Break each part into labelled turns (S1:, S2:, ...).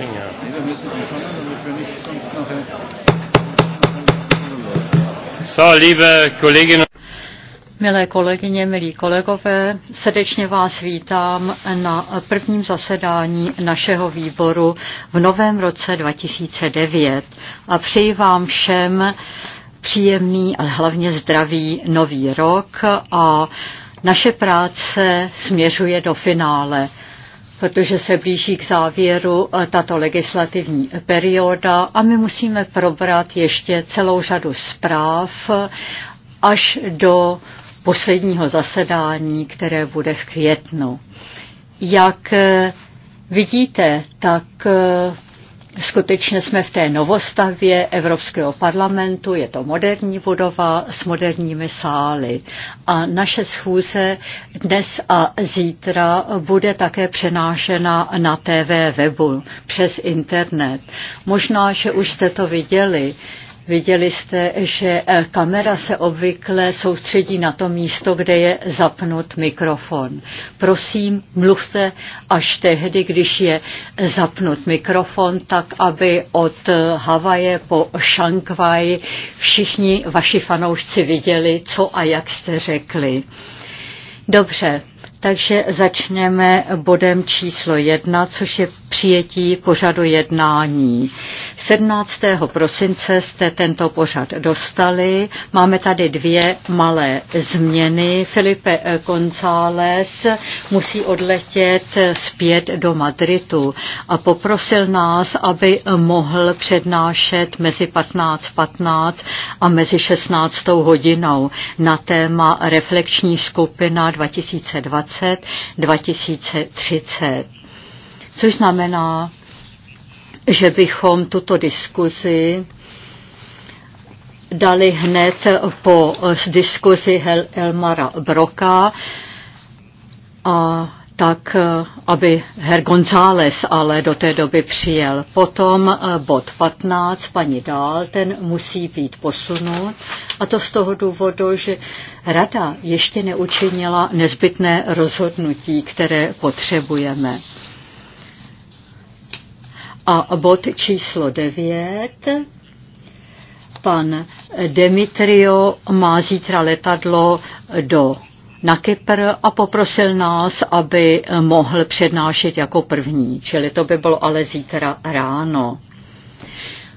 S1: Finger. Nee, wir müssen anfangen, damit wir nicht sonst nachher. So, liebe Kolleginnen
S2: Milé kolegyně, milí kolegové, srdečně vás vítám na prvním zasedání našeho výboru v novém roce 2009 a přeji vám všem příjemný a hlavně zdravý nový rok a naše práce směřuje do finále protože se blíží k závěru eh, tato legislativní perioda a my musíme probrat ještě celou řadu zpráv až do posledního zasedání, které bude v květnu. Jak eh, vidíte, tak eh, Skutečně jsme v té novostavě Evropského parlamentu, je to moderní budova s moderními sály. A naše schůze dnes a zítra bude také přenášena na TV webu přes internet. Možná, že už jste to viděli Viděli jste, že eh, kamera se obvykle soustředí na to místo, kde je zapnut mikrofon. Prosím, mluvte až tehdy, když je zapnut mikrofon, tak aby od eh, Havaje po Šankvaj všichni vaši fanoušci viděli, co a jak jste řekli. Dobře, takže začneme bodem číslo jedna, což je přijetí pořadu jednání. 17. prosince jste tento pořad dostali. Máme tady dvě malé změny. Felipe González musí odletět zpět do Madridu a poprosil nás, aby mohl přednášet mezi 15.15 15 a mezi 16. hodinou na téma Reflekční skupina 2020 2020-2030. Což znamená, že bychom tuto diskuzi dali hned po diskuzi Hel- Elmara Broka a tak eh, aby Her González ale do té doby přijel. Potom eh, bod 15, paní Dál, ten musí být posunut a to z toho důvodu, že rada ještě neučinila nezbytné rozhodnutí, které potřebujeme. A bod číslo 9, pan Demitrio má zítra letadlo do na Kypr a poprosil nás, aby eh, mohl přednášet jako první, čili to by bylo ale zítra ráno.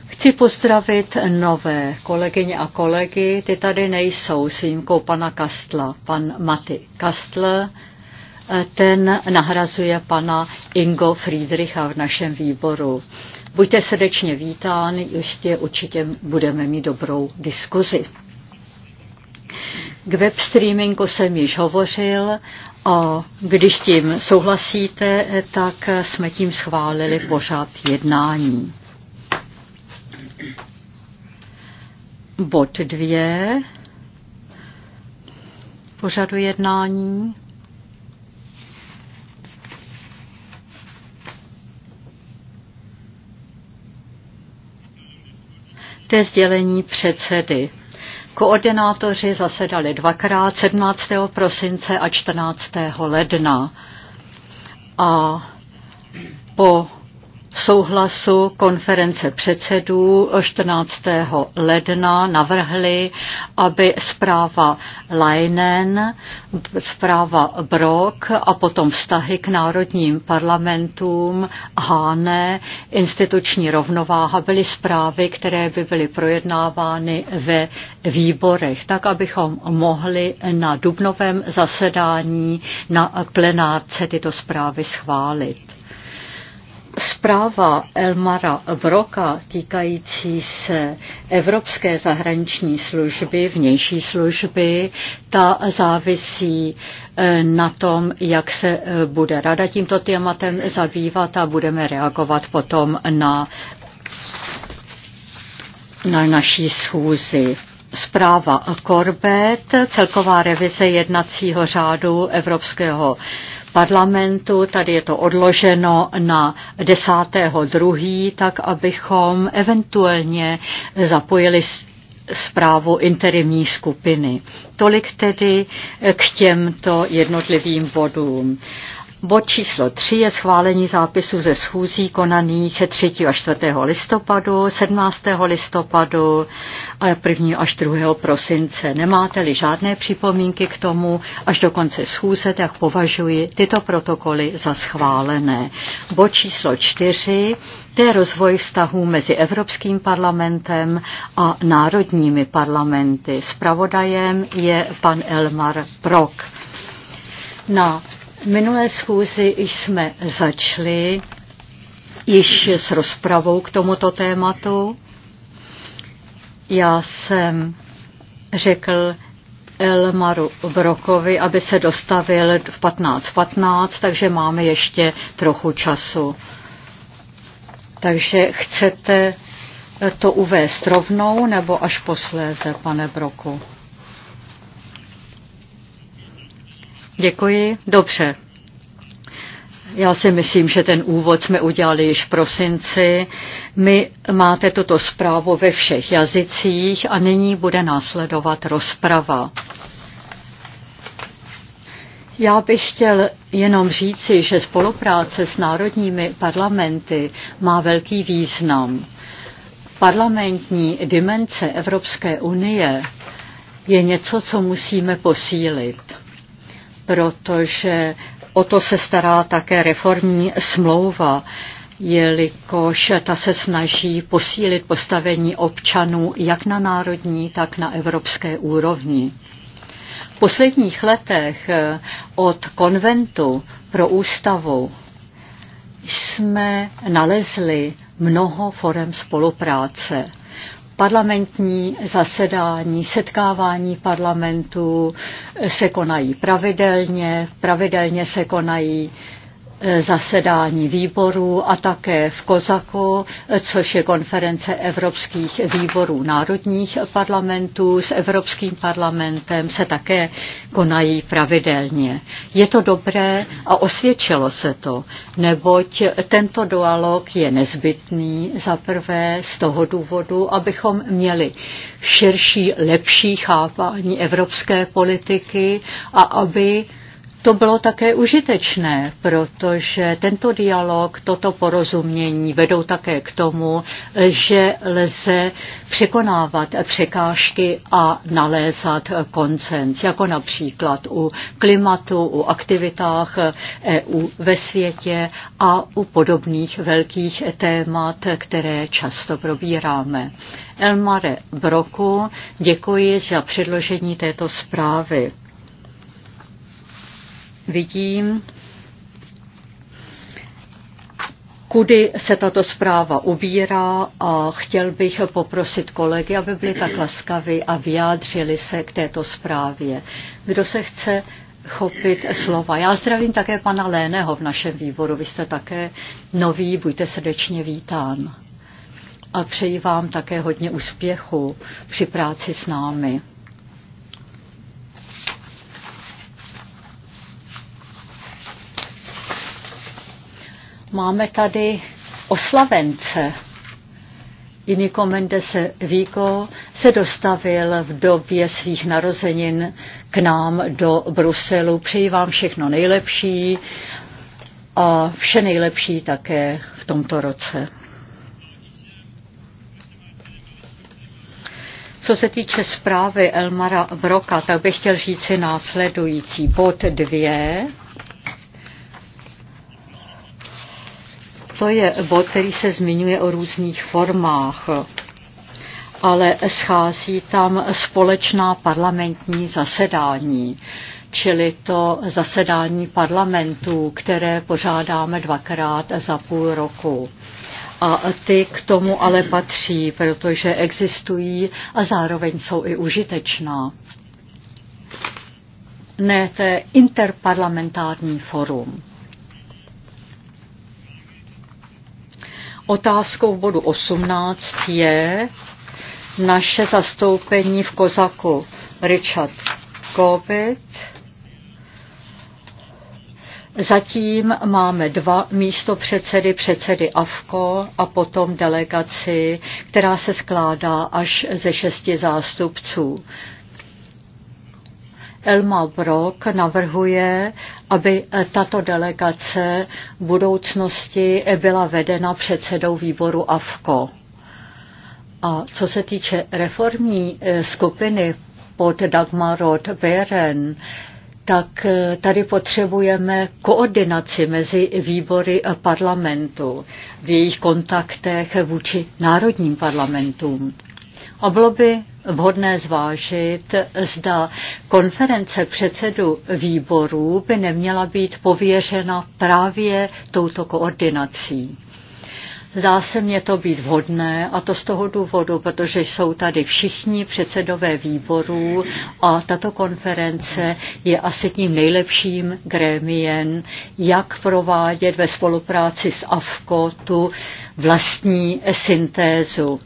S2: Chci pozdravit nové kolegyně a kolegy, ty tady nejsou s výjimkou pana Kastla. Pan Maty Kastl, eh, ten nahrazuje pana Ingo Friedricha v našem výboru. Buďte srdečně vítáni, ještě určitě budeme mít dobrou diskuzi. K webstreamingu jsem již hovořil a když s tím souhlasíte, tak jsme tím schválili pořád jednání. Bod dvě pořadu jednání. To je sdělení předsedy. Koordinátoři zasedali dvakrát, 17. prosince a 14. ledna. A po souhlasu konference předsedů 14. ledna navrhli, aby zpráva Leinen, zpráva Brok a potom vztahy k národním parlamentům, Háne, instituční rovnováha byly zprávy, které by byly projednávány ve výborech, tak abychom mohli na dubnovém zasedání na plenárce tyto zprávy schválit. Zpráva Elmara Broka týkající se Evropské zahraniční služby, vnější služby, ta závisí eh, na tom, jak se eh, bude rada tímto tématem zabývat a budeme reagovat potom na, na naší schůzi zpráva Korbet, celková revize jednacího řádu Evropského parlamentu. Tady je to odloženo na 10.2., tak abychom eventuálně zapojili zprávu interimní skupiny. Tolik tedy k těmto jednotlivým bodům. Bod číslo 3 je schválení zápisu ze schůzí konaných 3. a 4. listopadu, 17. listopadu a 1. až 2. prosince. Nemáte-li žádné připomínky k tomu až do konce schůze, tak považuji tyto protokoly za schválené. Bod číslo 4 to je rozvoj vztahů mezi Evropským parlamentem a národními parlamenty. Spravodajem je pan Elmar Prok. Na minulé schůzi jsme začali již s rozpravou k tomuto tématu. Já jsem řekl Elmaru Brokovi, aby se dostavil v 15.15, 15, takže máme ještě trochu času. Takže chcete to uvést rovnou nebo až posléze, pane Broku? Děkuji. Dobře. Já si myslím, že ten úvod jsme udělali již v prosinci. My máte tuto zprávu ve všech jazycích a nyní bude následovat rozprava. Já bych chtěl jenom říci, že spolupráce s národními parlamenty má velký význam. Parlamentní dimenze Evropské unie je něco, co musíme posílit protože o to se stará také reformní smlouva, jelikož ta se snaží posílit postavení občanů jak na národní, tak na evropské úrovni. V posledních letech eh, od konventu pro ústavu jsme nalezli mnoho forem spolupráce parlamentní zasedání, setkávání parlamentu se konají pravidelně, pravidelně se konají Eh, zasedání výborů a také v Kozako, eh, což je konference evropských výborů národních parlamentů s Evropským parlamentem, se také konají pravidelně. Je to dobré a osvědčilo se to, neboť tento dialog je nezbytný za prvé z toho důvodu, abychom měli širší, lepší chápání evropské politiky a aby to bylo také užitečné, protože tento dialog, toto porozumění vedou také k tomu, že lze překonávat překážky a nalézat koncens, jako například u klimatu, u aktivitách EU ve světě a u podobných velkých témat, které často probíráme. Elmare Broku, děkuji za předložení této zprávy vidím, kudy se tato zpráva ubírá a chtěl bych poprosit kolegy, aby byli tak laskaví a vyjádřili se k této zprávě. Kdo se chce chopit slova. Já zdravím také pana Léného v našem výboru. Vy jste také nový, buďte srdečně vítán. A přeji vám také hodně úspěchu při práci s námi. Máme tady oslavence. Iniko Mendes Vigo se dostavil v době svých narozenin k nám do Bruselu. Přeji vám všechno nejlepší a vše nejlepší také v tomto roce. Co se týče zprávy Elmara Broka, tak bych chtěl říci následující. Bod dvě To je bod, který se zmiňuje o různých formách, ale schází tam společná parlamentní zasedání, čili to zasedání parlamentů, které pořádáme dvakrát za půl roku a ty k tomu ale patří, protože existují a zároveň jsou i užitečná. Ne, to je interparlamentární forum. Otázkou v bodu 18 je naše zastoupení v Kozaku. Richard Kobit. Zatím máme dva místo předsedy, předsedy AFKO a potom delegaci, která se skládá až ze šesti zástupců. Elma Brok navrhuje, aby tato delegace v budoucnosti byla vedena předsedou výboru AFKO. A co se týče reformní eh, skupiny pod Dagmarot Beren, tak eh, tady potřebujeme koordinaci mezi výbory parlamentu v jejich kontaktech vůči národním parlamentům. A bylo by vhodné zvážit, zda konference předsedu výborů by neměla být pověřena právě touto koordinací. Zdá se mně to být vhodné a to z toho důvodu, protože jsou tady všichni předsedové výborů a tato konference je asi tím nejlepším grémiem, jak provádět ve spolupráci s AFKO tu vlastní syntézu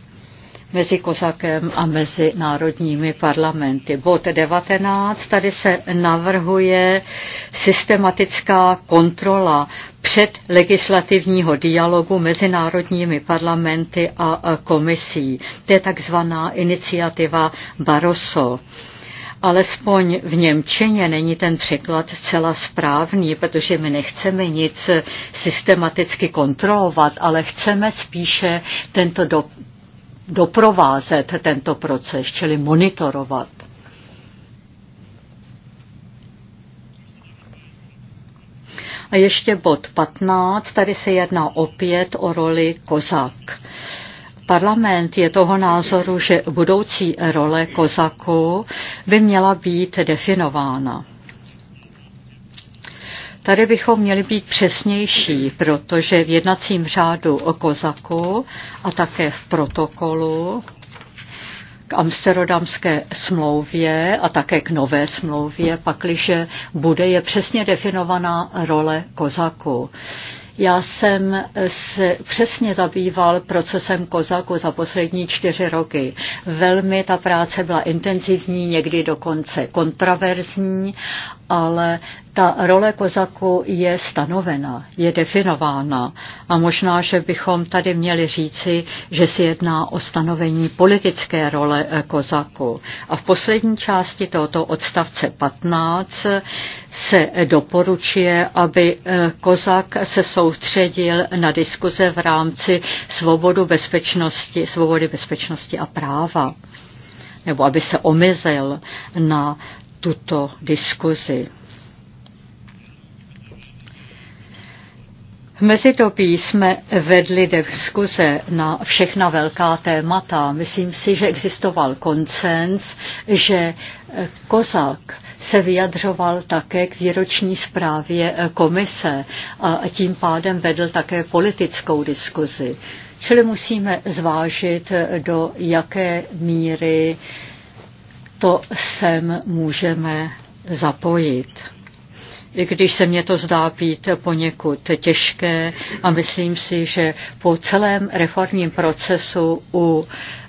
S2: mezi Kozakem a mezi národními parlamenty. Bod 19, tady se navrhuje systematická kontrola před legislativního dialogu mezi národními parlamenty a komisí. To je takzvaná iniciativa Barroso alespoň v Němčině není ten překlad zcela správný, protože my nechceme nic systematicky kontrolovat, ale chceme spíše tento do, doprovázet tento proces, čili monitorovat. A ještě bod 15, tady se jedná opět o roli kozak. Parlament je toho názoru, že budoucí role kozaku by měla být definována. Tady bychom měli být přesnější, protože v jednacím řádu o Kozaku a také v protokolu k amsterdamské smlouvě a také k nové smlouvě, pakliže bude, je přesně definovaná role Kozaku. Já jsem se přesně zabýval procesem Kozaku za poslední čtyři roky. Velmi ta práce byla intenzivní, někdy dokonce kontraverzní ale ta role kozaku je stanovena, je definována a možná, že bychom tady měli říci, že se jedná o stanovení politické role eh, kozaku. A v poslední části tohoto odstavce 15 se eh, doporučuje, aby eh, kozak se soustředil na diskuze v rámci svobodu bezpečnosti, svobody bezpečnosti a práva nebo aby se omezil na tuto diskuzi. V mezidobí jsme vedli diskuze na všechna velká témata. Myslím si, že existoval koncens, že Kozak se vyjadřoval také k výroční zprávě komise a tím pádem vedl také politickou diskuzi. Čili musíme zvážit, do jaké míry to sem můžeme zapojit. I když se mně to zdá být poněkud těžké a myslím si, že po celém reformním procesu u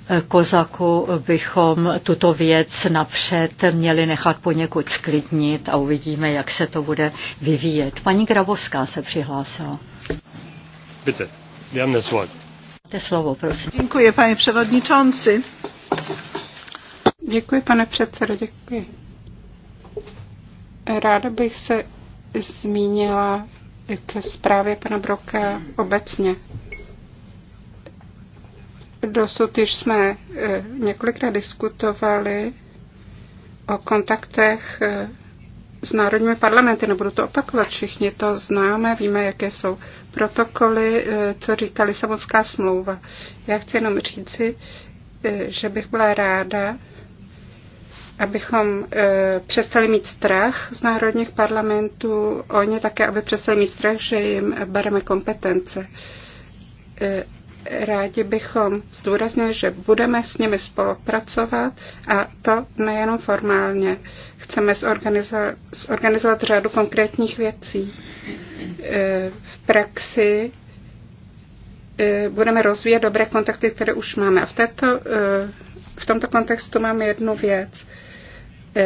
S2: e, Kozaku bychom tuto věc napřed měli nechat poněkud sklidnit a uvidíme, jak se to bude vyvíjet. Paní Grabovská se přihlásila.
S1: Bitte, wir haben das Wort.
S2: Máte slovo, prosím.
S3: Děkuji, pane předsedající Děkuji, pane předsedo, děkuji. Ráda bych se zmínila ke zprávě pana Broka obecně. Dosud již jsme e, několikrát diskutovali o kontaktech e, s národními parlamenty. Nebudu to opakovat, všichni to známe, víme, jaké jsou protokoly, e, co říká Lisabonská smlouva. Já chci jenom říci, že bych byla ráda, abychom e, přestali mít strach z národních parlamentů, oni také, aby přestali mít strach, že jim bereme kompetence. E, rádi bychom zdůraznili, že budeme s nimi spolupracovat a to nejenom formálně. Chceme zorganizovat, zorganizovat řadu konkrétních věcí. E, v praxi e, budeme rozvíjet dobré kontakty, které už máme. A v, této, e, v tomto kontextu mám jednu věc. E, E,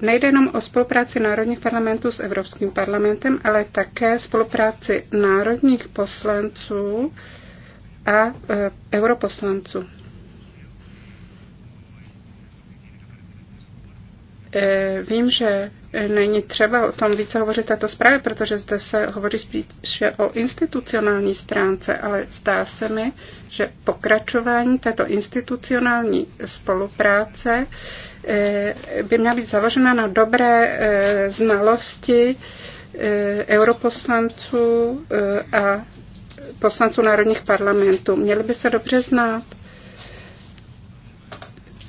S3: nejde jenom o spolupráci národních parlamentů s Evropským parlamentem, ale také spolupráci národních poslanců a e, europoslanců. E, vím, že není třeba o tom více hovořit této zprávě, protože zde se hovoří spíše o institucionální stránce, ale zdá se mi, že pokračování této institucionální spolupráce Eh, by měla být založena na dobré eh, znalosti eh, europoslanců a poslanců národních parlamentů. Měli by se dobře znát,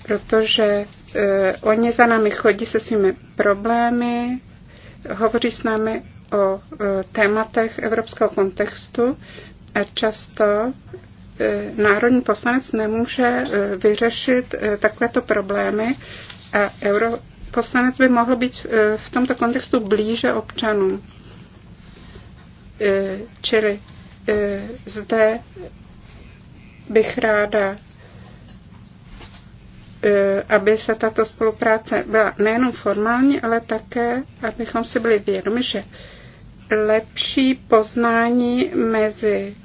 S3: protože oni za námi chodí se svými problémy, hovoří s námi o tématech evropského kontextu a často E, národní poslanec nemůže e, vyřešit e, takovéto problémy a europoslanec by mohl být v tomto kontextu blíže občanům. Čili zde bych ráda, aby se tato spolupráce byla nejenom formální, ale také, abychom si byli vědomi, že lepší poznání mezi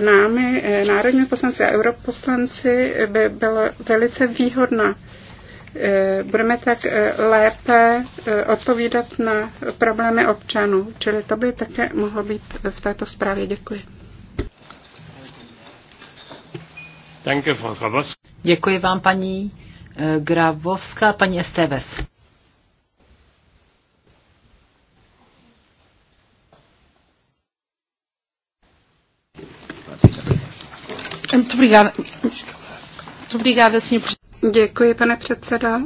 S3: námi, eh, národní poslanci a europoslanci, by byla velice výhodná. Eh, budeme tak eh, lépe odpovídat na problémy občanů, čili to by také mohlo být v této zprávě. Děkuji. Děkuji vám, paní Gravovská,
S4: paní Esteves.
S3: Muito obrigada. Muito obrigada, senhor presidente. Děkuji, pane předseda.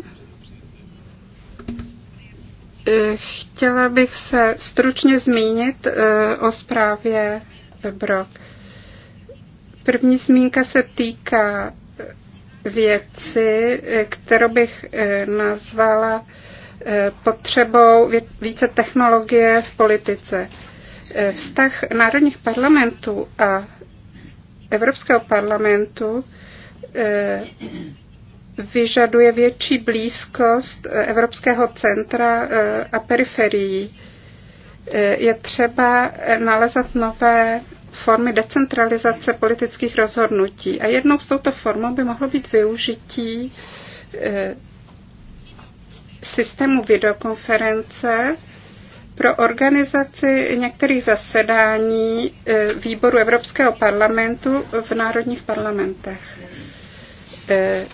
S3: Eh, chtěla bych se stručně zmínit eh, o zprávě Brok. První zmínka se týká věci, eh, kterou bych nazvala potřebou více technologie v politice. Vztah národních parlamentů a Evropského parlamentu eh, vyžaduje větší blízkost eh, Evropského centra eh, a periferií. Je třeba nalezat nové formy decentralizace politických rozhodnutí. A jednou z touto formou by mohlo být využití systému videokonference pro organizaci některých zasedání e, výboru Evropského parlamentu v národních parlamentech. E,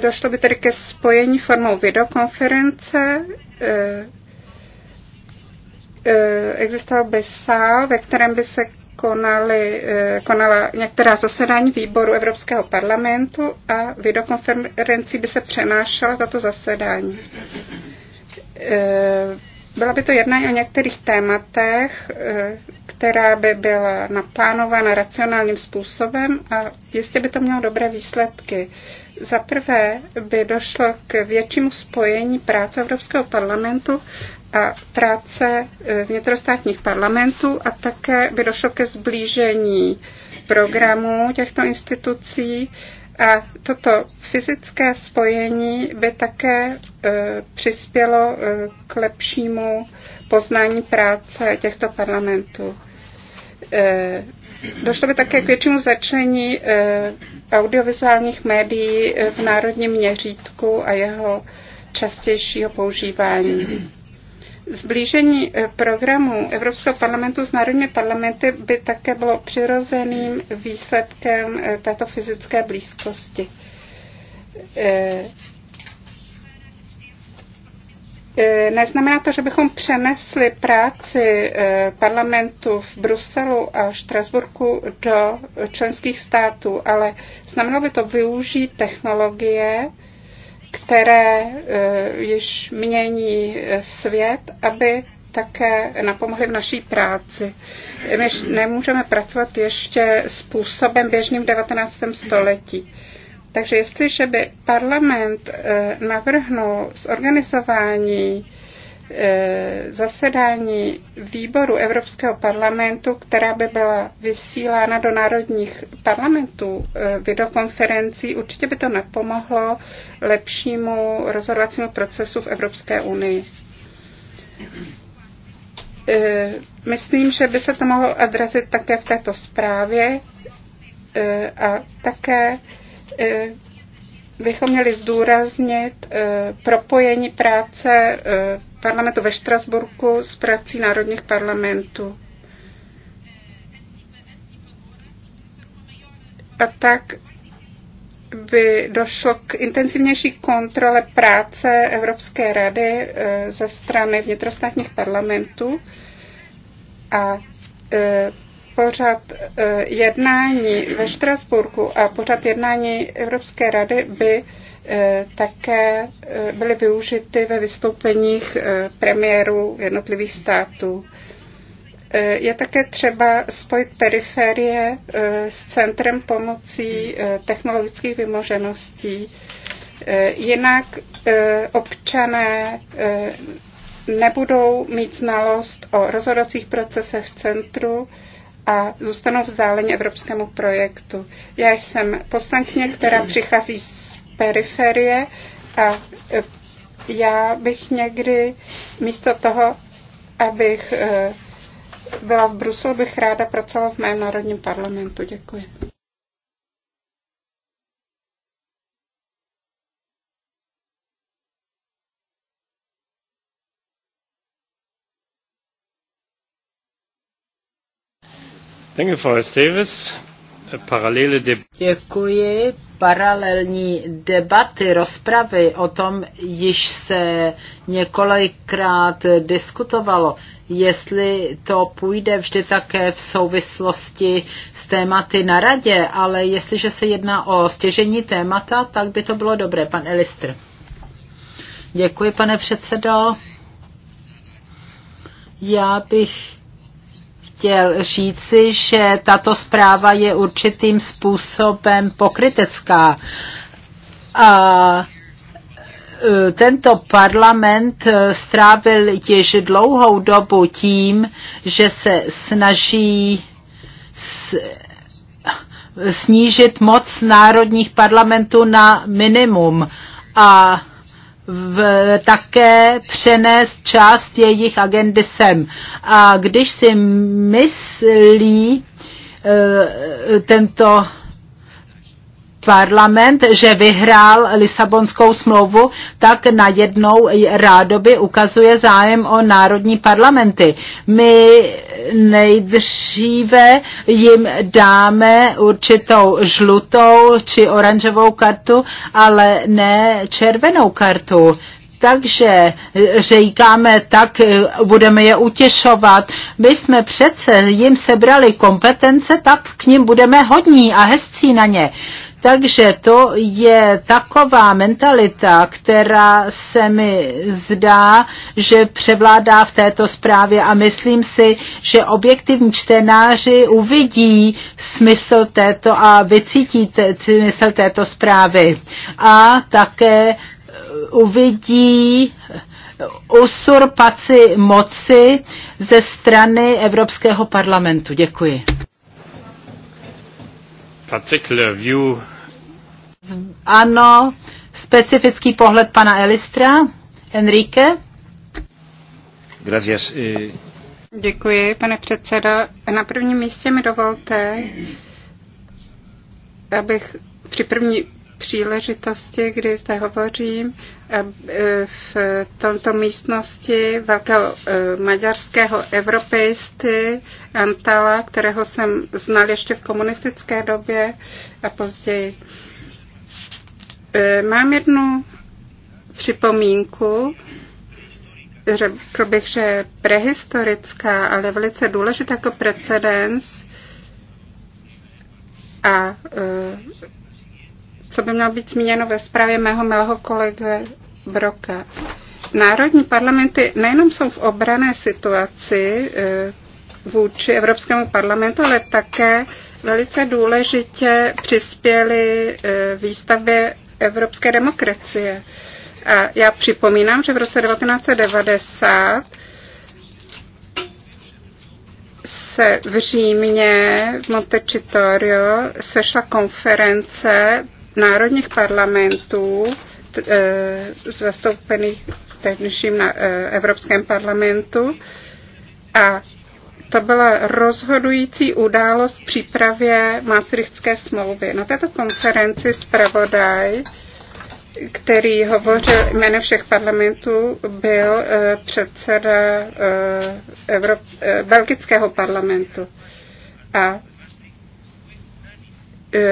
S3: došlo by tedy ke spojení formou videokonference. E, existoval by sál, ve kterém by se konaly, konala některá zasedání výboru Evropského parlamentu a videokonferencí by se přenášela tato zasedání. Eh, byla by to jednání o některých tématech, eh, která by byla naplánována racionálním způsobem a jistě by to mělo dobré výsledky. Za prvé by došlo k většímu spojení práce Evropského parlamentu a práce eh, vnitrostátních parlamentů a také by došlo ke zblížení programů těchto institucí a toto fyzické spojení by také e, přispělo e, k lepšímu poznání práce těchto parlamentů. E, došlo by také k většímu začlení audiovizuálních médií v národním měřítku a jeho častějšího používání. Zblížení eh, programu Evropského parlamentu s národními parlamenty by také bylo přirozeným výsledkem eh, této fyzické blízkosti. Eh, neznamená to, že bychom přenesli práci parlamentu v Bruselu a Štrasburku do členských států, ale znamenalo by to využít technologie, které eh, již mění eh, svět, aby také napomohly v naší práci. My nemůžeme pracovat ještě způsobem běžným v 19. století. Takže jestliže by parlament eh, navrhnul zorganizování E, zasedání výboru Evropského parlamentu, která by byla vysílána do národních parlamentů e, videokonferencí, určitě by to napomohlo lepšímu rozhodovacímu procesu v Evropské unii. E, myslím, že by se to mohlo odrazit také v této zprávě a také bychom měli zdůraznit eh, propojení práce eh, parlamentu ve Štrasburku s prací národních parlamentů. A tak by došlo k intenzivnější kontrole práce Evropské rady eh, ze strany vnitrostátních parlamentů a pořad eh, jednání ve Štrasburku a pořad jednání Evropské rady by eh, také eh, byly využity ve vystoupeních premiérů jednotlivých států. Je také třeba spojit periferie s centrem pomocí technologických vymožeností. Jinak občané nebudou mít znalost o rozhodovacích procesech v centru, a zůstanou vzdáleni evropskému projektu. Já jsem poslankyně, která přichází z periferie a e, já bych někdy místo toho, abych e, byla v Bruselu, bych ráda pracovala v mém národním parlamentu. Děkuji.
S4: Děkuji. Paralelní debaty, rozpravy, o tom již se několikrát diskutovalo, jestli to půjde vždy také v souvislosti s tématy na radě, ale jestliže se jedná o stěžení témata, tak by to bylo dobré, pan Elistr. Děkuji, pane předsedo. Já bych chtěl říci, že tato zpráva je určitým způsobem pokrytecká. A e, tento parlament e, strávil těž dlouhou dobu tím, že se snaží snížit moc národních parlamentů na minimum. A v, také přenést část jejich agendy sem. A když si myslí eh, tento parlament, že vyhrál Lisabonskou smlouvu, tak najednou rádoby ukazuje zájem o národní parlamenty. My nejdříve jim dáme určitou žlutou či oranžovou kartu, ale ne červenou kartu takže říkáme tak, budeme je utěšovat. My jsme přece jim sebrali kompetence, tak k ním budeme hodní a hezcí na ně. Takže to je taková mentalita, která se mi zdá, že převládá v této zprávě a myslím si, že objektivní čtenáři uvidí smysl této a vycítí smysl této zprávy. A také eh, uvidí usurpaci moci ze strany Evropského parlamentu. Děkuji
S1: particular view.
S4: Ano, specifický
S3: pohled pana Elistra. Enrique.
S1: Gracias. Eh,
S3: Děkuji, pane předsedo. Na prvním místě mi dovolte, abych při první příležitosti, kdy zde hovořím eh, eh, v tomto místnosti velkého eh, maďarského europeisty Antala, kterého jsem znal ještě v komunistické době a později. Mám jednu připomínku, řekl bych, že prehistorická, ale velice důležitá jako precedens a co by mělo být zmíněno ve zprávě mého milého kolegy Broka. Národní parlamenty nejenom jsou v obrané situaci e, vůči Evropskému parlamentu, ale také velice důležitě přispěli e, výstavbě evropské demokracie. A já připomínám, že v roce 1990 se v Římě, v Montecitorio, sešla konference národních parlamentů e, zastoupených tehdejším na e, Evropském parlamentu a to byla rozhodující událost v přípravě Maastrichtské smlouvy. Na této konferenci zpravodaj, který hovořil jménem všech parlamentů, byl eh, předseda e, Evrop, belgického parlamentu. A E,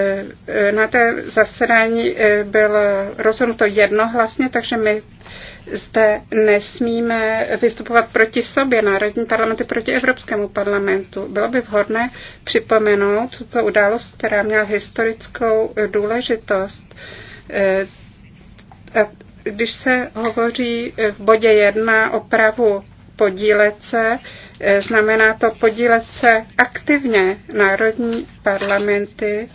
S3: e, na té zasedání e, bylo rozhodnuto jednohlasně, takže my zde nesmíme vystupovat proti sobě, národní parlamenty proti Evropskému parlamentu. Bylo by vhodné připomenout tuto událost, která měla historickou důležitost. Když se hovoří v bodě 1 o pravu podílet se, znamená to podílet se aktivně národní parlamenty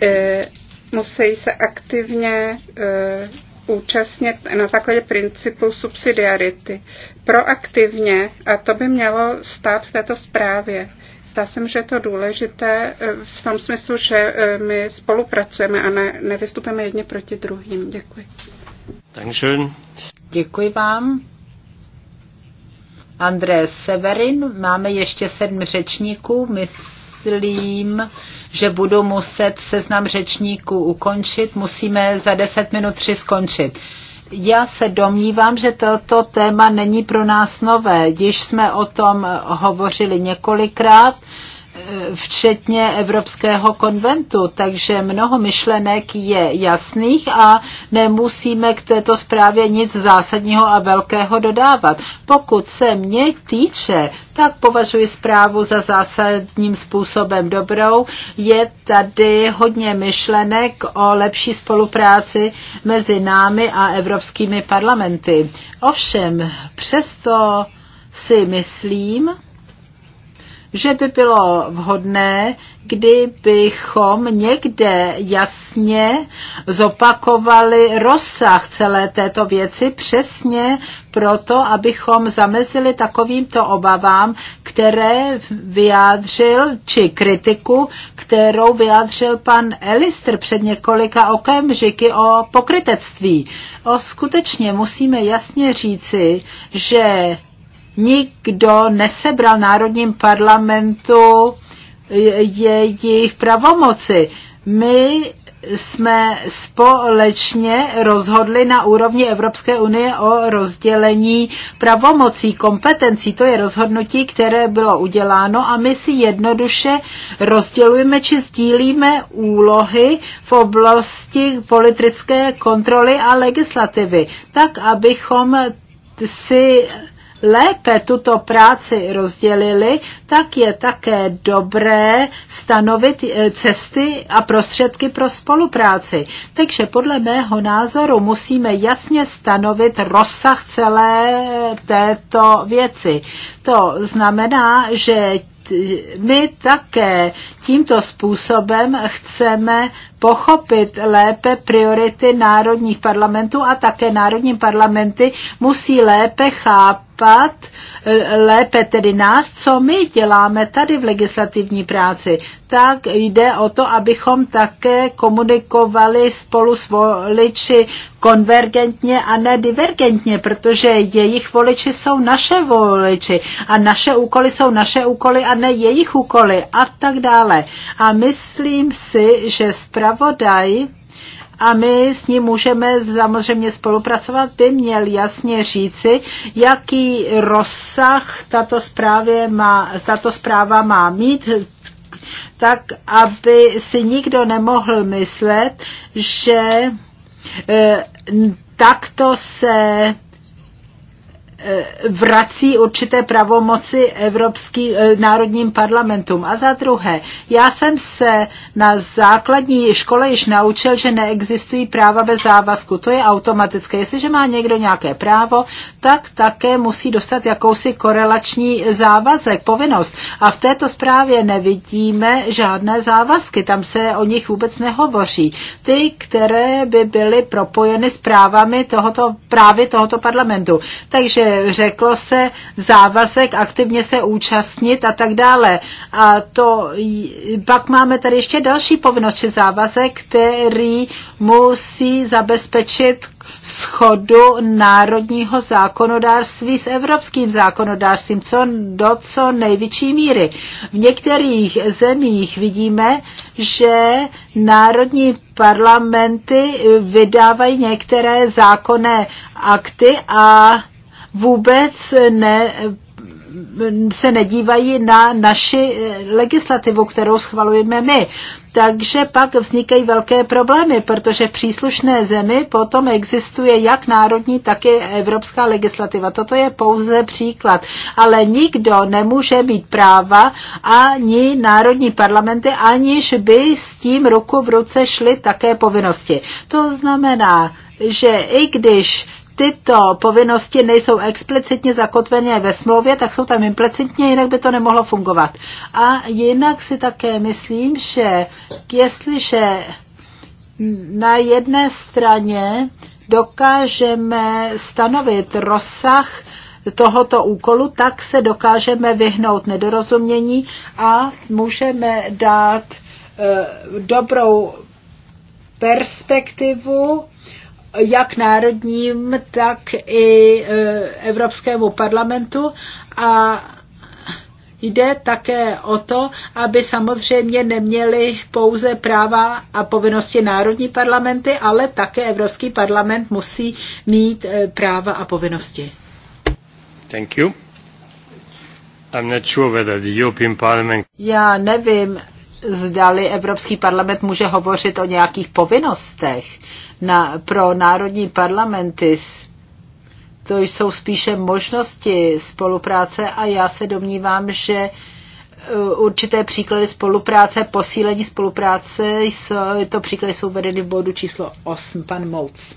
S3: Eh, musí se aktivně eh, účastnit na základě principu subsidiarity. Proaktivně, a to by mělo stát v této zprávě. Zdá se že je to důležité eh, v tom smyslu, že my spolupracujeme a ne, nevystupujeme jedně proti druhým. Děkuji. Dankeschön. Děkuji vám.
S4: André Severin, máme ještě sedm řečníků. My myslím, že budu muset seznam řečníků ukončit. Musíme za 10 minut 3 skončit. Já se domnívám, že toto téma není pro nás nové. Již jsme o tom hovořili několikrát Eh, včetně Evropského konventu, takže mnoho myšlenek je jasných a nemusíme k této zprávě nic zásadního a velkého dodávat. Pokud se mě týče, tak považuji zprávu za zásadním způsobem dobrou. Je tady hodně myšlenek o lepší spolupráci mezi námi a evropskými parlamenty. Ovšem, přesto si myslím, že by bylo vhodné, kdybychom někde jasně zopakovali rozsah celé této věci přesně proto, abychom zamezili takovýmto obavám, které vyjádřil, či kritiku, kterou vyjádřil pan Elister před několika okamžiky o pokrytectví. O skutečně musíme jasně říci, že nikdo nesebral národním parlamentu jejich pravomoci. My jsme společně rozhodli na úrovni Evropské unie o rozdělení pravomocí, kompetencí. To je rozhodnutí, které bylo uděláno a my si jednoduše rozdělujeme či sdílíme úlohy v oblasti politické kontroly a legislativy, tak abychom si lépe tuto práci rozdělili, tak je také dobré stanovit eh, cesty a prostředky pro spolupráci. Takže podle mého názoru musíme jasně stanovit rozsah celé této věci. To znamená, že my také tímto způsobem chceme pochopit lépe priority národních parlamentů a také národní parlamenty musí lépe chápat, chápat eh, lépe tedy nás, co my děláme tady v legislativní práci. Tak jde o to, abychom také komunikovali spolu s voliči konvergentně a ne divergentně, protože jejich voliči jsou naše voliči a naše úkoly jsou naše úkoly a ne jejich úkoly a tak dále. A myslím si, že zpravodaj a my s ním můžeme samozřejmě spolupracovat, by měl jasně říci, jaký rozsah tato, má, tato zpráva má mít, tak aby si nikdo nemohl myslet, že eh, takto se Eh, vrací určité pravomoci evropský eh, národním parlamentům. A za druhé, já jsem se na základní škole již naučil, že neexistují práva bez závazku. To je automatické. Jestliže má někdo nějaké právo, tak také musí dostat jakousi korelační závazek, povinnost. A v této zprávě nevidíme žádné závazky. Tam se o nich vůbec nehovoří. Ty, které by byly propojeny s právami tohoto, právě tohoto parlamentu. Takže Eh, řeklo se závazek aktivně se účastnit a tak dále. A to pak máme tady ještě další povinnost či závazek, který musí zabezpečit schodu národního zákonodárství s evropským zákonodárstvím co, do co největší míry. V některých zemích vidíme, že národní parlamenty vydávají některé zákonné akty a vůbec ne, se nedívají na naši legislativu, kterou schvalujeme my. Takže pak vznikají velké problémy, protože v příslušné zemi potom existuje jak národní, tak i evropská legislativa. Toto je pouze příklad. Ale nikdo nemůže mít práva ani národní parlamenty, aniž by s tím ruku v ruce šly také povinnosti. To znamená, že i když tyto povinnosti nejsou explicitně zakotvené ve smlouvě, tak jsou tam implicitně, jinak by to nemohlo fungovat. A jinak si také myslím, že jestliže na jedné straně dokážeme stanovit rozsah tohoto úkolu, tak se dokážeme vyhnout nedorozumění a můžeme dát eh, dobrou perspektivu jak národním, tak i e, Evropskému parlamentu a Jde také o to, aby samozřejmě neměli pouze práva a povinnosti národní parlamenty, ale také Evropský parlament musí mít e, práva a povinnosti.
S1: Thank you. I'm not sure whether the European Parliament...
S4: Já nevím, zdali Evropský parlament může hovořit o nějakých povinnostech. Uh, na, pro národní parlamenty. To jsou spíše možnosti spolupráce a já se domnívám, že e, určité příklady spolupráce, posílení spolupráce, jsou, to příklady jsou vedeny v bodu číslo 8, pan Mouc.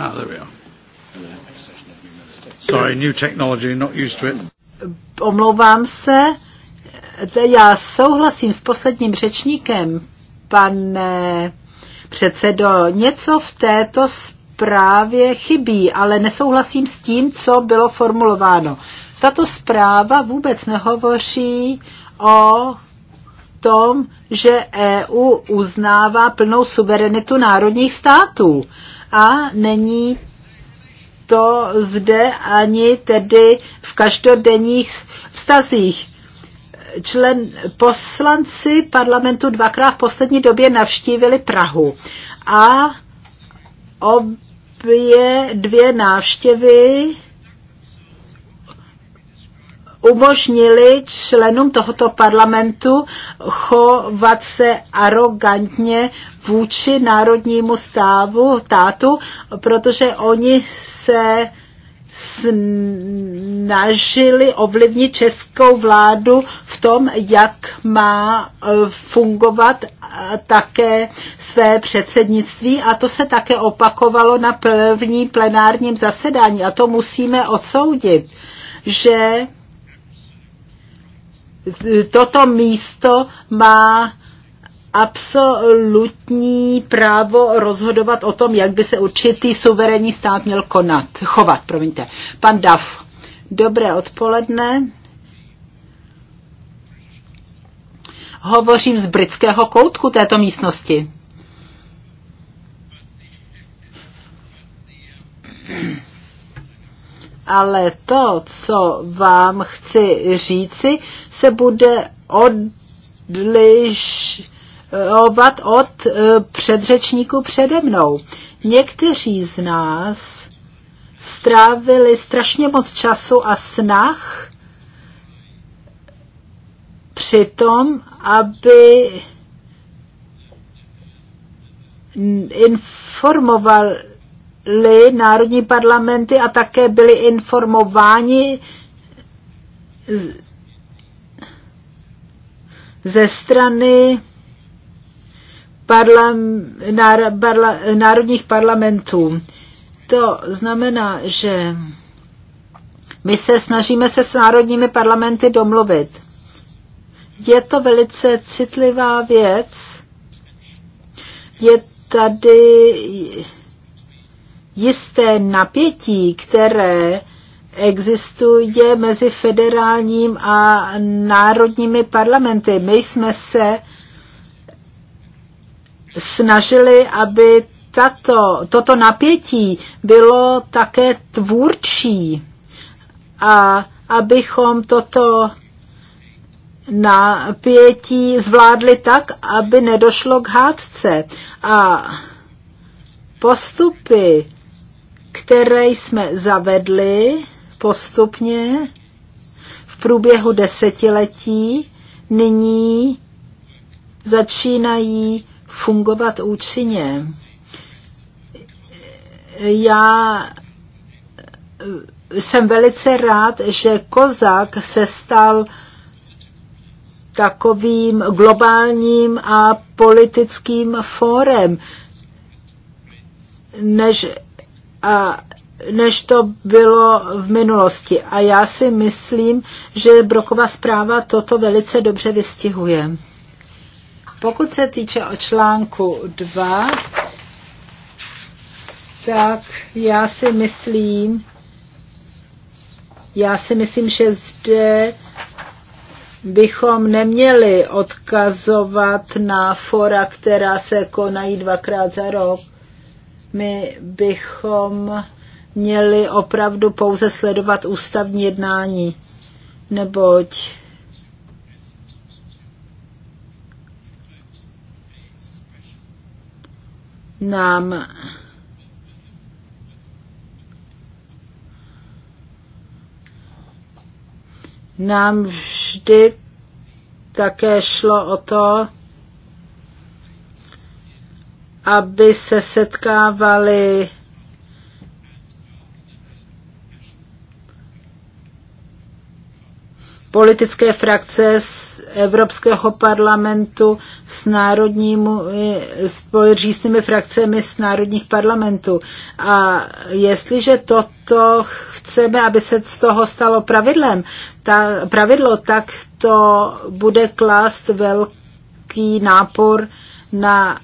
S1: Ah, there we are. Sorry, new technology, not used to it.
S4: Omlouvám se, já souhlasím s posledním řečníkem, pane předsedo. Něco v této zprávě chybí, ale nesouhlasím s tím, co bylo formulováno. Tato zpráva vůbec nehovoří o tom, že EU uznává plnou suverenitu národních států. A není to zde ani tedy v každodenních vztazích člen, poslanci parlamentu dvakrát v poslední době navštívili Prahu a obě dvě návštěvy umožnili členům tohoto parlamentu chovat se arrogantně vůči národnímu stávu, tátu, protože oni se snažili ovlivnit českou vládu v tom, jak má e, fungovat také své předsednictví a to se také opakovalo na první plenárním zasedání a to musíme odsoudit, že toto místo má absolutní právo rozhodovat o tom, jak by se určitý suverénní stát měl konat, chovat. Promiňte. Pan Dav. Dobré odpoledne. Hovořím z britského koutku této místnosti. Ale to, co vám chci říci, se bude odliš obvat od eh, předřečníku přede mnou. Někteří z nás strávili strašně moc času a snah při tom, aby informovali národní parlamenty a také byli informováni ze strany parla, nára, barla, národních parlamentů. To znamená, že my se snažíme se s národními parlamenty domluvit. Je to velice citlivá věc. Je tady jisté napětí, které existuje mezi federálním a národními parlamenty. My jsme se snažili, aby tato, toto napětí bylo také tvůrčí a abychom toto napětí zvládli tak, aby nedošlo k hádce. A postupy, které jsme zavedli postupně v průběhu desetiletí, nyní začínají fungovat účinně. Já jsem velice rád, že Kozak se stal takovým globálním a politickým fórem, než, a, než to bylo v minulosti. A já si myslím, že Broková zpráva toto velice dobře vystihuje. Pokud se týče o článku 2, tak já si myslím, já si myslím, že zde bychom neměli odkazovat na fora, která se konají dvakrát za rok. My bychom měli opravdu pouze sledovat ústavní jednání, neboť nám nám vždy také šlo o to, aby se setkávali politické frakce s Evropského parlamentu s národními, s říznými frakcemi z národních parlamentů. A jestliže toto chceme, aby se z toho stalo pravidlem, ta, pravidlo, tak to bude klást velký nápor na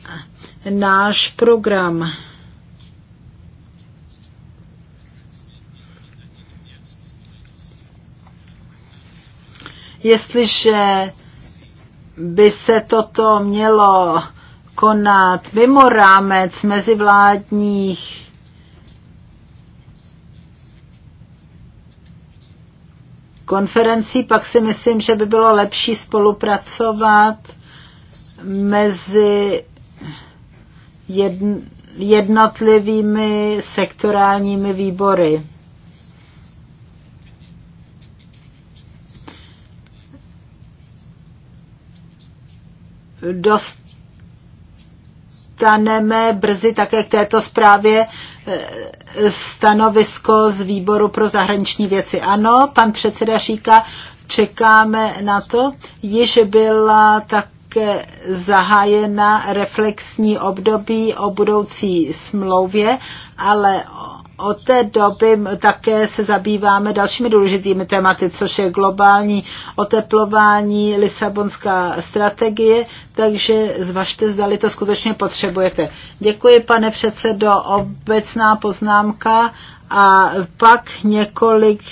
S4: náš program. Jestliže by se toto mělo konat mimo rámec mezivládních konferencí, pak si myslím, že by bylo lepší spolupracovat mezi jednotlivými sektorálními výbory. dostaneme brzy také k této zprávě eh, stanovisko z výboru pro zahraniční věci. Ano, pan předseda říká, čekáme na to, již byla tak zahájena reflexní období o budoucí smlouvě, ale od té doby také se zabýváme dalšími důležitými tématy, což je globální oteplování, Lisabonská strategie, takže zvažte, zdali to skutečně potřebujete. Děkuji, pane předsedo, obecná poznámka a pak několik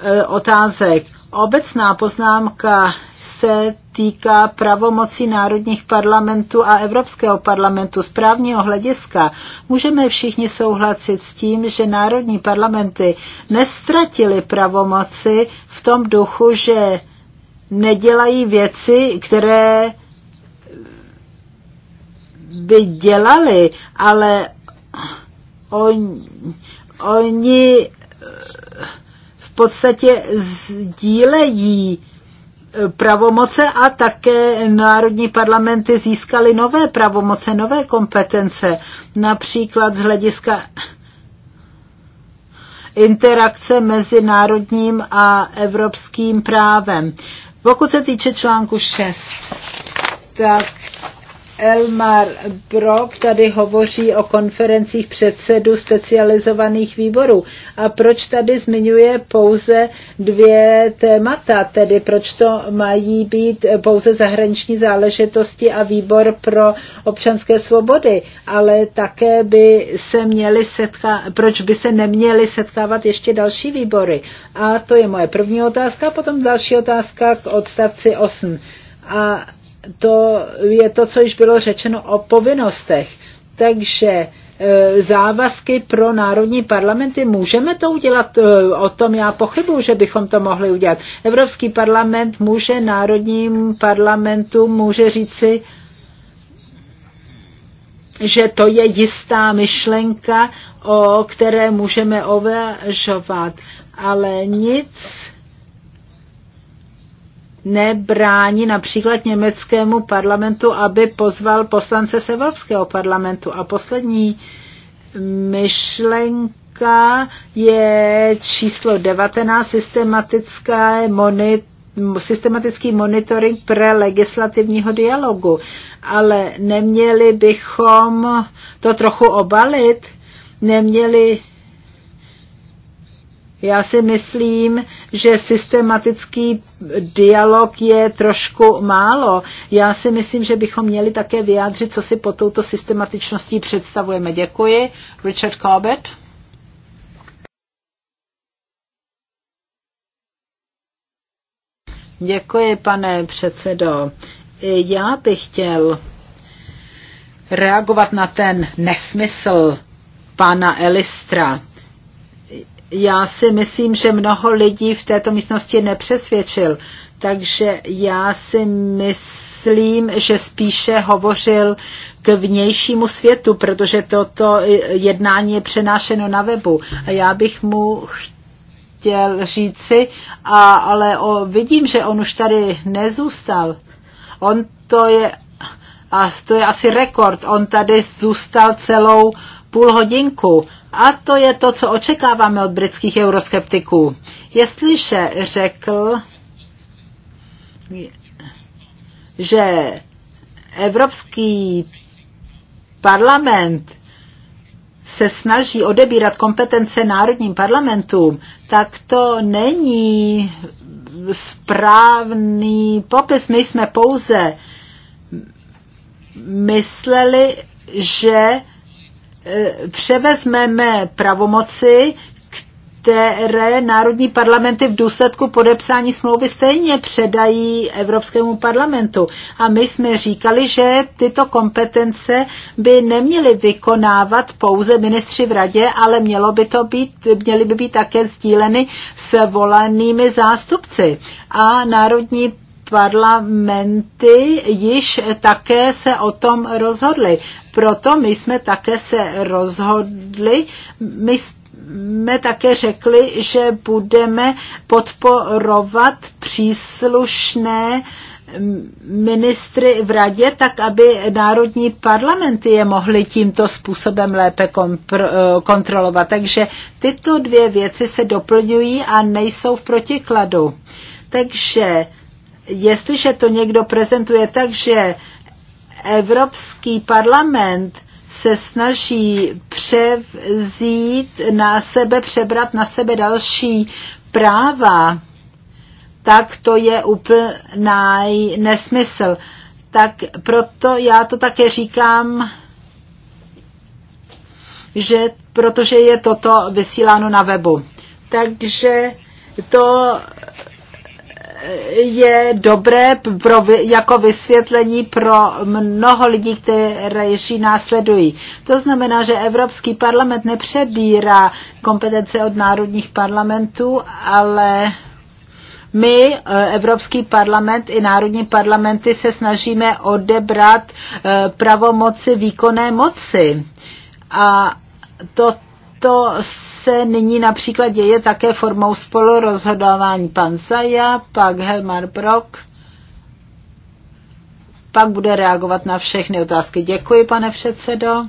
S4: e, otázek. Obecná poznámka se týká pravomocí národních parlamentů a Evropského parlamentu. Z právního hlediska můžeme všichni souhlasit s tím, že národní parlamenty nestratily pravomoci v tom duchu, že nedělají věci, které by dělali, ale on, oni v podstatě sdílejí pravomoce a také národní parlamenty získaly nové pravomoce, nové kompetence, například z hlediska interakce mezi národním a evropským právem. Pokud se týče článku 6, tak Elmar Brok tady hovoří o konferencích předsedů specializovaných výborů. A proč tady zmiňuje pouze dvě témata, tedy proč to mají být pouze zahraniční záležitosti a výbor pro občanské svobody, ale také by se měly setká, proč by se neměly setkávat ještě další výbory. A to je moje první otázka, potom další otázka k odstavci 8. A to je to, co již bylo řečeno o povinnostech. Takže e, závazky pro národní parlamenty. Můžeme to udělat? E, o tom já pochybuji, že bychom to mohli udělat. Evropský parlament může národním parlamentu může říci, že to je jistá myšlenka, o které můžeme ovažovat, ale nic nebrání například německému parlamentu, aby pozval poslance z Evropského parlamentu. A poslední myšlenka je číslo 19, systematická monitor systematický monitoring legislativního dialogu. Ale neměli bychom to trochu obalit, neměli já si myslím, že systematický dialog je trošku málo. Já si myslím, že bychom měli také vyjádřit, co si pod touto systematičností představujeme. Děkuji. Richard Corbett. Děkuji, pane předsedo. Já bych chtěl reagovat na ten nesmysl pana Elistra já si myslím, že mnoho lidí v této místnosti nepřesvědčil, takže já si myslím, že spíše hovořil k vnějšímu světu, protože toto jednání je přenášeno na webu. A já bych mu chtěl říci, a, ale o, vidím, že on už tady nezůstal. On to je, a to je asi rekord, on tady zůstal celou půl hodinku. A to je to, co očekáváme od britských euroskeptiků. Jestliže řekl, že Evropský parlament se snaží odebírat kompetence národním parlamentům, tak to není správný popis. My jsme pouze mysleli, že Eh, převezmeme pravomoci, které národní parlamenty v důsledku podepsání smlouvy stejně předají Evropskému parlamentu. A my jsme říkali, že tyto kompetence by neměly vykonávat pouze ministři v radě, ale mělo by to být, měly by být také sdíleny s volenými zástupci. A národní parlamenty již také se o tom rozhodly. Proto my jsme také se rozhodli, my jsme také řekli, že budeme podporovat příslušné ministry v radě, tak aby národní parlamenty je mohly tímto způsobem lépe eh, kontrolovat. Takže tyto dvě věci se doplňují a nejsou v protikladu. Takže jestliže to někdo prezentuje tak, že Evropský parlament se snaží převzít na sebe, přebrat na sebe další práva, tak to je úplný nesmysl. Tak proto já to také říkám, že protože je toto vysíláno na webu. Takže to je dobré pro, jako vysvětlení pro mnoho lidí, kteří následují. To znamená, že Evropský parlament nepřebírá kompetence od národních parlamentů, ale my, eh, Evropský parlament i národní parlamenty, se snažíme odebrat eh, pravomoci výkonné moci. A to to se nyní například děje také formou spolurozhodování pan Saja, pak Helmar Brock, pak bude reagovat na všechny otázky. Děkuji, pane předsedo.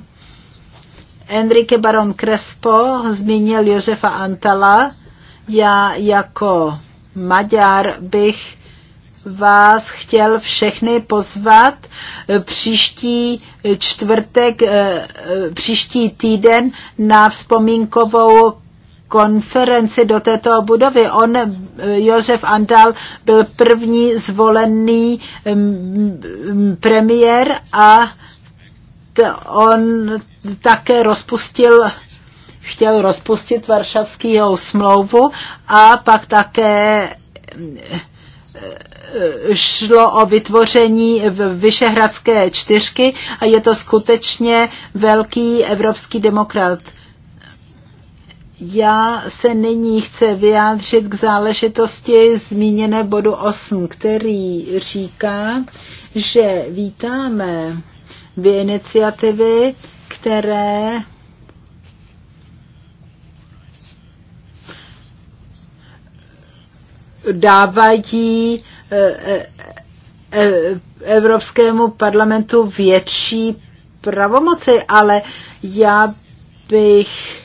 S4: Enrique Baron Crespo zmínil Josefa Antala. Já jako Maďar bych vás chtěl všechny pozvat eh, příští eh, čtvrtek, eh, příští týden na vzpomínkovou konferenci do této budovy. On, Josef Andal, byl první zvolený mm, mm, premiér a on také rozpustil chtěl rozpustit Varšavský smlouvu a pak také mm, Eh, šlo o vytvoření Vyšehradské čtyřky a je to skutečně velký evropský demokrat. Já se nyní chci vyjádřit k záležitosti zmíněné bodu 8, který říká, že vítáme v iniciativy, které dávají E, e, e, Evropskému parlamentu větší pravomoci, ale já bych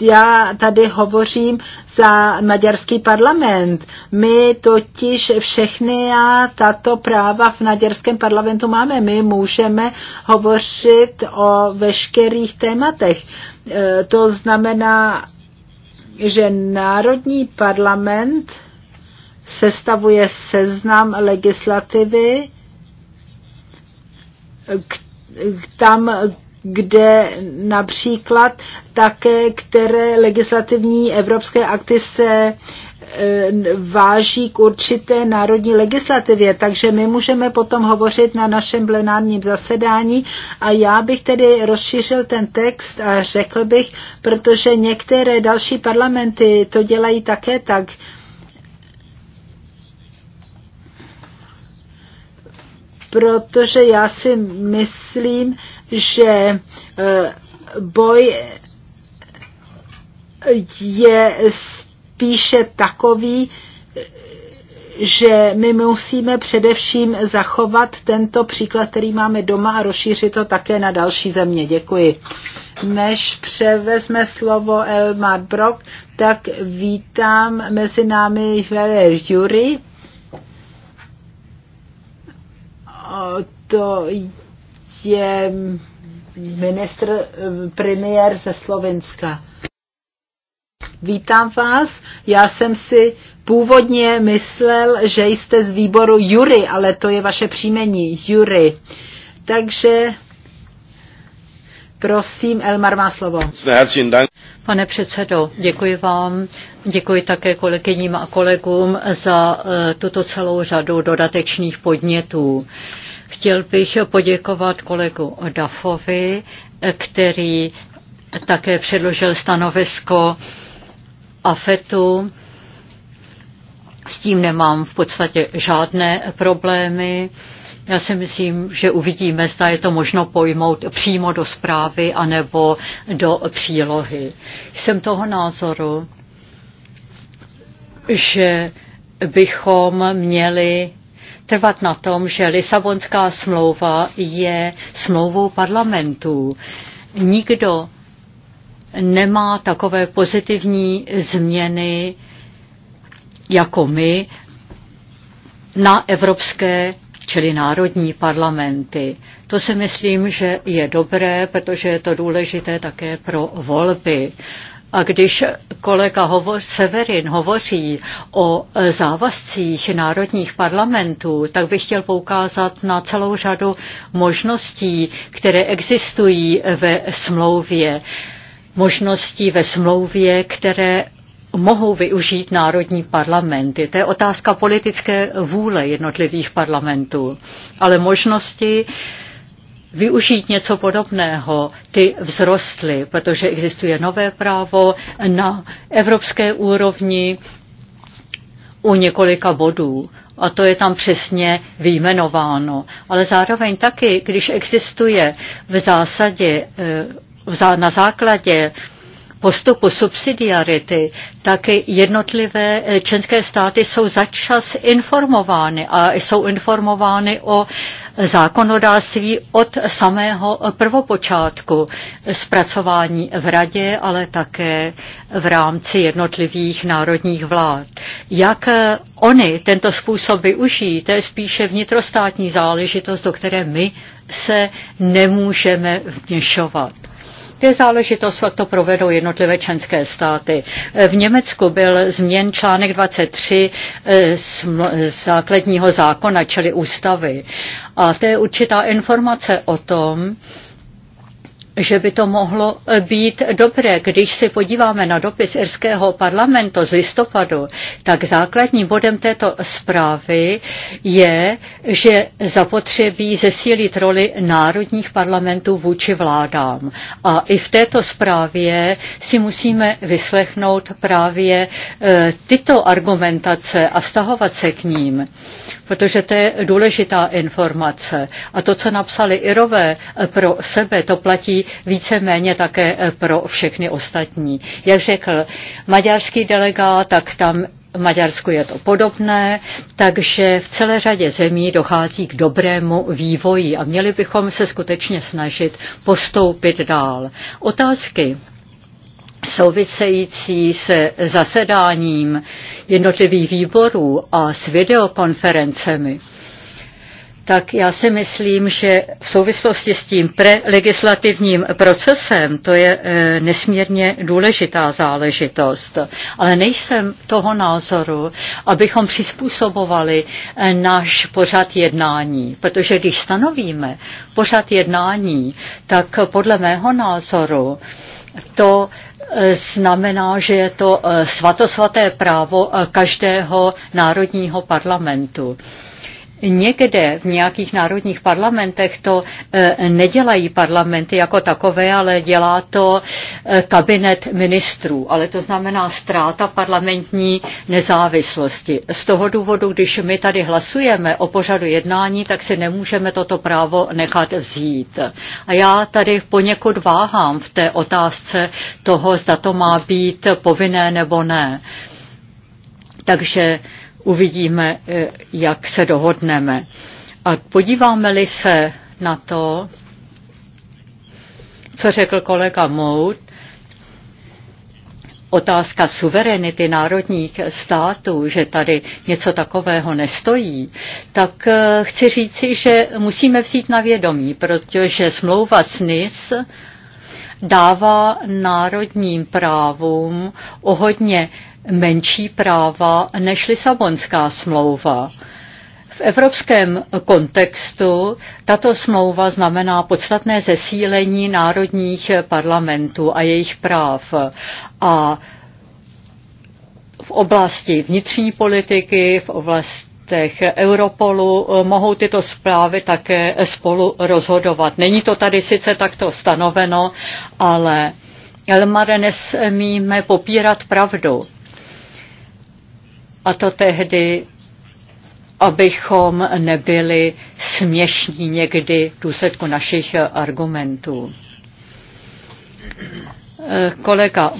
S4: já tady hovořím za maďarský parlament. My totiž všechny a tato práva v maďarském parlamentu máme. My můžeme hovořit o veškerých tématech. To znamená, že národní parlament sestavuje seznam legislativy, k, tam, kde například také, které legislativní evropské akty se e, váží k určité národní legislativě, takže my můžeme potom hovořit na našem plenárním zasedání a já bych tedy rozšířil ten text a řekl bych, protože některé další parlamenty to dělají také tak, protože já si myslím, že eh, boj je spíše takový, že my musíme především zachovat tento příklad, který máme doma a rozšířit to také na další země. Děkuji. Než převezme slovo Elmar Brock, tak vítám mezi námi Jury, to je ministr premiér ze Slovenska. Vítám vás. Já jsem si původně myslel, že jste z výboru Jury, ale to je vaše příjmení, Jury.
S2: Takže Prosím, Elmar má slovo. Pane předsedo, děkuji vám. Děkuji také kolegyním a kolegům za eh, tuto celou řadu dodatečných podnětů. Chtěl bych poděkovat kolegu Dafovi, eh, který také předložil stanovisko AFETu. S tím nemám v podstatě žádné problémy. Já si myslím, že uvidíme, zda je to možno pojmout přímo do zprávy anebo do přílohy. Jsem toho názoru, že bychom měli trvat na tom, že Lisabonská smlouva je smlouvou parlamentů. Nikdo nemá takové pozitivní změny jako my na evropské čili národní parlamenty. To si myslím, že je dobré, protože je to důležité také pro volby. A když kolega hovor, Severin hovoří o závazcích národních parlamentů, tak bych chtěl poukázat na celou řadu možností, které existují ve smlouvě možností ve smlouvě, které mohou využít národní parlamenty. To je otázka politické vůle jednotlivých parlamentů. Ale možnosti využít něco podobného, ty vzrostly, protože existuje nové právo na evropské úrovni u několika bodů a to je tam přesně vyjmenováno. Ale zároveň taky, když existuje v zásadě, eh, na základě postupu subsidiarity, tak jednotlivé eh, členské státy jsou začas informovány a jsou informovány o zákonodárství od samého prvopočátku zpracování v radě, ale také v rámci jednotlivých národních vlád. Jak eh, oni tento způsob využijí, to je spíše vnitrostátní záležitost, do které my se nemůžeme vněšovat. To je záležitost, fakt to provedou jednotlivé členské státy. V Německu byl změn článek 23 eh, základního zákona, čili ústavy. A to je určitá informace o tom, že by to mohlo eh, být dobré. Když se podíváme na dopis irského parlamentu z listopadu, tak základním bodem této zprávy je, že zapotřebí zesílit roli národních parlamentů vůči vládám. A i v této zprávě si musíme vyslechnout právě eh, tyto argumentace a vztahovat se k ním protože to je důležitá informace. A to, co napsali Irové eh, pro sebe, to platí víceméně také eh, pro všechny ostatní. Jak řekl maďarský delegát, tak tam v Maďarsku je to podobné, takže v celé řadě zemí dochází k dobrému vývoji a měli bychom se skutečně snažit postoupit dál. Otázky související se zasedáním jednotlivých výborů a s videokonferencemi, tak já si myslím, že v souvislosti s tím prelegislativním procesem to je eh, nesmírně důležitá záležitost. Ale nejsem toho názoru, abychom přizpůsobovali eh, náš pořad jednání, protože když stanovíme pořad jednání, tak podle mého názoru to znamená, že je to eh, svatosvaté právo eh, každého národního parlamentu. Někde v nějakých národních parlamentech to e, nedělají parlamenty jako takové, ale dělá to e, kabinet ministrů. Ale to znamená ztráta parlamentní nezávislosti. Z toho důvodu, když my tady hlasujeme o pořadu jednání, tak si nemůžeme toto právo nechat vzít. A já tady poněkud váhám v té otázce toho, zda to má být povinné nebo ne. Takže uvidíme, eh, jak se dohodneme. A podíváme-li se na to, co řekl kolega Mout, otázka suverenity národních států, že tady něco takového nestojí, tak eh, chci říci, že musíme vzít na vědomí, protože smlouva s NIS dává národním právům o hodně menší práva než Lisabonská smlouva. V evropském kontextu tato smlouva znamená podstatné zesílení národních parlamentů a jejich práv. A v oblasti vnitřní politiky, v oblasti Europolu mohou tyto zprávy také spolu rozhodovat. Není to tady sice takto stanoveno, ale Elmare nesmíme popírat pravdu. A to tehdy, abychom nebyli směšní někdy v důsledku našich argumentů. Kolega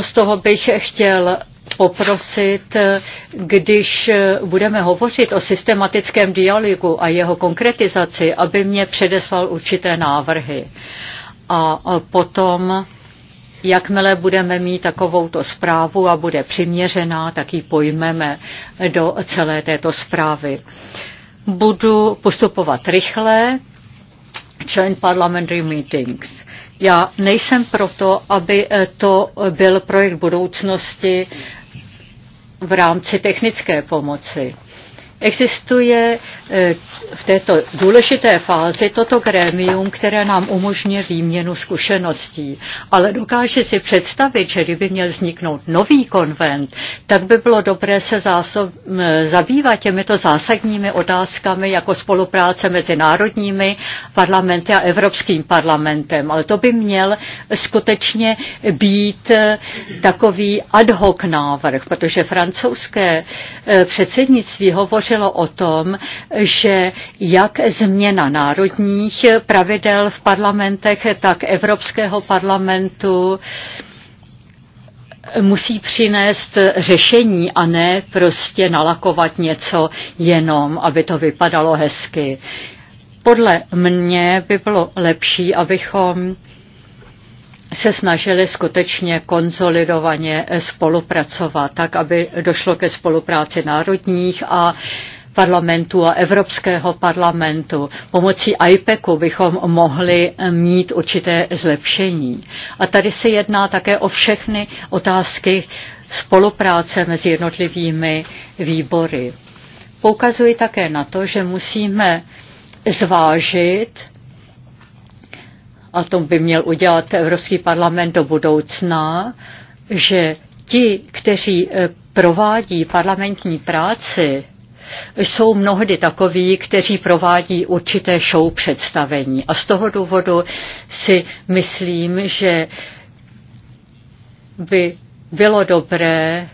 S2: z toho bych chtěl poprosit, když budeme hovořit o systematickém dialogu a jeho konkretizaci, aby mě předeslal určité návrhy. A potom Jakmile budeme mít takovouto zprávu a bude přiměřená, tak ji pojmeme do celé této zprávy. Budu postupovat rychle. Joint Parliamentary Meetings. Já nejsem proto, aby eh, to byl projekt budoucnosti v rámci technické pomoci. Existuje e, v této důležité fázi toto grémium, které nám umožňuje výměnu zkušeností. Ale dokáže si představit, že kdyby měl vzniknout nový konvent, tak by bylo dobré se zásob, e, zabývat těmito zásadními otázkami jako spolupráce mezi národními parlamenty a Evropským parlamentem. Ale to by měl skutečně být e, takový ad hoc návrh, protože francouzské předsednictví hovoří hovořilo o tom, že jak změna národních pravidel v parlamentech, tak Evropského parlamentu musí přinést řešení a ne prostě nalakovat něco jenom, aby to vypadalo hezky. Podle mě by bylo lepší, abychom se snažili skutečně konzolidovaně spolupracovat, tak aby došlo ke spolupráci národních a parlamentu a Evropského parlamentu. Pomocí IPECu bychom mohli mít určité zlepšení. A tady se jedná také o všechny otázky spolupráce mezi jednotlivými výbory. Poukazuji také na to, že musíme zvážit, a to by měl udělat Evropský parlament do budoucna, že ti, kteří eh, provádí parlamentní práci, jsou mnohdy takoví, kteří provádí určité show představení. A z toho důvodu si myslím, že by bylo dobré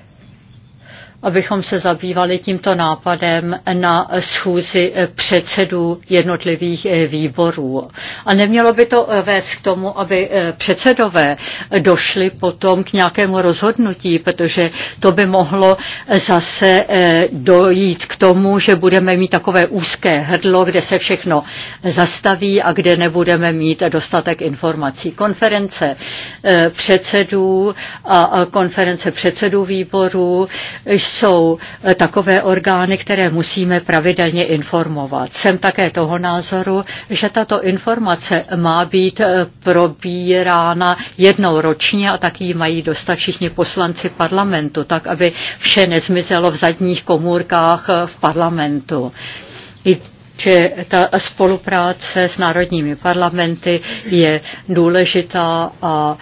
S2: abychom se zabývali tímto nápadem na schůzi předsedů jednotlivých eh, výborů. A nemělo by to eh, vést k tomu, aby eh, předsedové došli potom k nějakému rozhodnutí, protože to by mohlo zase dojít k tomu, že budeme mít takové úzké hrdlo, kde se všechno zastaví a kde nebudeme mít dostatek informací. Konference předsedů a konference předsedů výborů jsou eh, takové orgány, které musíme pravidelně informovat. Jsem také toho názoru, že tato informace má být eh, probírána jednou ročně a taky ji mají dostat všichni poslanci parlamentu, tak aby vše nezmizelo v zadních komůrkách eh, v parlamentu že ta spolupráce s národními parlamenty je důležitá a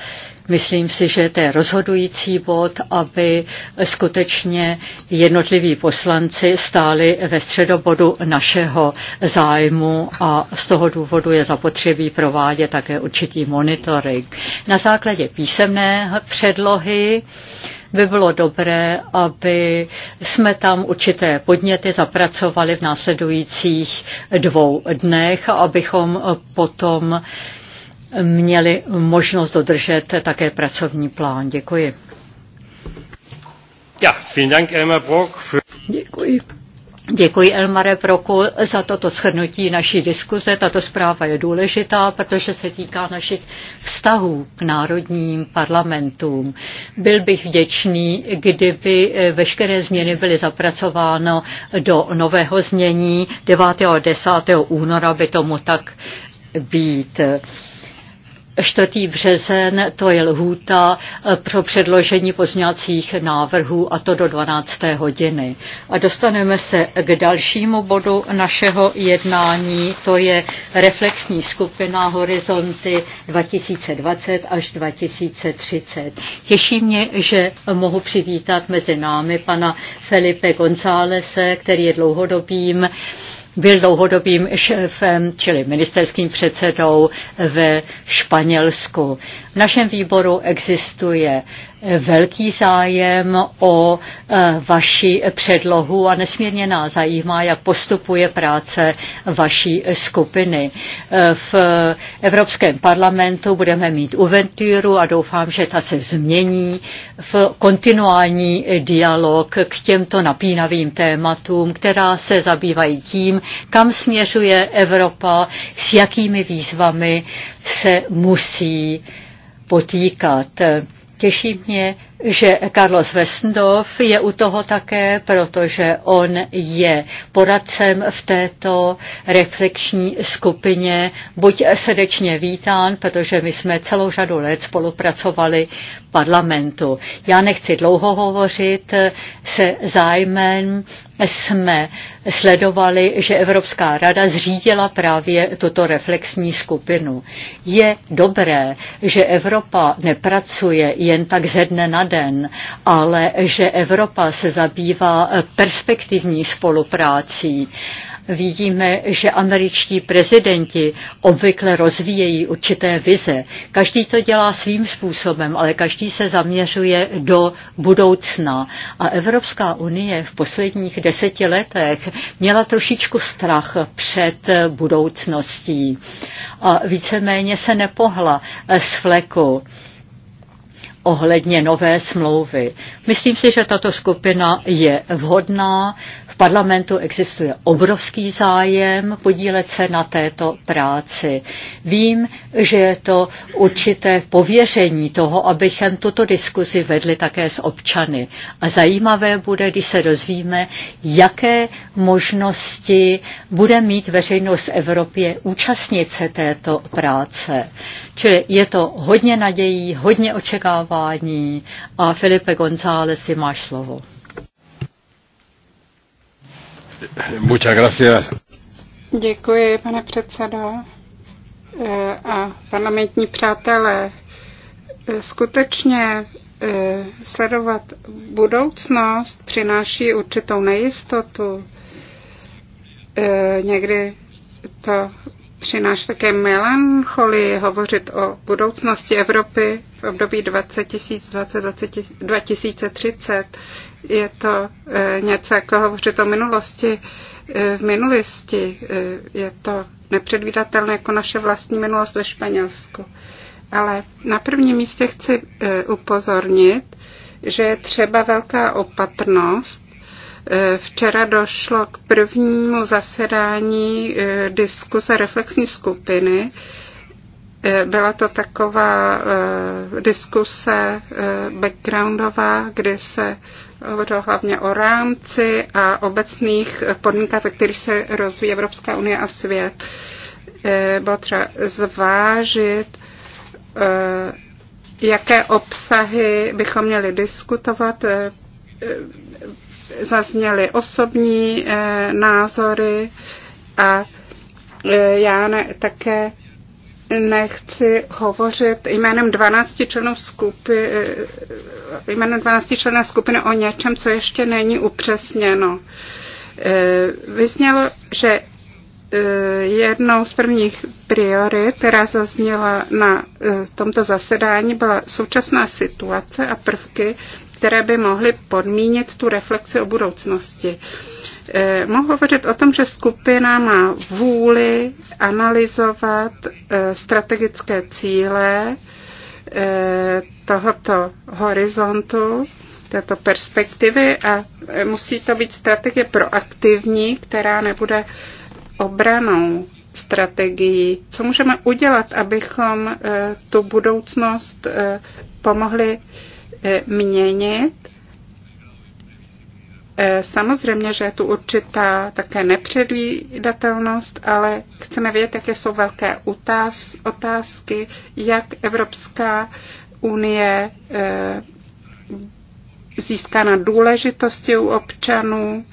S2: Myslím si, že to je rozhodující bod, aby skutečně jednotliví poslanci stáli ve středobodu našeho zájmu a z toho důvodu je zapotřebí provádět také určitý monitoring. Na základě písemné předlohy by bylo dobré, aby jsme tam určité podněty zapracovali v následujících dvou dnech, abychom potom měli možnost dodržet také pracovní plán. Děkuji.
S1: Ja, vielen Dank, Elmar Brock. Für... Děkuji.
S2: Děkuji Elmare Proku za toto shrnutí naší diskuze. Tato zpráva je důležitá, protože se týká našich vztahů k národním parlamentům. Byl bych vděčný, kdyby eh, veškeré změny byly zapracováno do nového znění 9. a 10. února by tomu tak být. 4. březen, to je lhůta eh, pro předložení pozňacích návrhů a to do 12. hodiny. A dostaneme se k dalšímu bodu našeho jednání, to je reflexní skupina Horizonty 2020 až 2030. Těší mě, že mohu přivítat mezi námi pana Felipe Gonzálese, který je dlouhodobým byl dlouhodobým šéfem, čili ministerským předsedou ve Španělsku. V našem výboru existuje velký zájem o e, vaši předlohu a nesmírně nás zajímá, jak postupuje práce vaší skupiny. E, v Evropském parlamentu budeme mít uventýru a doufám, že ta se změní v kontinuální dialog k těmto napínavým tématům, která se zabývají tím, kam směřuje Evropa, s jakými výzvami se musí potýkat. Těší mě, že Carlos Westendorf je u toho také, protože on je poradcem v této reflexní skupině. Buď srdečně vítán, protože my jsme celou řadu let spolupracovali parlamentu. Já nechci dlouho hovořit se zájmem jsme sledovali, že Evropská rada zřídila právě tuto reflexní skupinu. Je dobré, že Evropa nepracuje jen tak ze dne na den, ale že Evropa se zabývá eh, perspektivní spoluprácí vidíme, že američtí prezidenti obvykle rozvíjejí určité vize. Každý to dělá svým způsobem, ale každý se zaměřuje do budoucna. A Evropská unie v posledních deseti letech měla trošičku strach před eh, budoucností. A víceméně se nepohla eh, s fleku ohledně nové smlouvy. Myslím si, že tato skupina je vhodná, parlamentu existuje obrovský zájem podílet se na této práci. Vím, že je to určité pověření toho, abychom tuto diskuzi vedli také s občany. A zajímavé bude, když se rozvíme, jaké možnosti bude mít veřejnost Evropě účastnit se této práce. Čili je to hodně nadějí, hodně očekávání a Filipe González, si máš slovo.
S1: Muchas gracias.
S3: Děkuji, pane předsedo. Eh, a parlamentní přátelé, eh, skutečně eh, sledovat budoucnost přináší určitou nejistotu. Někdy to přináší také melancholii hovořit o budoucnosti Evropy v období 2020-2030. Je to e, něco jako hovořit o minulosti. E, v minulosti e, je to nepředvídatelné jako naše vlastní minulost ve Španělsku. Ale na prvním místě chci upozornit, že je třeba velká opatrnost. Včera došlo k prvnímu zasedání diskuze reflexní skupiny. Byla to taková diskuse backgroundová, kdy se Hovořil hlavně o rámci a obecných podmínkách, ve kterých se rozvíjí Evropská unie a svět. Eh, Bylo třeba zvážit, eh, jaké obsahy bychom měli diskutovat. Eh, zazněly osobní názory a já ne, také nechci hovořit jménem 12 členů skupiny, eh, jménem 12 členů skupiny o něčem, co ještě není upřesněno. Eh, vyznělo, že eh, jednou z prvních priorit, která zazněla na tomto zasedání, byla současná situace a prvky, které by mohly podmínit tu reflexi o budoucnosti. Eh, mohu hovořit o tom, že skupina má vůli analyzovat eh, strategické cíle eh, tohoto horizontu, této perspektivy a musí to být strategie proaktivní, která nebude obranou strategií. Co můžeme udělat, abychom tu budoucnost pomohli měnit Eh, samozřejmě, že je tu určitá také nepředvídatelnost, ale chceme vědět, jaké jsou velké otázky, jak Evropská unie eh, získá na důležitosti u občanů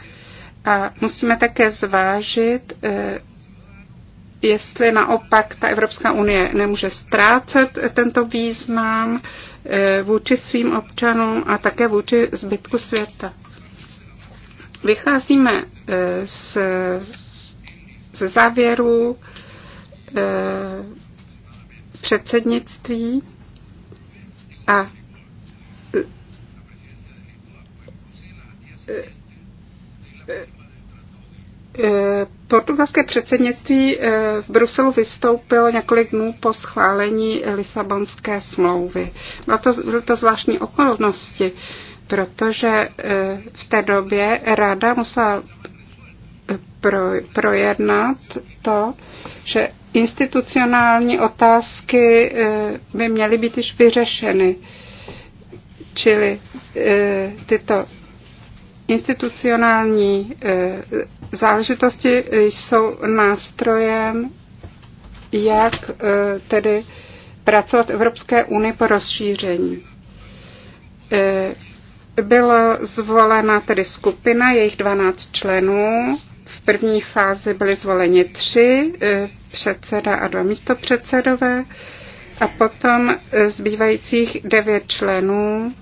S3: a musíme také zvážit, eh, jestli naopak ta Evropská unie nemůže ztrácet tento význam vůči svým občanům a také vůči zbytku světa. Vycházíme eh, z, z závěru eh, předsednictví a eh, Portugalské předsednictví v Bruselu vystoupilo několik dnů po schválení Lisabonské smlouvy. Byla to, to zvláštní okolnosti protože eh, v té době ráda musela eh, pro, projednat to, že institucionální otázky eh, by měly být již vyřešeny. Čili tyto institucionální záležitosti jsou nástrojem, jak tedy pracovat Evropské unii po rozšíření byla zvolena tedy skupina, jejich 12 členů. V první fázi byly zvoleni tři, eh, předseda a dva místopředsedové. A potom eh, zbývajících devět členů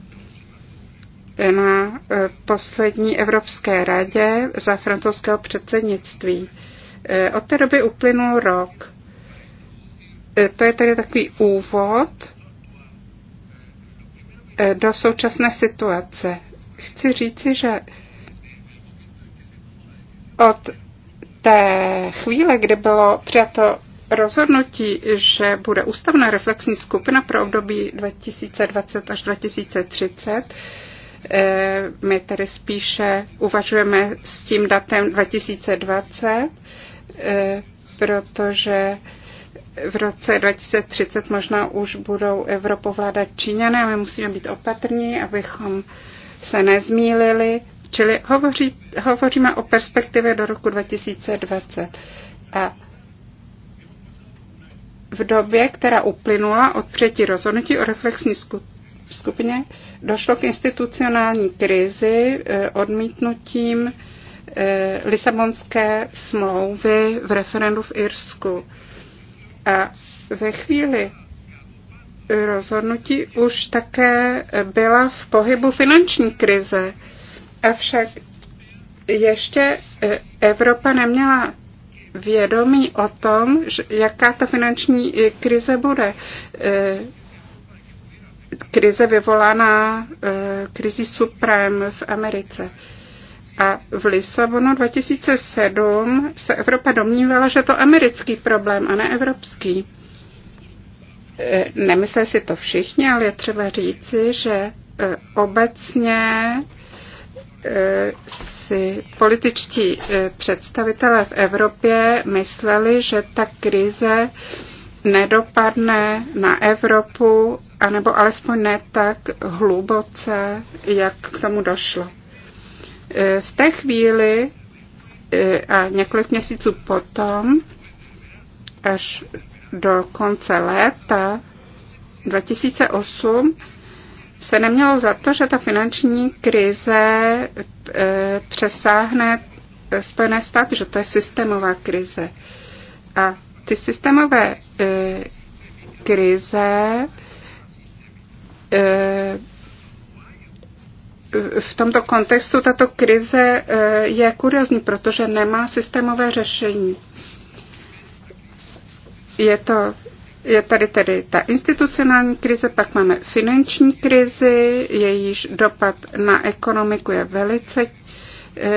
S3: na eh, poslední Evropské radě za francouzského předsednictví. Od té doby uplynul rok. To je tedy takový úvod Eh, do současné situace. Chci říci, že od té chvíle, kdy bylo přijato rozhodnutí, že bude ústavná reflexní skupina pro období 2020 až 2030, eh, my tedy spíše uvažujeme s tím datem 2020, eh, protože v roce 2030 možná už budou Evropu vládat Číňané a my musíme být opatrní, abychom se nezmílili. Čili hovoří, hovoříme o perspektivě do roku 2020. A v době, která uplynula od přijetí rozhodnutí o reflexní skupině, došlo k institucionální krizi eh, odmítnutím eh, Lisabonské smlouvy v referendu v Irsku. A ve chvíli rozhodnutí už také byla v pohybu finanční krize. Avšak ještě e, Evropa neměla vědomí o tom, jaká ta finanční e, krize bude. E, krize vyvolaná krizi suprém v Americe. A v Lisabonu 2007 se Evropa domnívala, že to americký problém a ne evropský. E, nemyslí si to všichni, ale je třeba říci, že e, obecně e, si političtí představitelé v Evropě mysleli, že ta krize nedopadne na Evropu, anebo alespoň ne tak hluboce, jak k tomu došlo. E, v té chvíli e, a několik měsíců potom, až do konce léta 2008, se nemělo za to, že ta finanční krize e, přesáhne Spojené státy, že to je systémová krize. A ty systémové krize v tomto kontextu tato krize eh, je kuriozní, protože nemá systémové řešení. Je, to, je tady tedy ta institucionální krize, pak máme finanční krizi, jejíž dopad na ekonomiku je velice eh,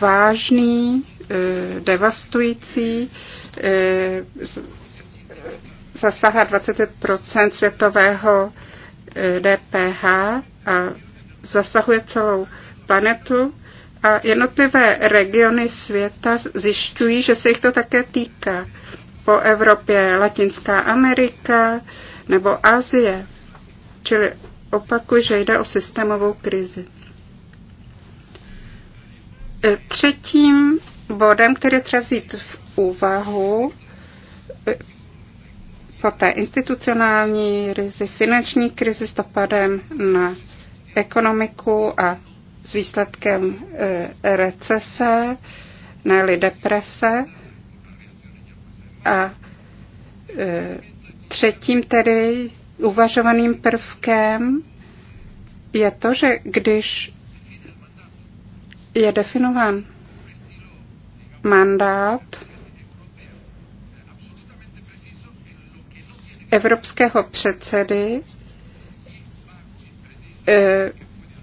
S3: vážný, eh, devastující, zasahá 20 světového DPH a zasahuje celou planetu a jednotlivé regiony světa zjišťují, že se jich to také týká. Po Evropě Latinská Amerika nebo Asie. Čili opakuju, že jde o systémovou krizi. E, třetím bodem, který třeba vzít v úvahu, e, poté institucionální krizi, finanční krizi s dopadem na ekonomiku a s výsledkem e, recese, ne deprese. A e, třetím tedy uvažovaným prvkem je to, že když je definován mandát evropského předsedy E,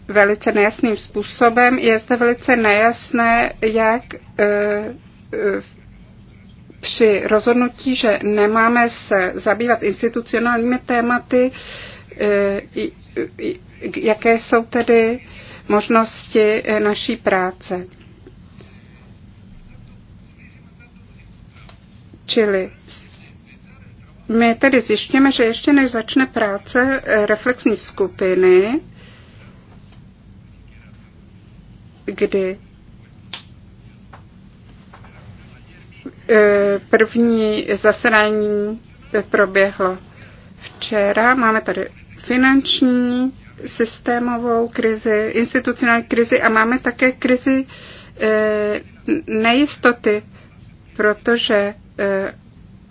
S3: velice nejasným způsobem. Je zde velice nejasné, jak e, e, při rozhodnutí, že nemáme se zabývat institucionálními tématy, jaké jsou tedy možnosti naší práce. Čili my tedy zjištěme, že ještě než začne práce eh, reflexní skupiny, kdy eh, první zasedání eh, proběhlo včera. Máme tady finanční, systémovou krizi, institucionální krizi a máme také krizi nejistoty, protože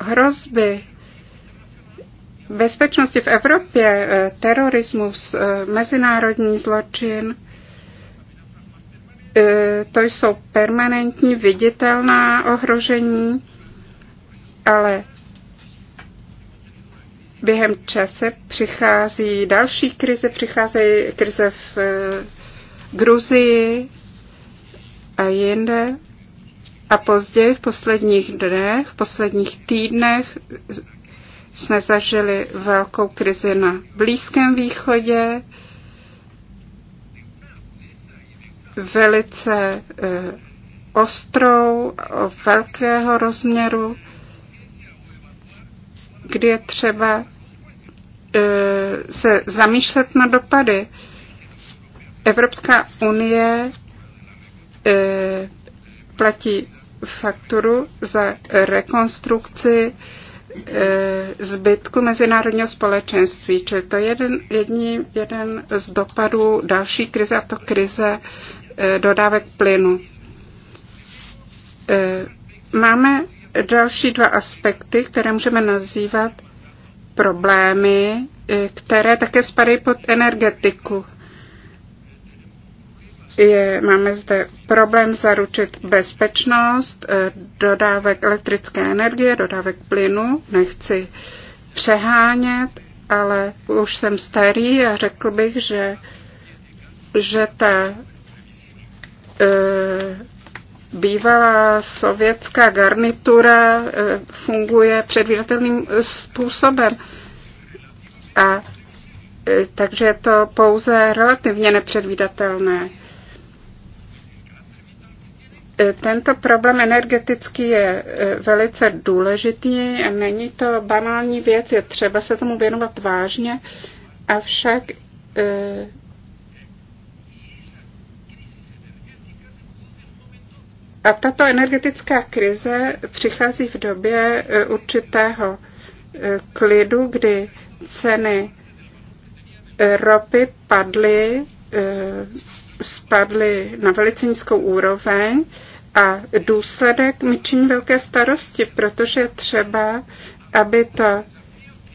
S3: hrozby bezpečnosti v Evropě, eh, terorismus, eh, mezinárodní zločin, eh, to jsou permanentní viditelná ohrožení, ale během čase přichází další krize, přicházejí krize v Gruzii a jinde. A později v posledních dnech, v posledních týdnech jsme zažili velkou krizi na Blízkém východě, velice eh, ostrou, velkého rozměru, kdy je třeba eh, se zamýšlet na dopady. Evropská unie eh, platí fakturu za rekonstrukci E, zbytku mezinárodního společenství. Čili to je jeden, jedním, jeden z dopadů další krize, a to krize e, dodávek plynu. E, máme další dva aspekty, které můžeme nazývat problémy, které také spadají pod energetiku je, máme zde problém zaručit bezpečnost eh, dodávek elektrické energie, dodávek plynu. Nechci přehánět, ale už jsem starý a řekl bych, že, že ta e, bývalá sovětská garnitura eh, funguje předvídatelným způsobem. A takže je to pouze relativně nepředvídatelné. Tento problém energetický je e, velice důležitý a není to banální věc, je třeba se tomu věnovat vážně, avšak e, a tato energetická krize přichází v době e, určitého klidu, kdy ceny ropy padly spadly na velice nízkou úroveň a důsledek mi činí velké starosti, protože třeba, aby to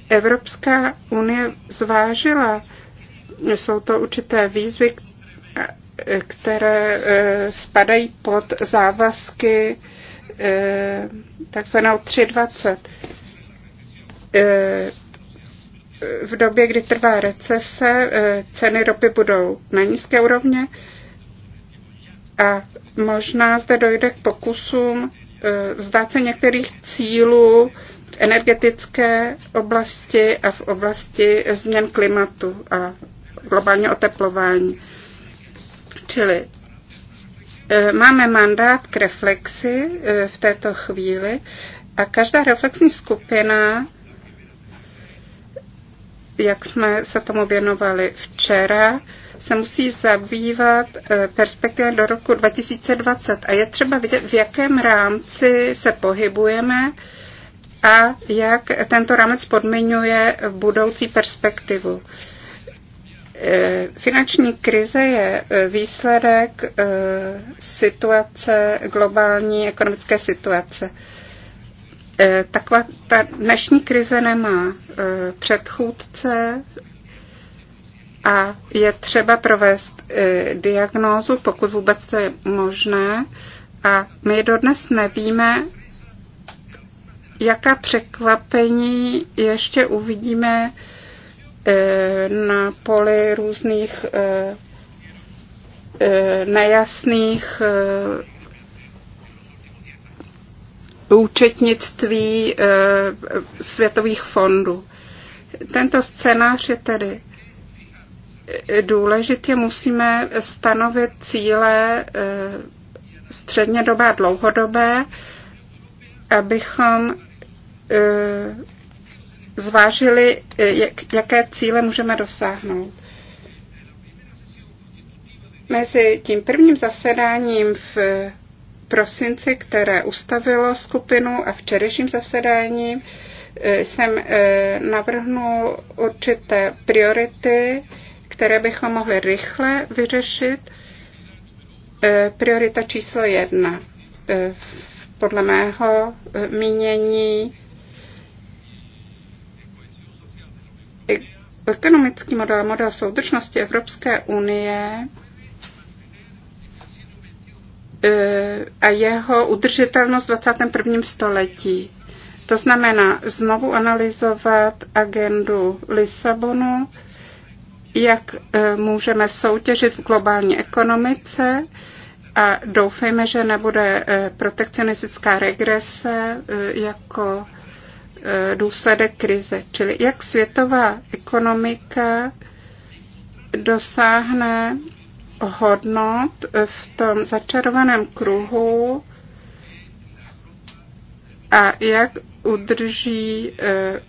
S3: Evropská unie zvážila. Jsou to určité výzvy, které eh, spadají pod závazky eh, takzvanou 320 v době, kdy trvá recese, eh, ceny ropy budou na nízké úrovně a možná zde dojde k pokusům eh, vzdát se některých cílů v energetické oblasti a v oblasti změn klimatu a globálního oteplování. Čili eh, máme mandát k reflexi v této chvíli a každá reflexní skupina jak jsme se tomu věnovali včera, se musí zabývat eh, perspektivně do roku 2020 a je třeba vidět, v jakém rámci se pohybujeme a jak tento rámec podmiňuje budoucí perspektivu. Eh, finanční krize je eh, výsledek situace, globální ekonomické situace. Eh, taková, ta dnešní krize nemá eh, předchůdce a je třeba provést eh, diagnózu, pokud vůbec to je možné. A my dodnes nevíme, jaká překvapení ještě uvidíme na poli různých nejasných účetnictví eh, světových fondů. Tento scénář je tedy eh, důležitě musíme stanovit cíle eh, střednědobé a dlouhodobé, abychom zvážili, jaké cíle můžeme dosáhnout. Mezi tím prvním zasedáním v prosinci, které ustavilo skupinu a včerejším zasedání eh, jsem eh, navrhnul určité priority, které bychom mohli rychle vyřešit. Eh, priorita číslo jedna podle mého mínění ekonomický model, model soudržnosti Evropské unie Eh, a jeho udržitelnost v 21. století. To znamená znovu analyzovat agendu Lisabonu, jak eh, můžeme soutěžit v globální ekonomice a doufejme, že nebude eh, protekcionistická regrese jako důsledek krize. Čili jak světová ekonomika dosáhne hodnot v tom začarovaném kruhu a jak udrží e, e,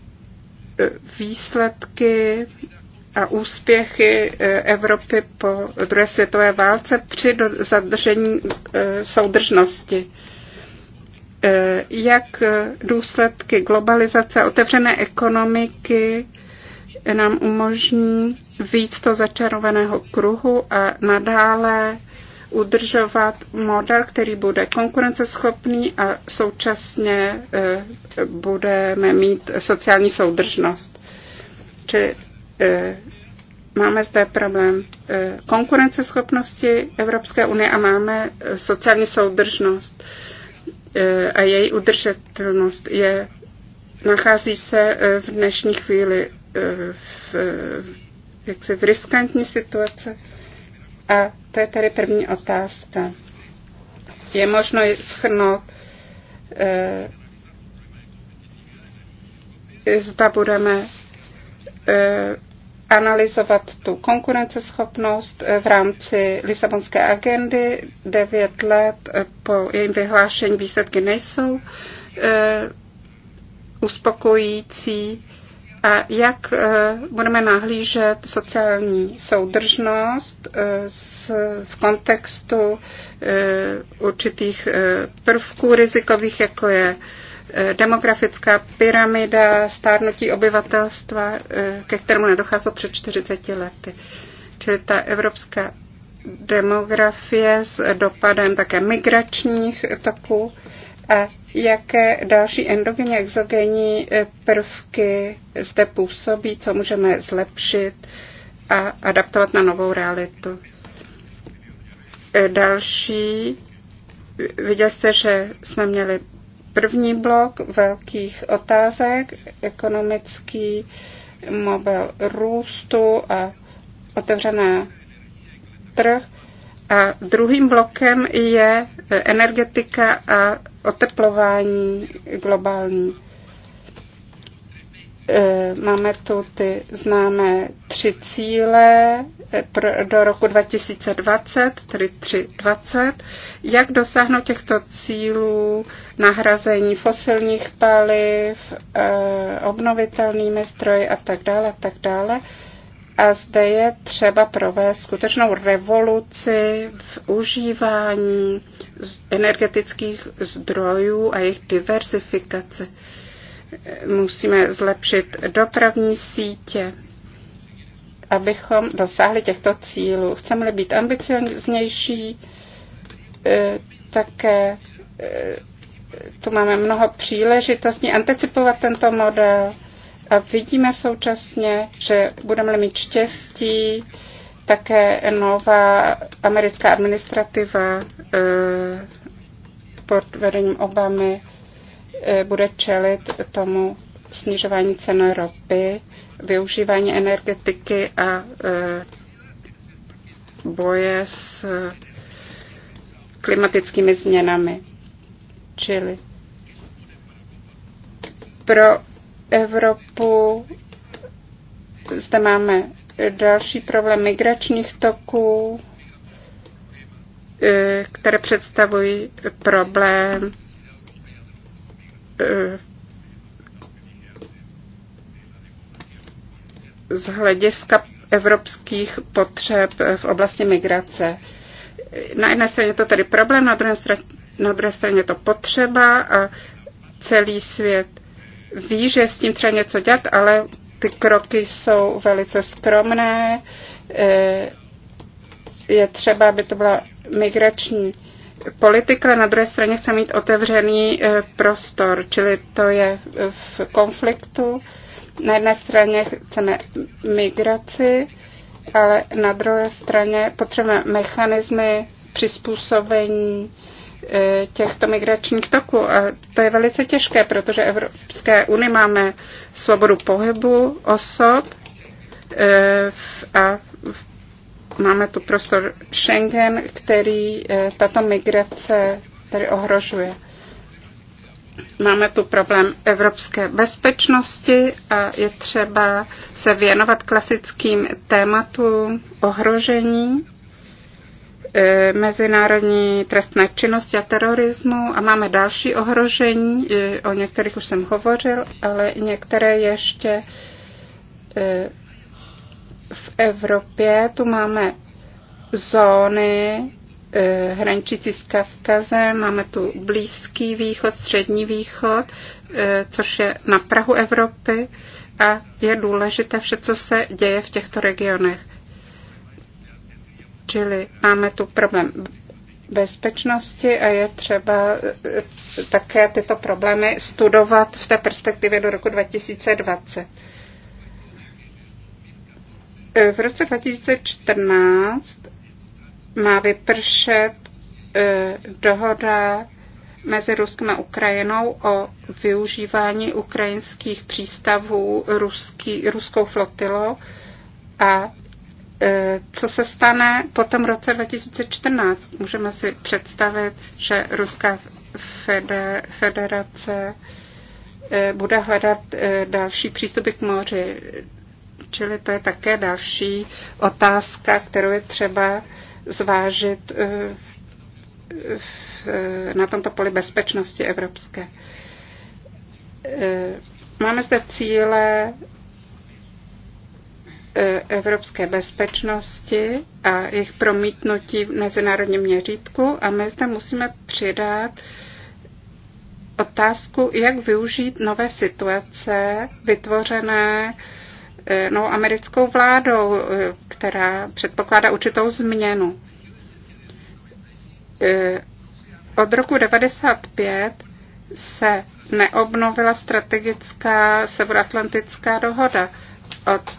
S3: výsledky a úspěchy e, Evropy po druhé světové válce při zadržení soudržnosti. Jak důsledky globalizace otevřené ekonomiky nám umožní víc to začarovaného kruhu a nadále udržovat model, který bude konkurenceschopný a současně e, budeme mít sociální soudržnost. Či e, máme zde problém e, konkurenceschopnosti Evropské unie a máme sociální soudržnost a její udržitelnost je nachází se v dnešní chvíli Eh, v, jaksi v riskantní situace. A to je tady první otázka. Je možno schrnout, eh, zda budeme eh, analyzovat tu konkurenceschopnost v rámci Lisabonské agendy. Devět let po jejím vyhlášení výsledky nejsou uspokojící a jak eh, budeme nahlížet sociální soudržnost eh, v kontextu eh, určitých prvků rizikových, jako je demografická pyramida, stárnutí obyvatelstva, ke kterému nedocházelo před 40 lety. Čili ta evropská demografie s dopadem také migračních toků a jaké další endogenní exogenní e, prvky zde působí, co můžeme zlepšit a adaptovat na novou realitu. E, další, e, viděli jste, že jsme měli první blok velkých otázek, ekonomický mobil růstu a otevřená trh a druhým blokem je e, energetika a oteplování globální. E, máme tu ty známé tři cíle e, do roku 2020, tedy 320. Jak dosáhnout těchto cílů? Nahrazení fosilních paliv, obnovitelnými stroji a tak dále, a tak dále a zde je třeba provést skutečnou revoluci v užívání energetických zdrojů a jejich diversifikace. Musíme zlepšit dopravní sítě, abychom dosáhli těchto cílů. Chceme-li být ambicioznější, eh, také eh, tu máme mnoho příležitostí anticipovat tento model a vidíme současně, že budeme mít štěstí, také nová americká administrativa eh, pod vedením Obamy eh, bude čelit tomu snižování ceny ropy, využívání energetiky a eh, boje s klimatickými změnami. Čili pro Evropu. Zde máme další problém migračních toků, eh, které představují problém eh, z hlediska evropských potřeb v oblasti migrace. Na jedné straně je to tedy problém, na druhé straně, na druhé straně je to potřeba a celý svět ví, že s tím třeba něco dělat, ale ty kroky jsou velice skromné. E, je třeba, aby to byla migrační politika, ale na druhé straně chce mít otevřený e, prostor, čili to je v konfliktu. Na jedné straně chceme migraci, ale na druhé straně potřebujeme mechanismy přizpůsobení E, těchto migračních toků. A to je velice těžké, protože Evropské unii máme svobodu pohybu osob e, a máme tu prostor Schengen, který e, tato migrace tady ohrožuje. Máme tu problém evropské bezpečnosti a je třeba se věnovat klasickým tématům ohrožení E, mezinárodní trestné činnosti a terorismu a máme další ohrožení, e, o některých už jsem hovořil, ale některé ještě e, v Evropě. Tu máme zóny hraničící s Kavkazem, máme tu Blízký východ, Střední východ, což je na Prahu Evropy a je důležité vše, co se děje v těchto regionech. Čili máme tu problém bezpečnosti a je třeba eh, také tyto problémy studovat v té perspektivě do roku 2020. Eh, v roce 2014 má vypršet eh, dohoda mezi Ruskem a Ukrajinou o využívání ukrajinských přístavů ruský, ruskou flotilou a Eh, co se stane po tom roce 2014. Můžeme si představit, že Ruská federace eh, bude hledat eh, další přístupy k moři. Čili to je také další otázka, kterou je třeba zvážit na tomto poli bezpečnosti evropské. Máme zde cíle E, evropské bezpečnosti a jejich promítnutí v mezinárodním měřítku a my zde musíme přidat otázku, jak využít nové situace vytvořené e, no, americkou vládou, e, která předpokládá určitou změnu. Od roku 1995 se neobnovila strategická severoatlantická dohoda. Od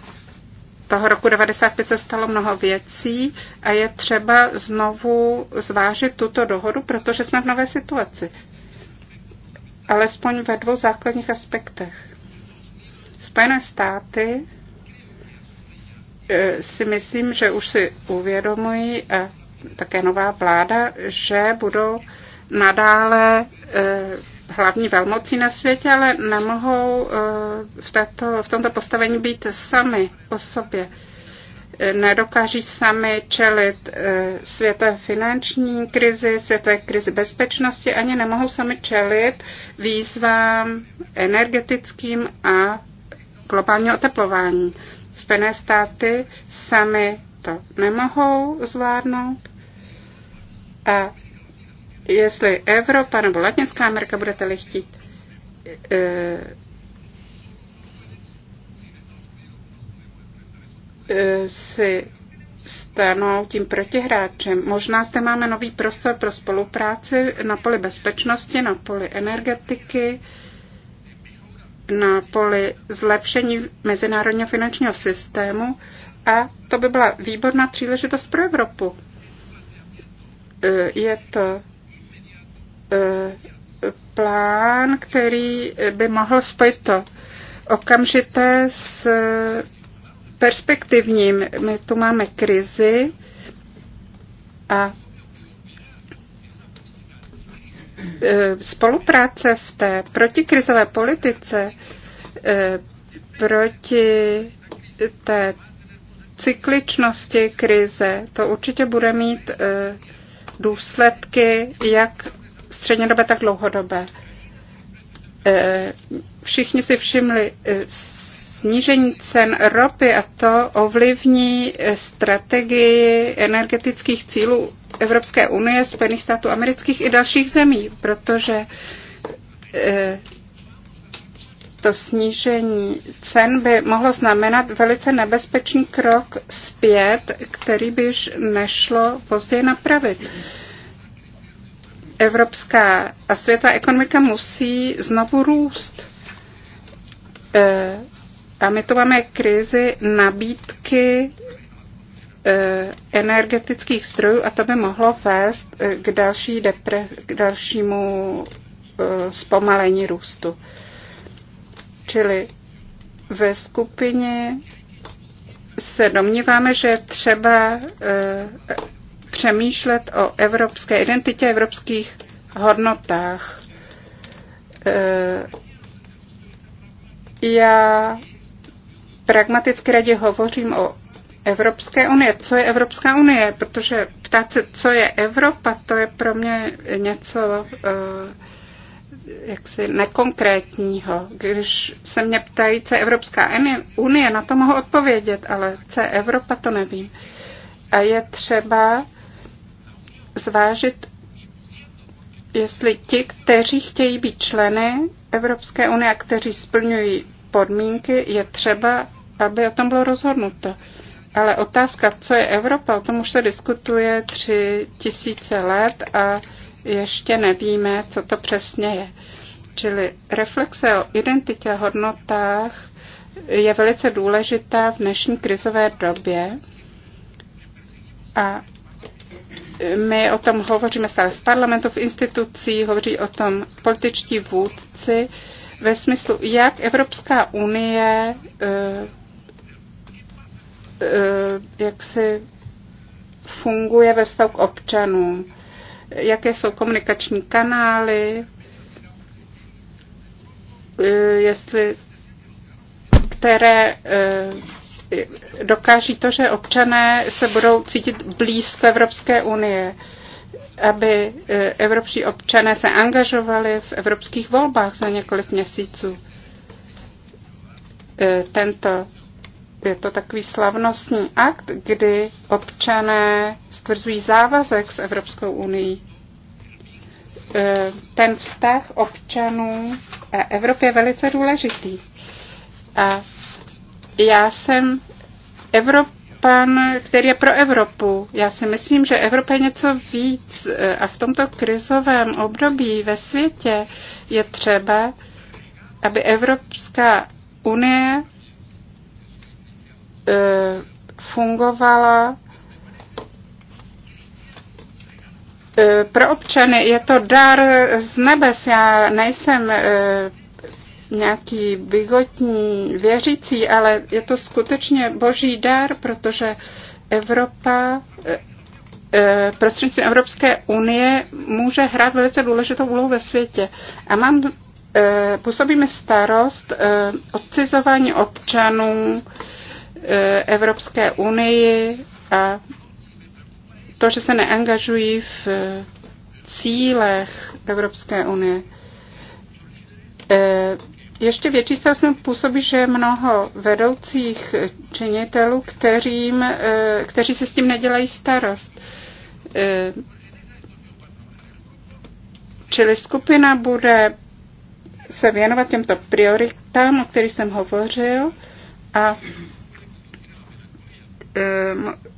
S3: toho roku 95 se stalo mnoho věcí a je třeba znovu zvážit tuto dohodu, protože jsme v nové situaci. Alespoň ve dvou základních aspektech. Spojené státy eh, si myslím, že už si uvědomují a také nová vláda, že budou nadále eh, hlavní velmocí na světě, ale nemohou eh, v, této, v tomto postavení být sami o sobě. Eh, nedokáží sami čelit eh, světové finanční krizi, světové krizi bezpečnosti, ani nemohou sami čelit výzvám energetickým a globálního oteplování. Spojené státy sami to nemohou zvládnout a jestli Evropa nebo Latinská Amerika budete-li chtít eh, eh, si stanou tím protihráčem. Možná zde máme nový prostor pro spolupráci na poli bezpečnosti, na poli energetiky, na poli zlepšení mezinárodního finančního systému a to by byla výborná příležitost pro Evropu. Eh, je to E, plán, který by mohl spojit to okamžité s perspektivním. My tu máme krizi a e, spolupráce v té protikrizové politice e, proti té cykličnosti krize, to určitě bude mít důsledky jak střednědobé, tak dlouhodobé. E, všichni si všimli e, snížení cen ropy a to ovlivní e, strategii energetických cílů Evropské unie, Spojených států amerických i dalších zemí, protože to snížení cen by mohlo znamenat velice nebezpečný krok zpět, který by již nešlo později napravit. Mm-hmm evropská a světová ekonomika musí znovu růst. Eh, a my tu máme krizi nabídky eh, energetických strojů a to by mohlo vést eh, k, další depre, k dalšímu zpomalení růstu. Čili ve skupině se domníváme, že třeba přemýšlet o evropské identitě, evropských hodnotách. E, já pragmaticky radě hovořím o Evropské unie. Co je Evropská unie? Protože ptát se, co je Evropa, to je pro mě něco e, jaksi nekonkrétního. Když se mě ptají, co je Evropská unie, na to mohu odpovědět, ale co je Evropa, to nevím. A je třeba zvážit, jestli ti, kteří chtějí být členy Evropské unie a kteří splňují podmínky, je třeba, aby o tom bylo rozhodnuto. Ale otázka, co je Evropa, o tom už se diskutuje tři tisíce let a ještě nevíme, co to přesně je. Čili reflexe o identitě a hodnotách je velice důležitá v dnešní krizové době a my o tom hovoříme stále v parlamentu, v institucích, hovoří o tom političtí vůdci ve smyslu, jak Evropská unie eh, eh, jak si funguje ve vztahu k občanům, jaké jsou komunikační kanály, eh, jestli které dokáží to, že občané se budou cítit blízko Evropské unie, aby e, evropští občané se angažovali v evropských volbách za několik měsíců. E, tento je to takový slavnostní akt, kdy občané stvrzují závazek s Evropskou unii. E, ten vztah občanů a Evropě je velice důležitý. A já jsem Evropan, který je pro Evropu. Já si myslím, že Evropa je něco víc e, a v tomto krizovém období ve světě je třeba, aby Evropská unie e, fungovala e, pro občany je to dar z nebes. Já nejsem nějaký bigotní věřící, ale je to skutečně boží dar, protože Evropa eh, eh, prostřednictvím Evropské unie může hrát velice důležitou úlohu ve světě. A mám, eh, působí mi starost odcizování občanů Evropské unii a to, že se neangažují v cílech Evropské unie ještě větší stav jsme působí, že mnoho vedoucích činitelů, kterým, eh, kteří se s tím nedělají starost. Eh, čili skupina bude se věnovat těmto prioritám, o kterých jsem hovořil, a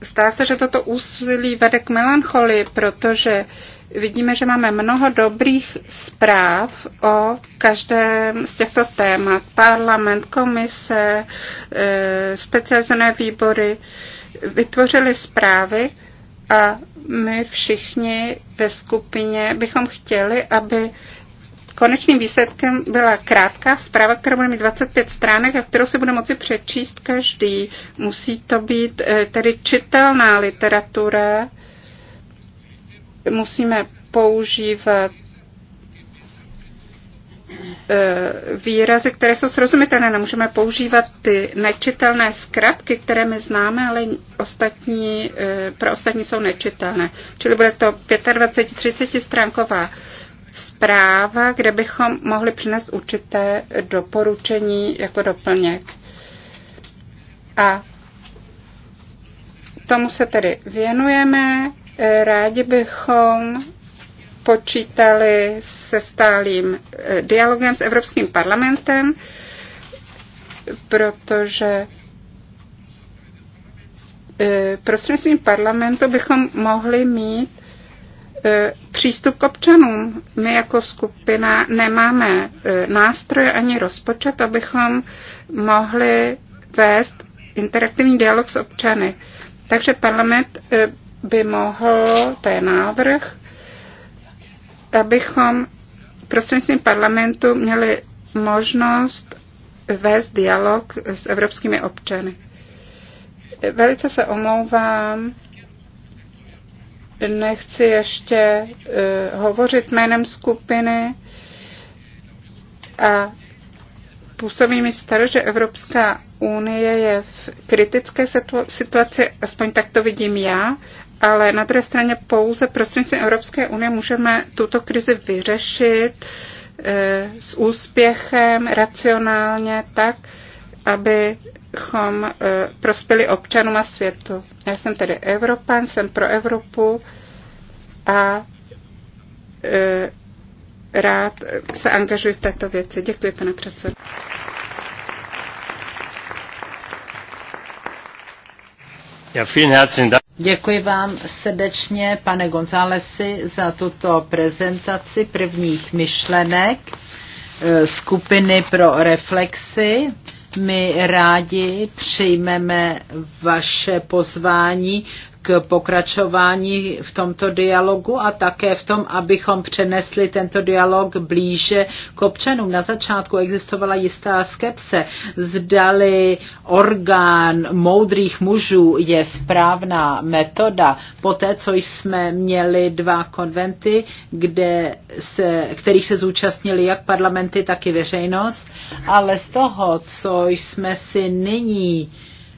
S3: zdá eh, se, že toto úsilí vede k melancholii, protože vidíme, že máme mnoho dobrých zpráv o každém z těchto témat. Parlament, komise, eh, specializované výbory vytvořili zprávy a my všichni ve skupině bychom chtěli, aby konečným výsledkem byla krátká zpráva, která bude mít 25 stránek a kterou se bude moci přečíst každý. Musí to být eh, tedy čitelná literatura, musíme používat e, výrazy, které jsou srozumitelné. Nemůžeme používat ty nečitelné zkratky, které my známe, ale ostatní, e, pro ostatní jsou nečitelné. Čili bude to 25-30 stránková zpráva, kde bychom mohli přinést určité doporučení jako doplněk. A tomu se tedy věnujeme Rádi bychom počítali se stálým eh, dialogem s Evropským parlamentem, protože eh, prostřednictvím parlamentu bychom mohli mít eh, přístup k občanům. My jako skupina nemáme nástroje ani rozpočet, abychom mohli vést interaktivní dialog s občany. Takže parlament by mohl, to je návrh, abychom prostřednictvím parlamentu měli možnost vést dialog s evropskými občany. Velice se omlouvám, nechci ještě uh, hovořit jménem skupiny a působí mi staro, že Evropská unie je v kritické situaci, aspoň tak to vidím já, ale na druhé straně pouze prostřednictvím Evropské unie můžeme tuto krizi vyřešit eh, s úspěchem, racionálně, tak, abychom eh, prospěli občanům a světu. Já jsem tedy Evropan, jsem pro Evropu a eh, rád se angažuji v této věci. Děkuji, pane předsedo.
S1: Ja, vielen herzlichen Dank.
S3: Děkuji
S4: vám srdečně, pane Gonzálesi, za tuto prezentaci prvních myšlenek eh, skupiny pro reflexy. My rádi přijmeme vaše pozvání k pokračování v tomto dialogu a také v tom, abychom přenesli tento dialog blíže k občanům. Na začátku existovala jistá skepse, zdali orgán moudrých mužů je správná metoda. Poté, co jsme měli dva konventy, kde se, kterých se zúčastnili jak parlamenty, tak i veřejnost, ale z toho, co jsme si nyní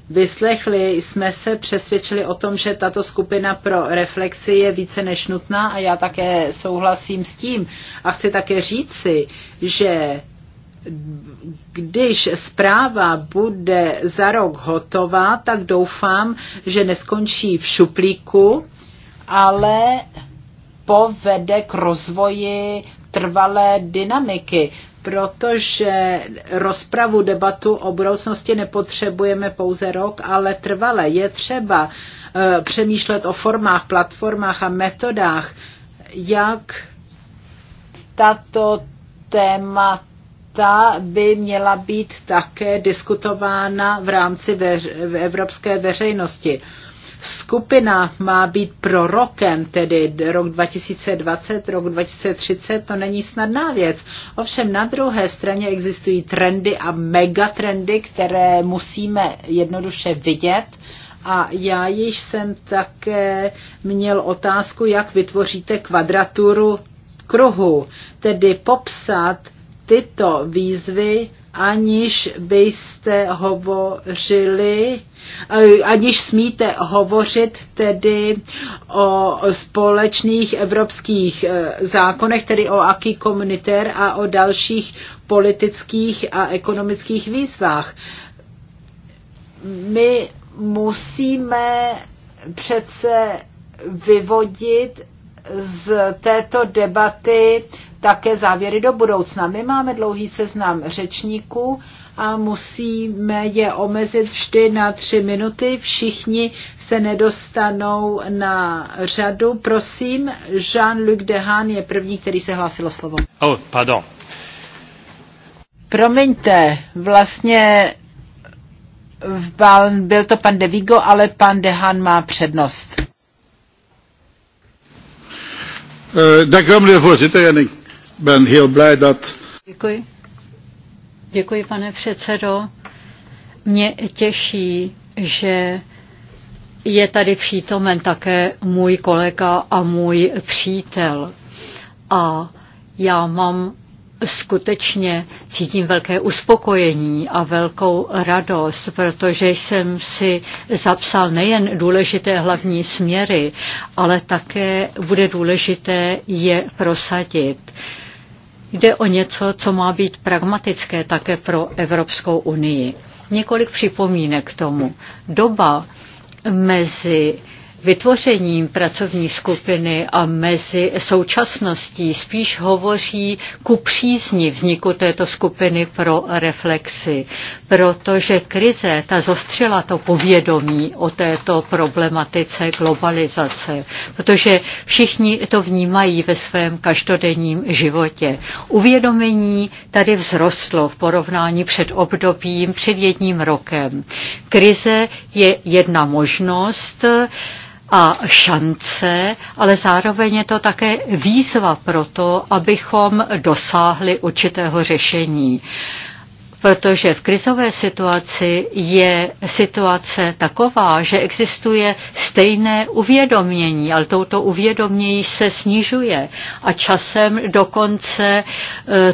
S4: vyslechli, jsme se přesvědčili o tom, že tato skupina pro reflexy je více než nutná a já také souhlasím s tím. A chci také říci, že když zpráva bude za rok hotová, tak doufám, že neskončí v šuplíku, ale povede k rozvoji trvalé dynamiky protože rozpravu, debatu o budoucnosti nepotřebujeme pouze rok, ale trvale. Je třeba eh, přemýšlet o formách, platformách a metodách, jak tato témata ta by měla být také diskutována v rámci veř- v evropské veřejnosti. Uh, skupina má být prorokem, tedy rok 2020, rok 2030, to není snadná věc. Ovšem na druhé straně existují trendy a megatrendy, které musíme jednoduše vidět. A já již jsem také měl otázku, jak vytvoříte kvadraturu kruhu, tedy popsat tyto výzvy aniž byste hovořili, aniž smíte hovořit tedy o společných evropských eh, zákonech, tedy o aký komunitér a o dalších politických a ekonomických výzvách. My musíme přece vyvodit z této debaty také závěry do budoucna. My máme dlouhý seznam řečníků a musíme je omezit vždy na tři minuty. Všichni se nedostanou na řadu. Prosím, Jean-Luc Dehan je první, který se hlásil o slovo.
S1: Oh, pardon.
S4: Promiňte, vlastně byl to pan De Vigo, ale pan Dehan má přednost.
S1: Uh, Dank u wel, ben heel blij dat...
S2: Děkuji. Děkuji, pane předsedo. Mě těší, že je tady přítomen také můj kolega a můj přítel. A já mám skutečně cítím velké uspokojení a velkou radost, protože jsem si zapsal nejen důležité hlavní směry, ale také bude důležité je prosadit. Jde o něco, co má být pragmatické také pro Evropskou unii. Několik připomínek k tomu. Doba mezi vytvořením pracovní skupiny a mezi současností spíš hovoří ku přízni vzniku této skupiny pro reflexy, protože krize ta zostřila to povědomí o této problematice globalizace, protože všichni to vnímají ve svém každodenním životě. Uvědomení tady vzrostlo v porovnání před obdobím, před jedním rokem. Krize je jedna možnost, a šance, ale zároveň je to také výzva pro to, abychom dosáhli určitého řešení protože v krizové situaci je situace taková, že existuje stejné uvědomění, ale touto uvědomění se snižuje a časem dokonce e,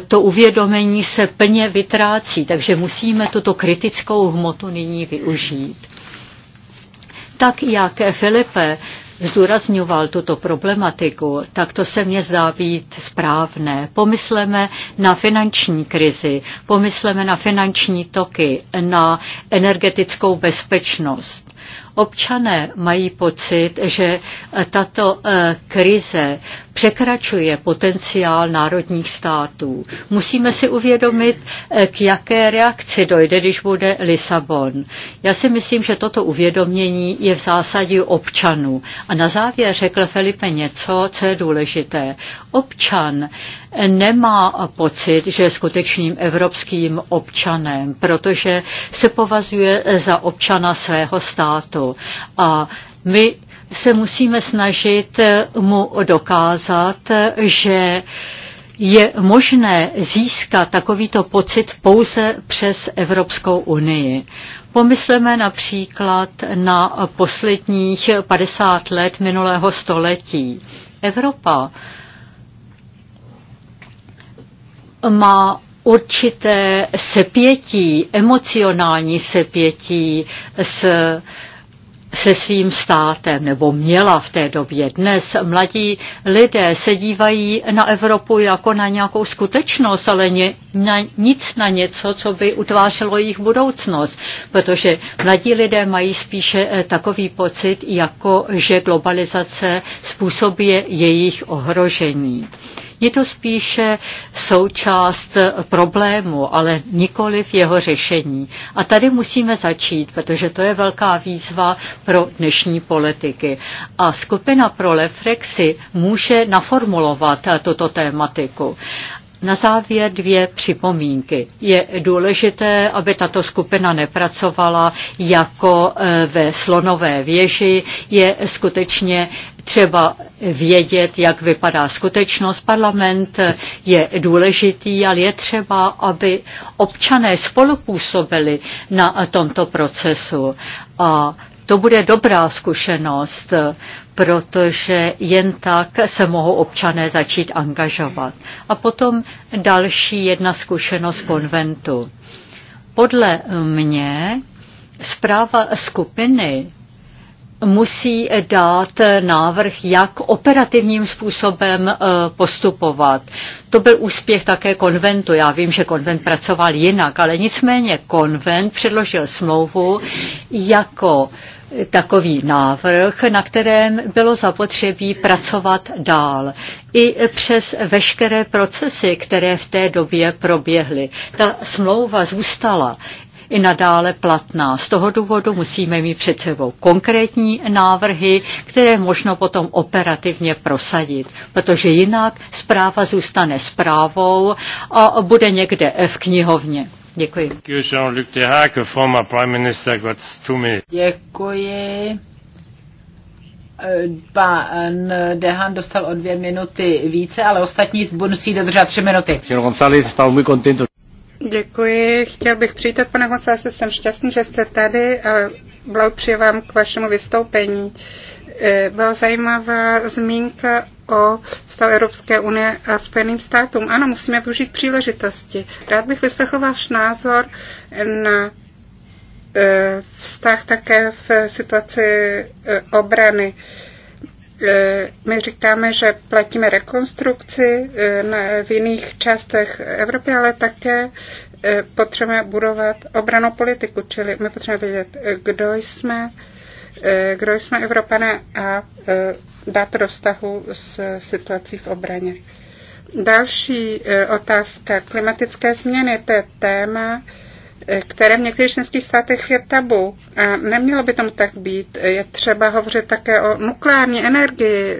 S2: to uvědomění se plně vytrácí, takže musíme tuto kritickou hmotu nyní využít. Tak jak Filipe zdůrazňoval tuto problematiku, tak to se mně zdá být správné. Pomysleme na finanční krizi, pomysleme na finanční toky, na energetickou bezpečnost. Občané mají pocit, že tato eh, krize překračuje potenciál národních států. Musíme si uvědomit, eh, k jaké reakci dojde, když bude Lisabon. Já si myslím, že toto uvědomění je v zásadě občanů. A na závěr řekl Felipe něco, co je důležité. Občan eh, nemá pocit, že je skutečným evropským občanem, protože se považuje eh, za občana svého státu. A my se musíme snažit eh, mu dokázat, eh, že je možné získat takovýto pocit pouze přes Evropskou unii. Pomysleme například na posledních 50 let minulého století. Evropa má určité sepětí, emocionální sepětí s se svým státem, nebo měla v té době. Dnes mladí lidé se dívají na Evropu jako na nějakou skutečnost, ale ně, na, nic na něco, co by utvářelo jejich budoucnost, protože mladí lidé mají spíše eh, takový pocit, jako že globalizace způsobí jejich ohrožení. Je to spíše součást problému, ale nikoli v jeho řešení. A tady musíme začít, protože to je velká výzva pro dnešní politiky. A skupina pro Lefrexy může naformulovat eh, tuto tématiku. Na závěr dvě připomínky. Je důležité, aby tato skupina nepracovala jako e, ve slonové věži. Je skutečně třeba vědět, jak vypadá skutečnost. Parlament je důležitý, ale je třeba, aby občané spolupůsobili na tomto procesu. A to bude dobrá zkušenost protože jen tak se mohou občané začít angažovat. A potom další jedna zkušenost konventu. Podle mě zpráva skupiny musí dát návrh, jak operativním způsobem eh, postupovat. To byl úspěch také konventu. Já vím, že konvent pracoval jinak, ale nicméně konvent předložil smlouvu jako takový návrh, na kterém bylo zapotřebí pracovat dál. I přes veškeré procesy, které v té době proběhly. Ta smlouva zůstala i nadále platná. Z toho důvodu musíme mít před sebou konkrétní návrhy, které možno potom operativně prosadit, protože jinak zpráva zůstane zprávou a bude někde v knihovně. Děkuji.
S4: Děkuji. Eh, pan eh, Dehan dostal o dvě minuty více, ale ostatní musí dodržet tři
S1: minuty.
S3: Děkuji. Chtěl bych přivítat, pane Gonzáře, jsem šťastný, že jste tady a blahopřeji vám k vašemu vystoupení. Eh, byla zajímavá zmínka o vztahu Evropské unie a Spojeným státům. Ano, musíme využít příležitosti. Rád bych vyslechl váš názor na e, vztah také v situaci e, obrany. E, my říkáme, že platíme rekonstrukci v jiných částech Evropy, ale také potřebujeme budovat obranou politiku, čili my potřebujeme vědět, kdo jsme, Eh, kdo jsme Evropané a eh, dát do vztahu s situací v obraně. Další eh, otázka. Klimatické změny, to je téma, které v některých členských státech je tabu. A nemělo by tomu tak být. Je třeba hovořit také o nukleární energii.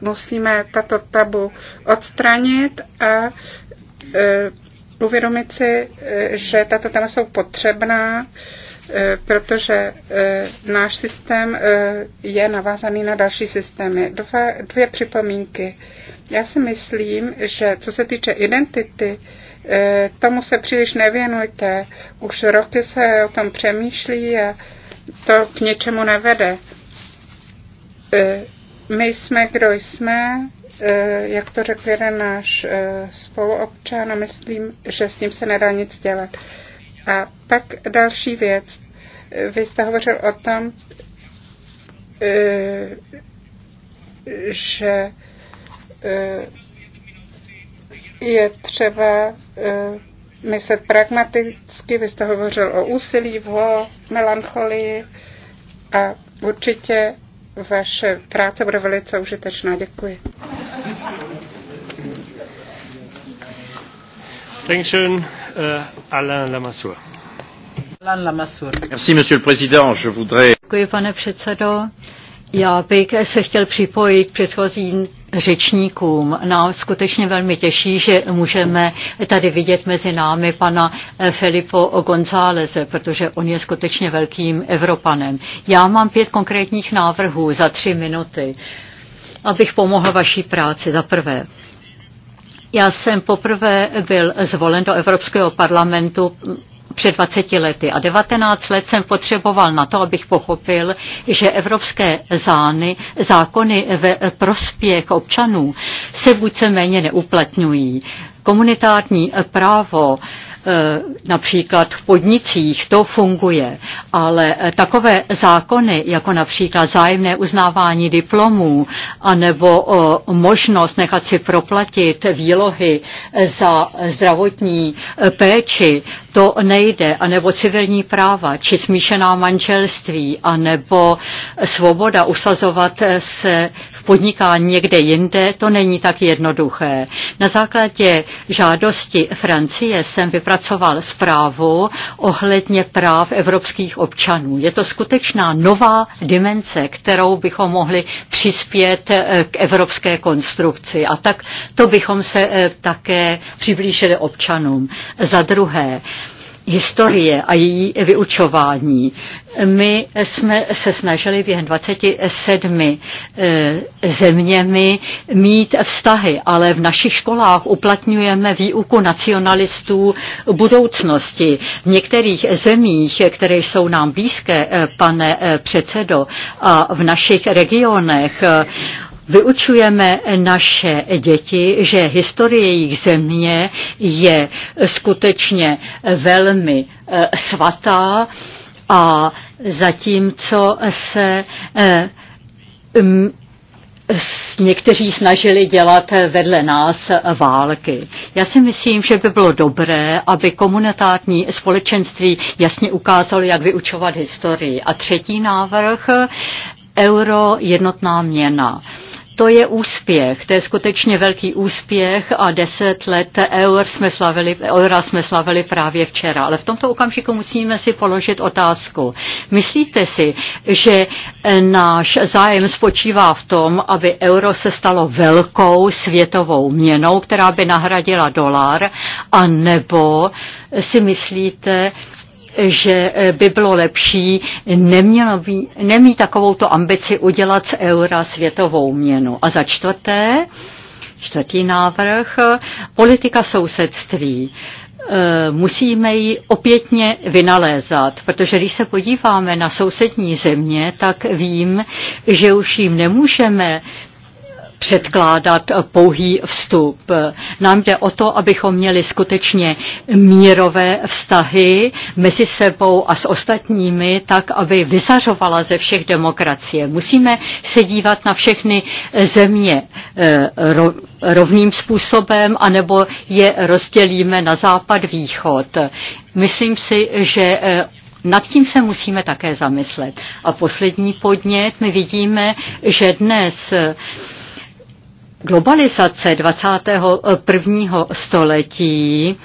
S3: Musíme tato tabu odstranit a uvědomit si, že tato téma jsou potřebná Eh, protože eh, náš systém eh, je navázaný na další systémy. Dva dvě připomínky. Já si myslím, že co se týče identity, tomu se příliš nevěnujte. Už roky se o tom přemýšlí a to k něčemu nevede. My jsme, kdo jsme, jak to řekl jeden náš spoluobčan, a myslím, že s tím se nedá nic dělat. A pak další věc. Vy jste hovořil o tom, eh, že eh, je třeba eh, myslet pragmaticky. Vy jste hovořil o úsilí, o melancholii a určitě vaše práce bude velice užitečná. Děkuji.
S2: Dankeschön, uh, Alain
S1: Lamassoure.
S3: Alain Lamassoure.
S1: Merci, monsieur le président. Je voudrais...
S2: Děkuji, pane předsedo. Já bych se chtěl připojit k předchozím řečníkům. Nám skutečně velmi těší, že můžeme tady vidět mezi námi pana eh, Filipo Gonzáleze, protože on je skutečně velkým Evropanem. Já mám pět konkrétních návrhů za tři minuty, abych pomohl vaší práci. Za prvé, já jsem poprvé byl zvolen do Evropského parlamentu před 20 lety a 19 let jsem potřeboval na to, abych pochopil, že evropské zány, zákony ve prospěch občanů se vůdce méně neuplatňují. Komunitární právo Eh, například v podnicích, to funguje, ale eh, takové zákony, jako například zájemné uznávání diplomů, anebo možnost nechat si proplatit výlohy eh, za zdravotní péči, to nejde, anebo civilní práva, či smíšená manželství, anebo svoboda usazovat se v podnikání někde jinde, to není tak jednoduché. Na základě žádosti Francie jsem vypracoval zprávu ohledně práv evropských občanů. Je to skutečná nová dimenze, kterou bychom mohli přispět eh, k evropské konstrukci. A tak to bychom se eh, také přiblížili občanům. Za druhé, historie a její vyučování. My jsme se snažili během 27 eh, zeměmi mít vztahy, ale v našich školách uplatňujeme výuku nacionalistů budoucnosti. V některých zemích, které jsou nám blízké, eh, pane eh, předsedo, a v našich regionech, vyučujeme naše děti, že historie jejich země je skutečně velmi eh, svatá a zatímco se eh, někteří snažili dělat vedle nás války. Já si myslím, že by bylo dobré, aby komunitární společenství jasně ukázalo, jak vyučovat historii. A třetí návrh, euro jednotná měna. Uh, to je úspěch, to je skutečně velký úspěch a deset let eur jsme slavili, eura jsme slavili právě včera. Ale v tomto okamžiku musíme si položit otázku. Myslíte si, že eh, náš zájem spočívá v tom, aby euro se stalo velkou světovou měnou, která by nahradila dolar, a nebo si myslíte, že eh, by bylo lepší neměla, nemít takovouto ambici udělat z eura světovou měnu. A za čtvrté, čtvrtý návrh, politika sousedství eh, musíme ji opětně vynalézat, protože když se podíváme na sousední země, tak vím, že už jim nemůžeme předkládat pouhý vstup. Nám jde o to, abychom měli skutečně mírové vztahy mezi sebou a s ostatními, tak, aby vyzařovala ze všech demokracie. Musíme se dívat na všechny země eh, rovným způsobem, anebo je rozdělíme na západ-východ. Myslím si, že eh, nad tím se musíme také zamyslet. A poslední podnět, my vidíme, že dnes eh, globalizace 21. Eh, století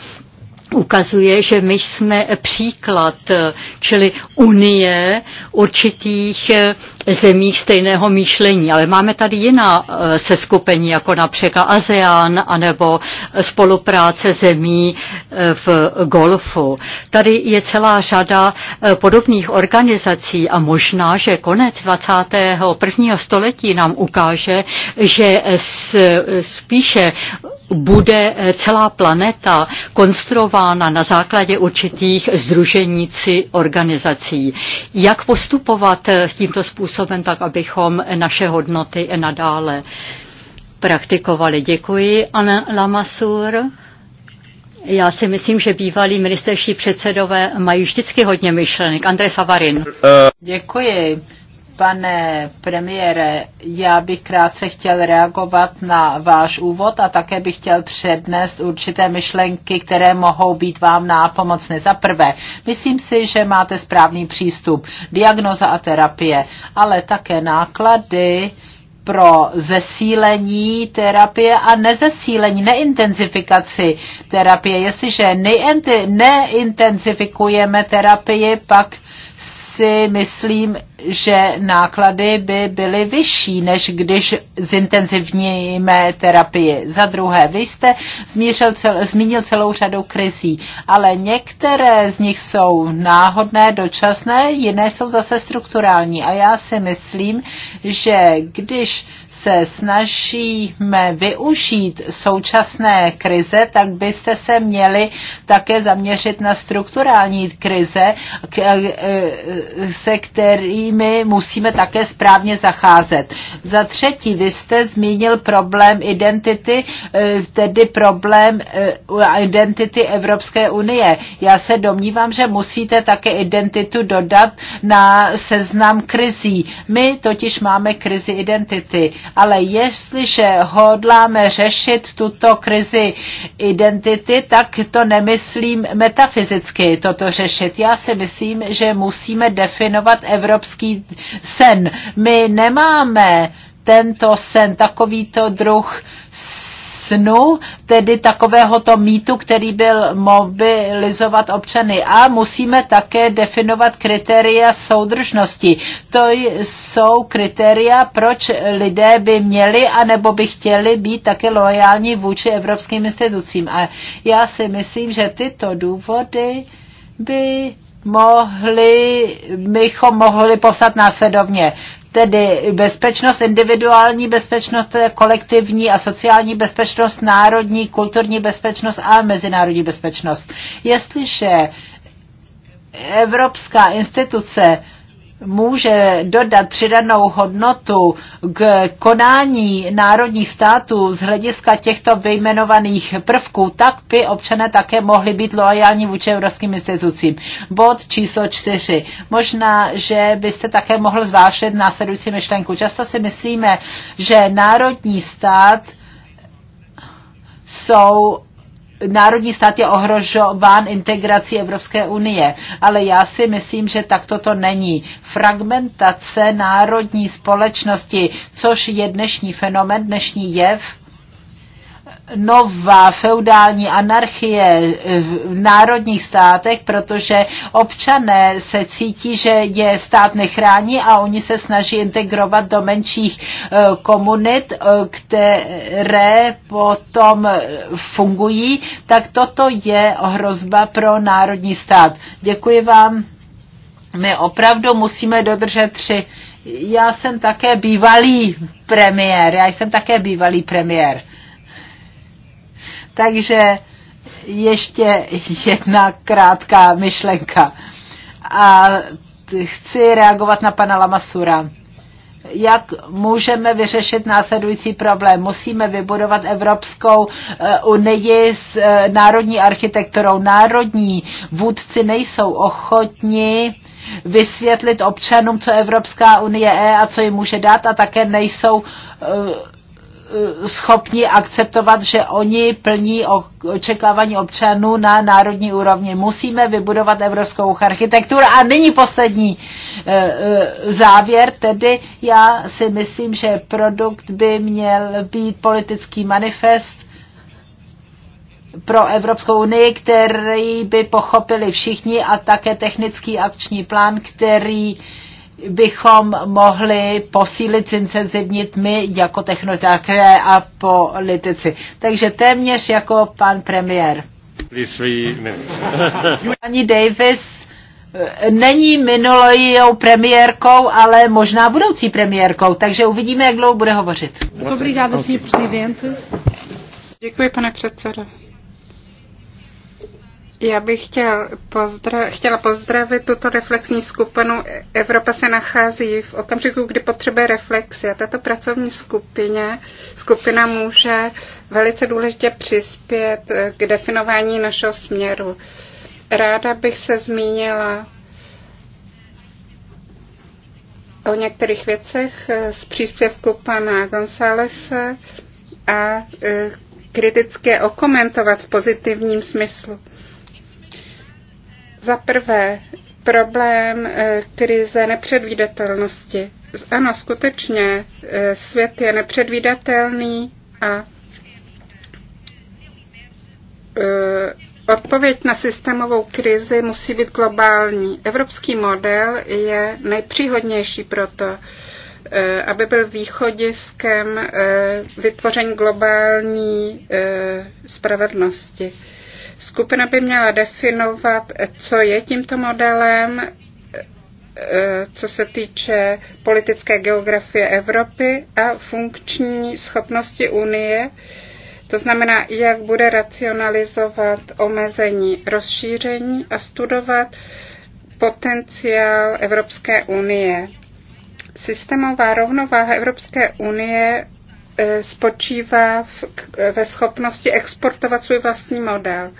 S2: ukazuje, že my jsme příklad, eh, čili unie určitých eh, zemích stejného myšlení, ale máme tady jiná eh, seskupení, jako například ASEAN anebo spolupráce zemí eh, v Golfu. Tady je celá řada eh, podobných organizací a možná, že konec 21. století nám ukáže, že spíše bude celá planeta konstruována na základě určitých združení či organizací. Jak postupovat tímto způsobem? způsobem, tak abychom naše hodnoty nadále praktikovali. Děkuji, Anna Lamasur. Já si myslím, že bývalí ministerští předsedové mají vždycky hodně myšlenek. Andrej Savarin. Eh. Děkuji. Pane premiére, já
S4: bych krátce chtěl reagovat na váš úvod a také bych chtěl přednést určité myšlenky, které mohou být vám nápomocné. Za prvé, myslím si, že máte správný přístup, diagnoza a terapie, ale také náklady pro zesílení terapie a nezesílení, neintenzifikaci terapie. Jestliže neintenzifikujeme terapii, pak si myslím, že náklady by byly vyšší, než když zintenzivníme terapii. Za druhé, vy jste cel, zmínil celou řadu krizí, ale některé z nich jsou náhodné, dočasné, jiné jsou zase strukturální. A já si myslím, že když se snažíme využít současné krize, tak byste se měli také zaměřit na strukturální krize, e, e, se kterými musíme také správně zacházet. Za třetí, vy jste zmínil problém identity, e, tedy problém identity Evropské unie. Já se domnívám, že musíte také identitu dodat na seznam krizí. My totiž máme krizi identity ale jestliže hodláme řešit tuto krizi identity, tak to nemyslím metafyzicky toto řešit. Já si myslím, že musíme definovat evropský sen. My nemáme tento sen, takovýto druh snu, tedy takovéhoto mýtu, který byl mobilizovat občany. A musíme také definovat kritéria soudržnosti. To jsou kritéria, proč lidé by měli a nebo by chtěli být také loajální vůči evropským institucím. A já si myslím, že tyto důvody by mohli, bychom mohli poslat následovně tedy bezpečnost, individuální bezpečnost, kolektivní a sociální bezpečnost, národní, kulturní bezpečnost a mezinárodní bezpečnost. Jestliže evropská instituce může dodat přidanou hodnotu k konání národních států z hlediska těchto vyjmenovaných prvků, tak by občané také mohli být loajální vůči evropským institucím. Bod číslo čtyři. Možná, že byste také mohl zvážit následující myšlenku. Často si myslíme, že národní stát jsou národní stát je ohrožován integrací Evropské unie. Ale já si myslím, že tak to není. Fragmentace národní společnosti, což je dnešní fenomen, dnešní jev, nová feudální anarchie v národních státech, protože občané se cítí, že je stát nechrání a oni se snaží integrovat do menších eh, komunit, eh, které potom eh, fungují, tak toto je hrozba pro národní stát. Děkuji vám. My opravdu musíme dodržet tři. Já jsem také bývalý premiér. Já jsem také bývalý premiér. Takže ještě jedna krátká myšlenka. A chci reagovat na pana Lamasura. Jak můžeme vyřešit následující problém? Musíme vybudovat Evropskou eh, unii s eh, národní architekturou. Národní vůdci nejsou ochotní vysvětlit občanům, co Evropská unie je a co jim může dát a také nejsou eh, Eh, schopni akceptovat, že oni plní očekávání občanů na národní úrovni. Musíme vybudovat evropskou architekturu. A nyní poslední eh, eh, závěr, tedy já si myslím, že produkt by měl být politický manifest pro Evropskou unii, který by pochopili všichni a také technický akční plán, který uh, bychom mohli posílit, zincenzivnit my jako technotákové a politici. Takže téměř jako pan premiér. Pani Davis není minulou premiérkou, ale možná budoucí premiérkou, takže uvidíme, jak dlouho bude
S3: hovořit. Dobrý den, vlastně Děkuji, pane předsedo. Já bych chtěl pozdra- chtěla pozdravit tuto reflexní skupinu. Evropa se nachází v okamžiku, kdy potřebuje reflexi a tato pracovní skupině, skupina může velice důležitě přispět k definování našeho směru. Ráda bych se zmínila o některých věcech z příspěvku pana Gonzálese a eh, kriticky okomentovat v pozitivním smyslu. Za prvé, problém eh, krize nepředvídatelnosti. Ano, skutečně, eh, svět je nepředvídatelný a eh, Odpověď na systémovou krizi musí být globální. Evropský model je nejpříhodnější proto, aby byl východiskem vytvoření globální spravedlnosti. Skupina by měla definovat, co je tímto modelem, eh, co se týče politické geografie Evropy a funkční schopnosti Unie, to znamená, jak bude racionalizovat omezení rozšíření a studovat potenciál Evropské unie. Systémová rovnováha Evropské unie Eh, spočívá v, ve schopnosti exportovat svůj vlastní model.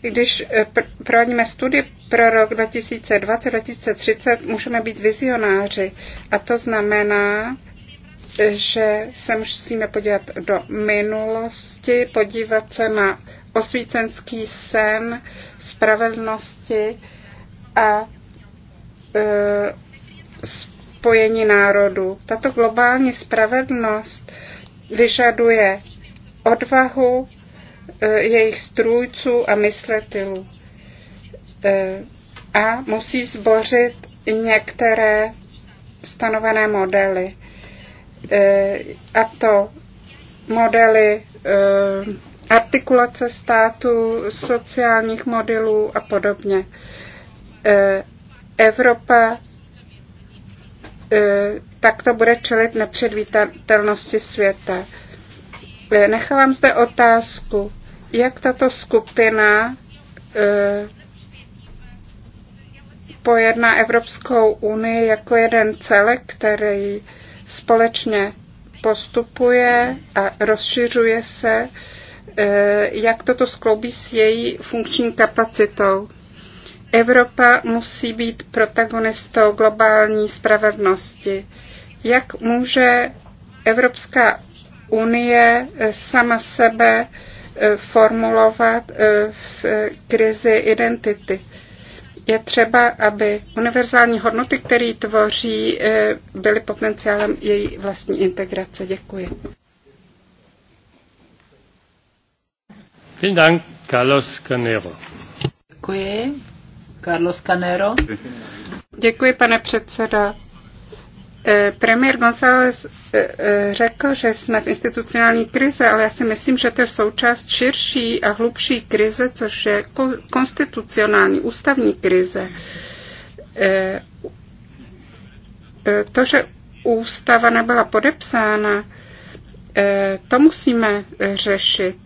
S3: Když eh, provádíme studii pro rok 2020-2030, můžeme být vizionáři. A to znamená, že se musíme podívat do minulosti, podívat se na osvícenský sen spravedlnosti a e, spojení národů. Tato globální spravedlnost vyžaduje odvahu eh, jejich strůjců a mysletilů eh, a musí zbořit některé stanovené modely. Eh, a to modely artikulace státu, sociálních modelů a podobně. Evropa Eh, tak to bude čelit nepředvídatelnosti světa. Eh, nechávám zde otázku, jak tato skupina eh, pojedná Evropskou unii jako jeden celek, který společně postupuje a rozšiřuje se, jak toto skloubí s její funkční kapacitou. Evropa musí být protagonistou globální spravedlnosti. Jak může Evropská unie eh, sama sebe eh, formulovat eh, v krizi identity? Je třeba, aby univerzální hodnoty, které tvoří, byly potenciálem její vlastní integrace. Děkuji.
S1: Vielen Dank, Carlos Canero.
S3: Děkuji. Carlos Canero. Děkuji, pane předseda. Eh, premiér González eh, eh, řekl, že jsme v institucionální krize, ale já si myslím, že to je součást širší a hlubší krize, což je konstitucionální, ústavní krize. To, že ústava nebyla podepsána, to musíme řešit.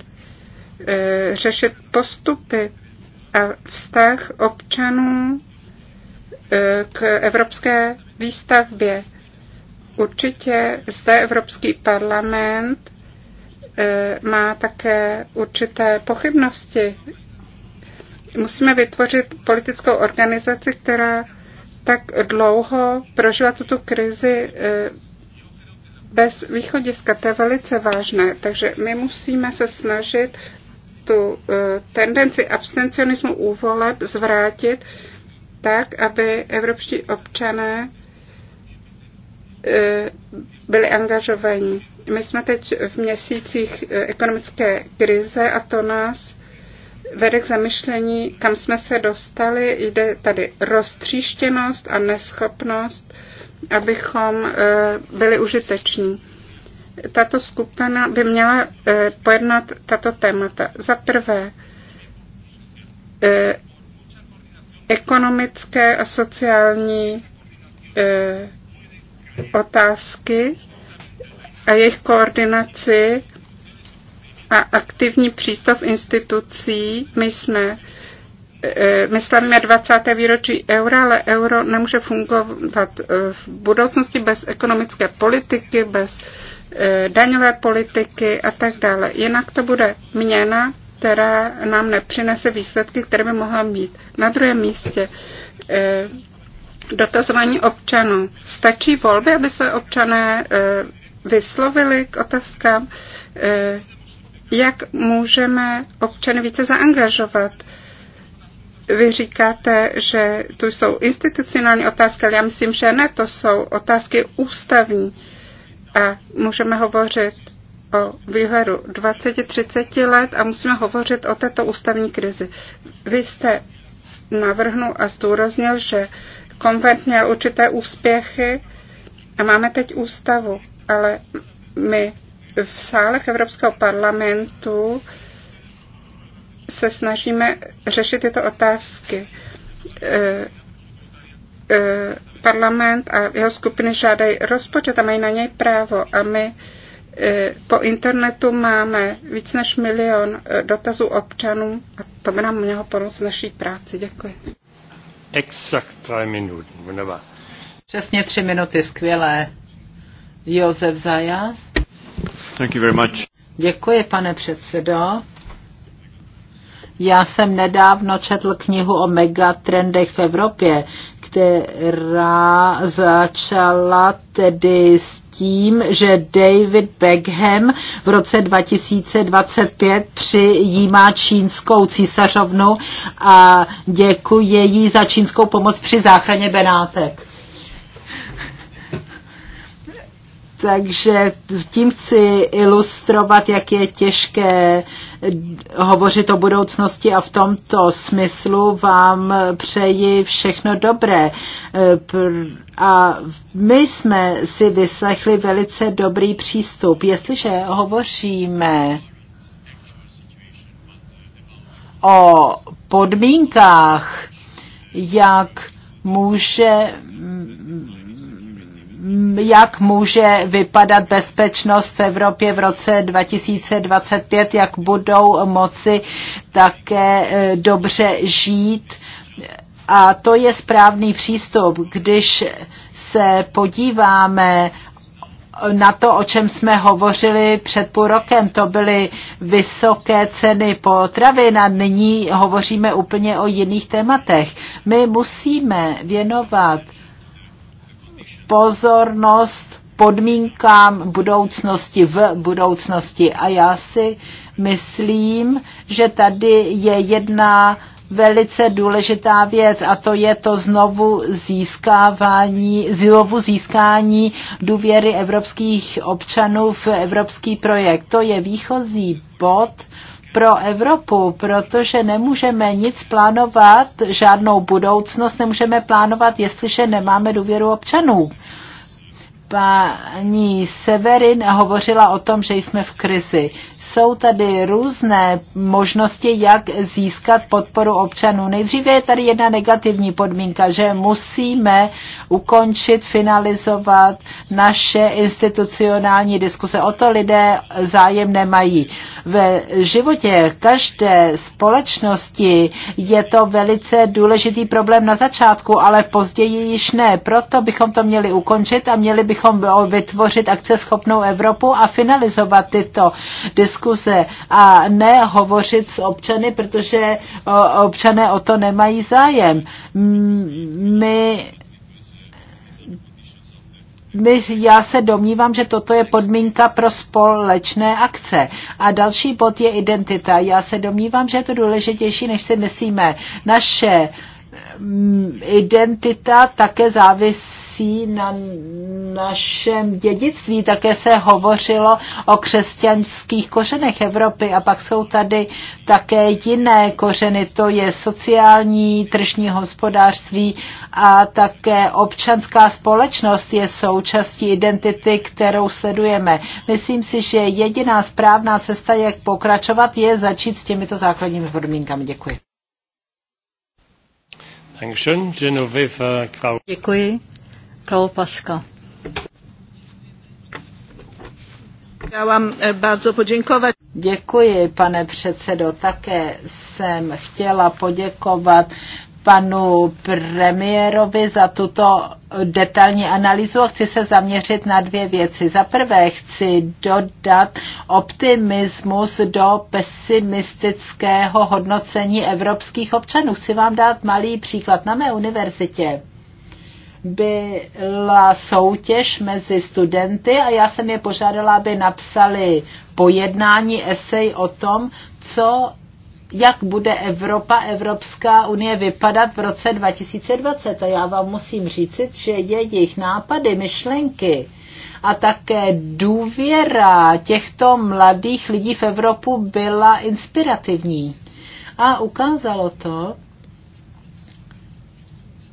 S3: Řešit postupy a vztah občanů e, k evropské výstavbě. Určitě zde Evropský parlament e, má také určité pochybnosti. Musíme vytvořit politickou organizaci, která tak dlouho prožila tuto krizi e, bez východiska. To je velice vážné. Takže my musíme se snažit tu eh, tendenci abstencionismu u voleb zvrátit tak, aby evropští občané eh, byli angažovaní. My jsme teď v měsících eh, ekonomické krize a to nás vede k zamyšlení, kam jsme se dostali. Jde tady roztříštěnost a neschopnost, abychom byli užiteční tato skupina by měla eh, pojednat tato témata. Za prvé, eh, ekonomické a sociální eh, otázky a jejich koordinaci a aktivní přístup institucí. My jsme my slavíme 20. výročí eura, ale euro nemůže fungovat v budoucnosti bez ekonomické politiky, bez E, daňové politiky a tak dále. Jinak to bude měna, která nám nepřinese výsledky, které by mohla mít. Na druhém místě e, dotazování občanů. Stačí volby, aby se občané e, vyslovili k otázkám, jak můžeme občany více zaangažovat. Vy říkáte, že tu jsou institucionální otázky, ale já myslím, že ne, to jsou otázky ústavní a můžeme hovořit o výhledu 20-30 let a musíme hovořit o této ústavní krizi. Vy jste navrhnul a zdůraznil, že konvent měl určité úspěchy a máme teď ústavu, ale my v sálech Evropského parlamentu se snažíme řešit tyto otázky. Eh, E, parlament a jeho skupiny žádají rozpočet a mají na něj právo. A my e, po internetu máme víc než milion e, dotazů občanů a to by nám mělo pomoct v naší práci. Děkuji.
S1: Exakt tři minuty. Wunderbar.
S4: Přesně tři minuty, skvělé. Josef Zajas.
S1: Thank you very much.
S4: Děkuji, pane předsedo. Já jsem nedávno četl knihu o megatrendech v Evropě která začala tedy s tím, že David Beckham v roce 2025 přijímá čínskou císařovnu a děkuje jí za čínskou pomoc při záchraně Benátek. Takže tím chci ilustrovat, jak je těžké hovořit o budoucnosti a v tomto smyslu vám přeji všechno dobré. A my jsme si vyslechli velice dobrý přístup. Jestliže hovoříme o podmínkách, jak může jak může vypadat bezpečnost v Evropě v roce 2025, jak budou moci také e, dobře žít. A to je správný přístup, když se podíváme na to, o čem jsme hovořili před půl rokem, to byly vysoké ceny potravin a nyní hovoříme úplně o jiných tématech. My musíme věnovat pozornost podmínkám budoucnosti v budoucnosti. A já si myslím, že tady je jedna velice důležitá věc a to je to znovu získávání, znovu získání důvěry evropských občanů v evropský projekt. To je výchozí bod, pro Evropu, protože nemůžeme nic plánovat, žádnou budoucnost nemůžeme plánovat, jestliže nemáme důvěru občanů. Paní Severin hovořila o tom, že jsme v krizi jsou tady různé možnosti, jak získat podporu občanů. Nejdříve je tady jedna negativní podmínka, že musíme ukončit, finalizovat naše institucionální diskuse. O to lidé zájem nemají. Ve životě každé společnosti je to velice důležitý problém na začátku, ale později již ne. Proto bychom to měli ukončit a měli bychom vytvořit akceschopnou Evropu a finalizovat tyto diskuse diskuze a ne hovořit s občany, protože občané o to nemají zájem. My my, já se domnívám, že toto je podmínka pro společné akce. A další bod je identita. Já se domnívám, že je to důležitější, než si myslíme. Naše identita také závisí na našem dědictví. Také se hovořilo o křesťanských kořenech Evropy a pak jsou tady také jiné kořeny. To je sociální, tržní hospodářství a také občanská společnost je součástí identity, kterou sledujeme. Myslím si, že jediná správná cesta, jak pokračovat, je začít s těmito základními
S2: podmínkami. Děkuji. Děkuji. Klau Paska. Já
S4: vám eh, bardzo poděkovat. Děkuji, pane předsedo. Také jsem chtěla poděkovat panu premiérovi za tuto detailní analýzu a chci se zaměřit na dvě věci. Za prvé chci dodat optimismus do pesimistického hodnocení evropských občanů. Chci vám dát malý příklad. Na mé univerzitě byla soutěž mezi studenty a já jsem je požádala, aby napsali pojednání esej o tom, co jak bude Evropa, Evropská unie vypadat v roce 2020. A já vám musím říct, že jejich nápady, myšlenky a také důvěra těchto mladých lidí v Evropu byla inspirativní. A ukázalo to,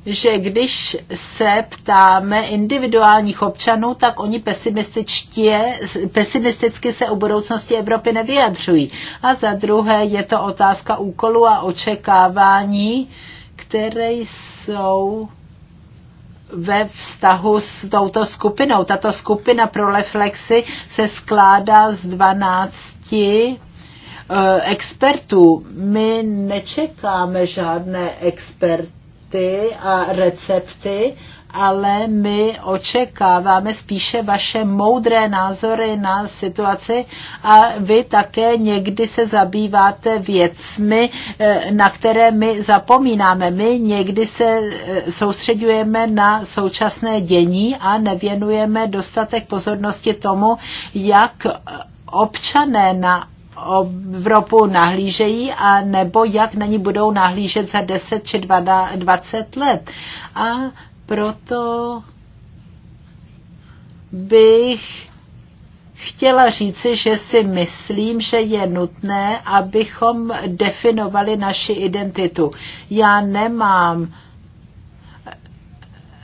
S4: že když se ptáme individuálních občanů, tak oni pesimisticky se o budoucnosti Evropy nevyjadřují. A za druhé je to otázka úkolu a očekávání, které jsou ve vztahu s touto skupinou. Tato skupina pro reflexy se skládá z 12 eh, expertů. My nečekáme žádné experty recepty a recepty, ale my očekáváme spíše vaše moudré názory na situaci a vy také někdy se zabýváte věcmi, eh, na které my zapomínáme. My někdy se eh, soustředujeme na současné dění a nevěnujeme dostatek pozornosti tomu, jak občané na Evropu nahlížejí a nebo jak na ní budou nahlížet za 10 či 20 let. A proto bych chtěla říci, že si myslím, že je nutné, abychom definovali naši identitu. Já nemám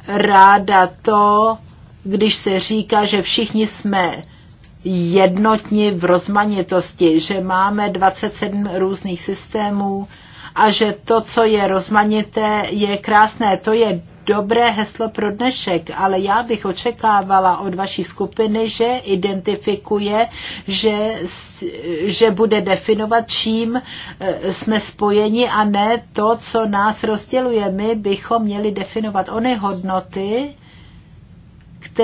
S4: ráda to, když se říká, že všichni jsme jednotní v rozmanitosti, že máme 27 různých systémů a že to, co je rozmanité, je krásné. To je dobré heslo pro dnešek, ale já bych očekávala od vaší skupiny, že identifikuje, že, že bude definovat, čím e, jsme spojeni a ne to, co nás rozděluje. My bychom měli definovat ony hodnoty,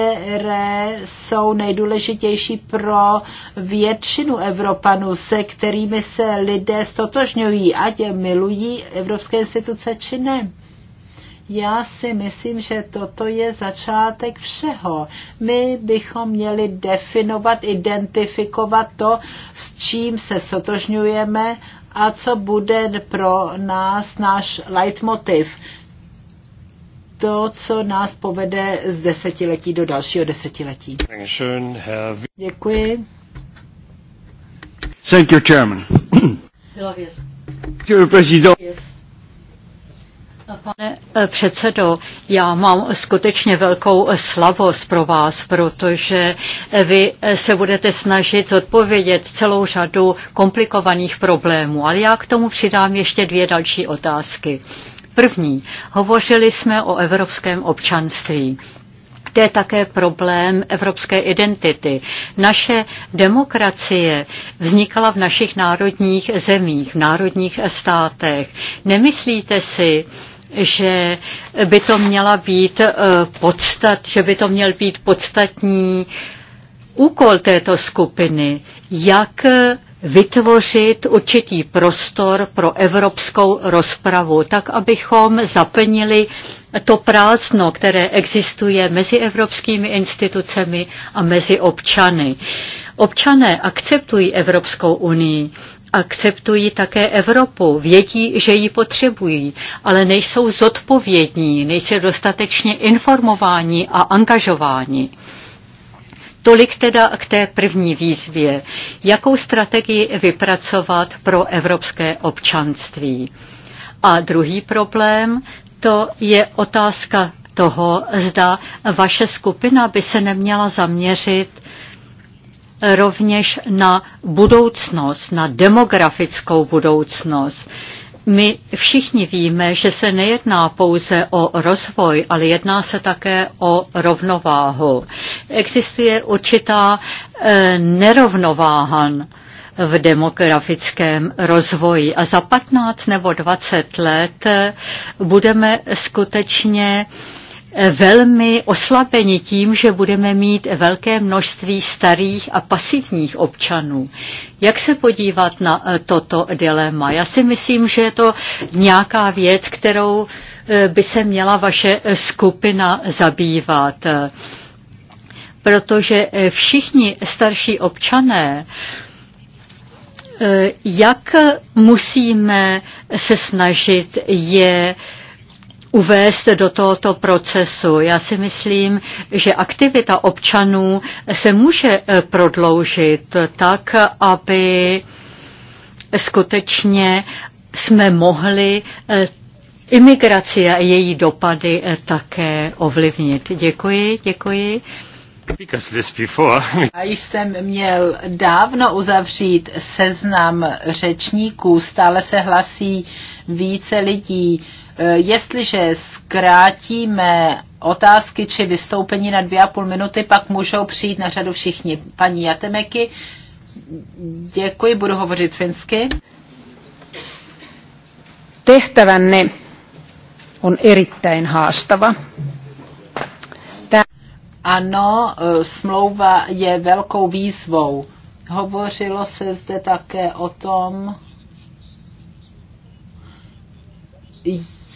S4: které jsou nejdůležitější pro většinu Evropanů, se kterými se lidé stotožňují, ať milují evropské instituce či ne. Já si myslím, že toto je začátek všeho. My bychom měli definovat, identifikovat to, s čím se sotožňujeme a co bude pro nás náš leitmotiv to, co nás povede z desetiletí do dalšího desetiletí. Děkuji.
S1: Thank you, Chairman.
S2: Pane eh, předsedo, já mám skutečně velkou eh, slavost pro vás, protože eh, vy se budete snažit odpovědět celou řadu komplikovaných problémů, ale já k tomu přidám ještě dvě další otázky. První, hovořili jsme o evropském občanství. To je také problém evropské identity. Naše demokracie vznikala v našich národních zemích, v národních státech. Nemyslíte si, že by to měla být eh, podstat, že by to měl být podstatní úkol této skupiny, jak vytvořit určitý prostor pro evropskou rozpravu, tak abychom zaplnili to prázdno, které existuje mezi evropskými institucemi a mezi občany. Občané akceptují Evropskou unii, akceptují také Evropu, vědí, že ji potřebují, ale nejsou zodpovědní, nejsou dostatečně informováni a angažováni. Tolik teda k té první výzvě. Jakou strategii vypracovat pro evropské občanství? A druhý problém, to je otázka toho, zda vaše skupina by se neměla zaměřit rovněž na budoucnost, na demografickou budoucnost. My všichni víme, že se nejedná pouze o rozvoj, ale jedná se také o rovnováhu. Existuje určitá e, nerovnováha v demografickém rozvoji. A za 15 nebo 20 let eh, budeme skutečně e, velmi oslabeni tím, že budeme mít velké množství starých a pasivních občanů. Jak se podívat na eh, toto dilema? Já si myslím, že je to nějaká věc, kterou eh, by se měla vaše eh, skupina zabývat protože všichni starší občané, jak musíme se snažit je uvést do tohoto procesu. Já si myslím, že aktivita občanů se může eh, prodloužit tak, aby skutečně jsme mohli eh, imigraci a její dopady eh, také ovlivnit. Děkuji, děkuji. Já
S4: jsem měl dávno uzavřít seznam řečníků, stále se hlasí více lidí. Eh, jestliže zkrátíme otázky či vystoupení na dvě a půl minuty, pak můžou přijít na řadu všichni. Paní Jatemeky, děkuji, budu hovořit finsky. Tehtävänne on erittäin haastava. Ano, eh, smlouva je velkou výzvou. Hovořilo se zde také o tom,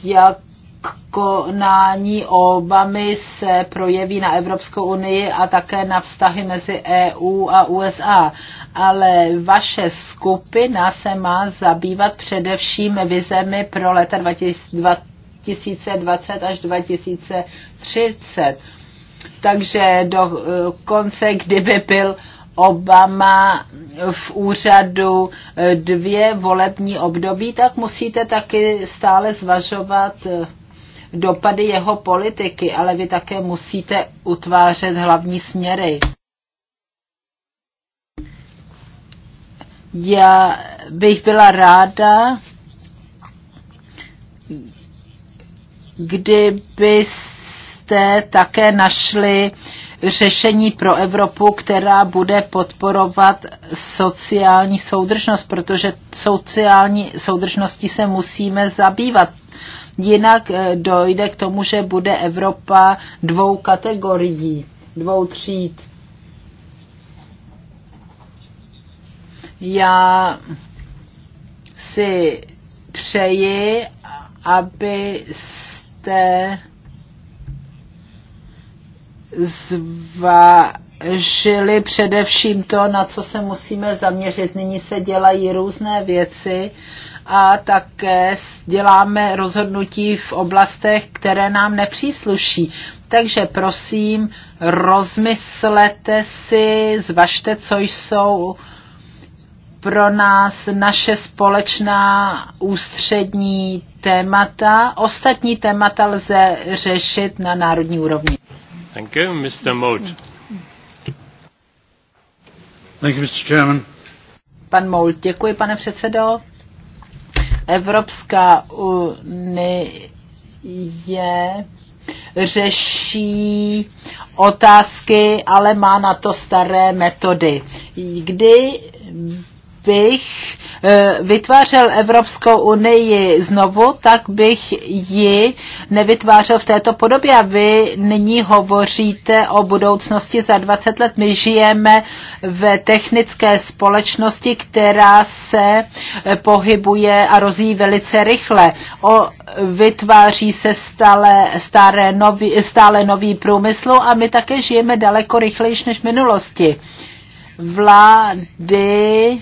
S4: jak konání Obamy se projeví na Evropskou unii a také na vztahy mezi EU a USA. Ale vaše skupina se má zabývat především vizemi pro leta 2020 až 2030. Takže do eh, konce, kdyby byl Obama v úřadu eh, dvě volební období, tak musíte taky stále zvažovat eh, dopady jeho politiky, ale vy také musíte utvářet hlavní směry. Já bych byla ráda, kdybyste také našli uh, řešení pro Evropu, která bude podporovat sociální soudržnost, protože sociální soudržnosti se musíme zabývat. Jinak eh, dojde k tomu, že bude Evropa dvou kategorií, dvou tříd. Já si přeji, abyste Zvažili především to, na co se musíme zaměřit. Nyní se dělají různé věci a také děláme rozhodnutí v oblastech, které nám nepřísluší. Takže prosím, rozmyslete si, zvažte, co jsou pro nás naše společná ústřední témata. Ostatní témata lze řešit na národní úrovni. Pan Mould, děkuji, pane předsedo. Evropská unie řeší otázky, ale má na to staré metody. Kdy bych Eh, vytvářel Evropskou unii znovu, tak bych ji nevytvářel v této podobě. A vy nyní hovoříte o budoucnosti za 20 let. My žijeme v technické společnosti, která se eh, pohybuje a rozvíjí velice rychle. O, vytváří se stále, staré nový, stále nový průmysl a my také žijeme daleko rychlejší než v minulosti. Vlády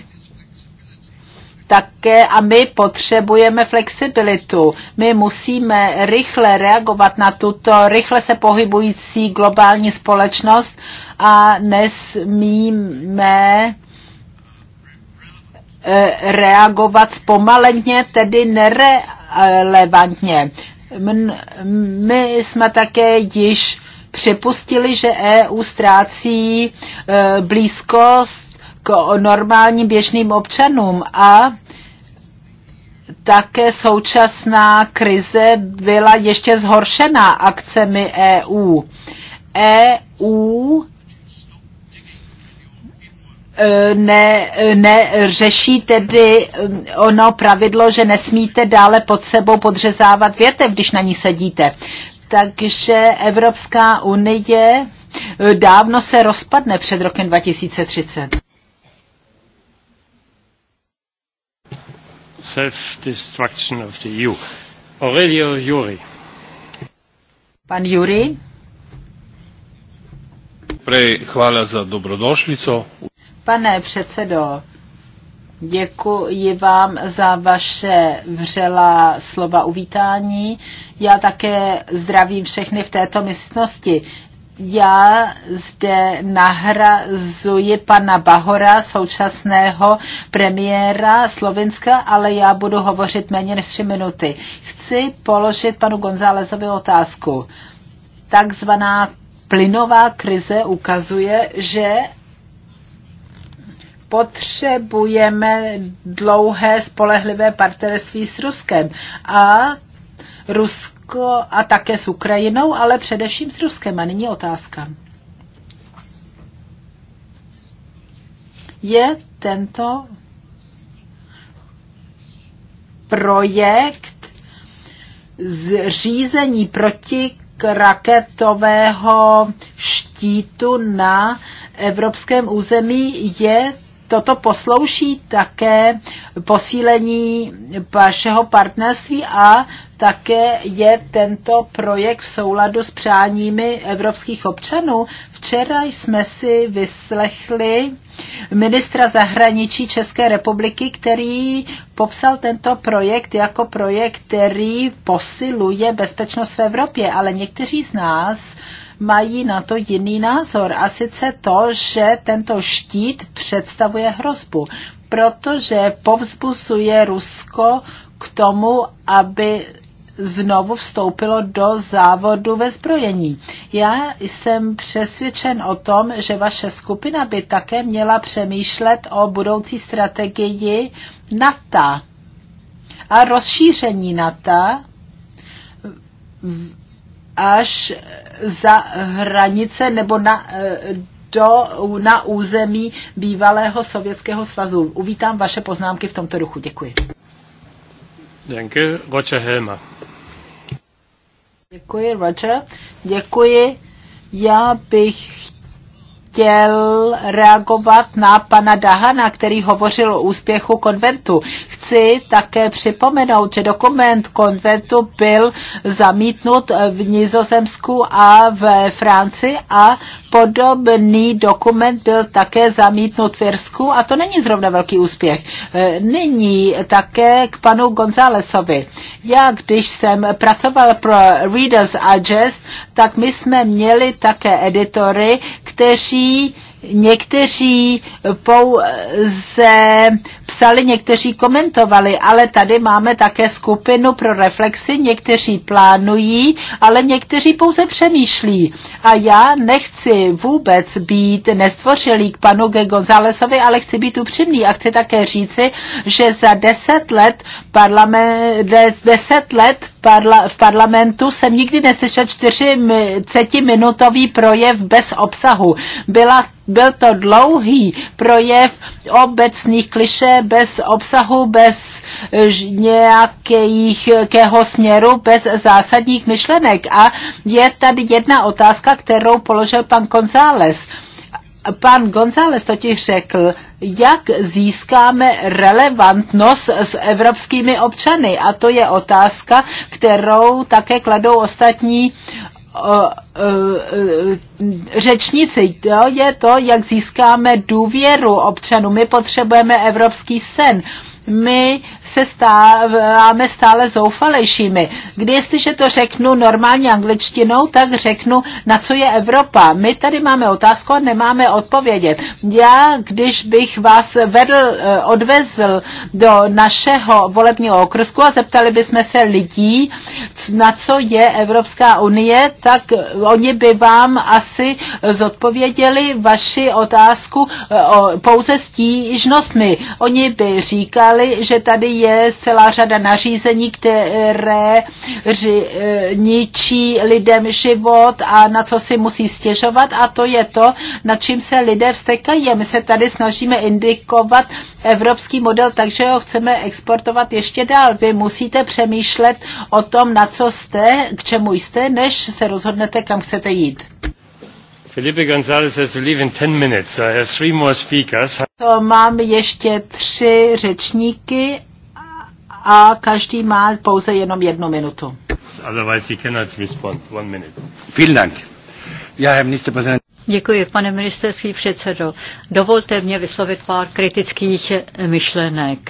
S4: také a my potřebujeme flexibilitu. My musíme rychle reagovat na tuto rychle se pohybující globální společnost a nesmíme eh, reagovat zpomaleně, tedy nerelevantně. My jsme také již připustili, že EU ztrácí eh, blízkost k normálním běžným občanům a také současná krize byla ještě zhoršená akcemi EU. EU e, ne, ne, řeší tedy e, ono pravidlo, že nesmíte dále pod sebou podřezávat větev, když na ní sedíte. Takže Evropská unie e, dávno se rozpadne před rokem 2030.
S1: self-destruction of the EU. Aurelio Juri.
S4: Pan Juri.
S1: Prej, chvála za dobrodošlico.
S4: Pane předsedo, Děkuji vám za vaše vřelá slova uvítání. Já také zdravím všechny v této místnosti já zde nahrazuji pana Bahora, současného premiéra Slovenska, ale já budu hovořit méně než tři minuty. Chci položit panu Gonzálezovi otázku. Takzvaná plynová krize ukazuje, že potřebujeme dlouhé spolehlivé partnerství s Ruskem a Rusko a také s Ukrajinou, ale především s Ruskem. A nyní otázka. Je tento projekt zřízení proti raketového štítu na evropském území je toto poslouší také posílení vašeho partnerství a také je tento projekt v souladu s přáními evropských občanů. Včera jsme si vyslechli ministra zahraničí České republiky, který popsal tento projekt jako projekt, který posiluje bezpečnost v Evropě, ale někteří z nás mají na to jiný názor. A sice to, že tento štít představuje hrozbu, protože povzbuzuje Rusko k tomu, aby znovu vstoupilo do závodu ve zbrojení. Já jsem přesvědčen o tom, že vaše skupina by také měla přemýšlet o budoucí strategii NATO a rozšíření NATO až za hranice nebo na, eh, do, na území bývalého Sovětského svazu. Uvítám vaše poznámky v tomto duchu. Děkuji.
S1: Děkuji. Roger Helma.
S4: Děkuji, Roger. Děkuji. Já bych chtěl reagovat na pana Dahana, který hovořil o úspěchu konventu. Chci také připomenout, že dokument konventu byl zamítnut v Nizozemsku a v Francii a podobný dokument byl také zamítnut v Irsku a to není zrovna velký úspěch. E, nyní také k panu Gonzálesovi. Já, když jsem pracoval pro Reader's Digest, tak my jsme měli také editory, kteří lidí Někteří pouze psali, někteří komentovali, ale tady máme také skupinu pro reflexy, někteří plánují, ale někteří pouze přemýšlí. A já nechci vůbec být nestvořilý k panu Gonzálesovi, ale chci být upřímný a chci také říci, že za deset let, parlament, deset let parla, v parlamentu jsem nikdy neslyšel 40-minutový projev bez obsahu. Byla byl to dlouhý projev obecných kliše bez obsahu, bez eh, nějakého směru, bez zásadních myšlenek. A je tady jedna otázka, kterou položil pan González. Pan González totiž řekl, jak získáme relevantnost s evropskými občany. A to je otázka, kterou také kladou ostatní řečnici. To je to, jak získáme důvěru občanů. My potřebujeme evropský sen my se stáváme stále zoufalejšími. Když jestliže to řeknu normálně angličtinou, tak řeknu, na co je Evropa. My tady máme otázku a nemáme odpovědět. Já, když bych vás vedl, eh, odvezl do našeho volebního okrsku a zeptali bychom se lidí, na co je Evropská unie, tak eh, oni by vám asi zodpověděli vaši otázku eh, pouze stížnostmi. Oni by říkali, říkali, že tady je celá řada nařízení, které ři, e, ničí lidem život a na co si musí stěžovat a to je to, na čím se lidé vstekají. A my se tady snažíme indikovat evropský model, takže ho chceme exportovat ještě dál. Vy musíte přemýšlet o tom, na co jste, k čemu jste, než se rozhodnete, kam chcete jít to mám ještě tři řečníky a každý
S2: má pouze jenom jednu minutu. One minute. Děkuji, pane ministerský předsedo. Dovolte mě vyslovit pár kritických myšlenek.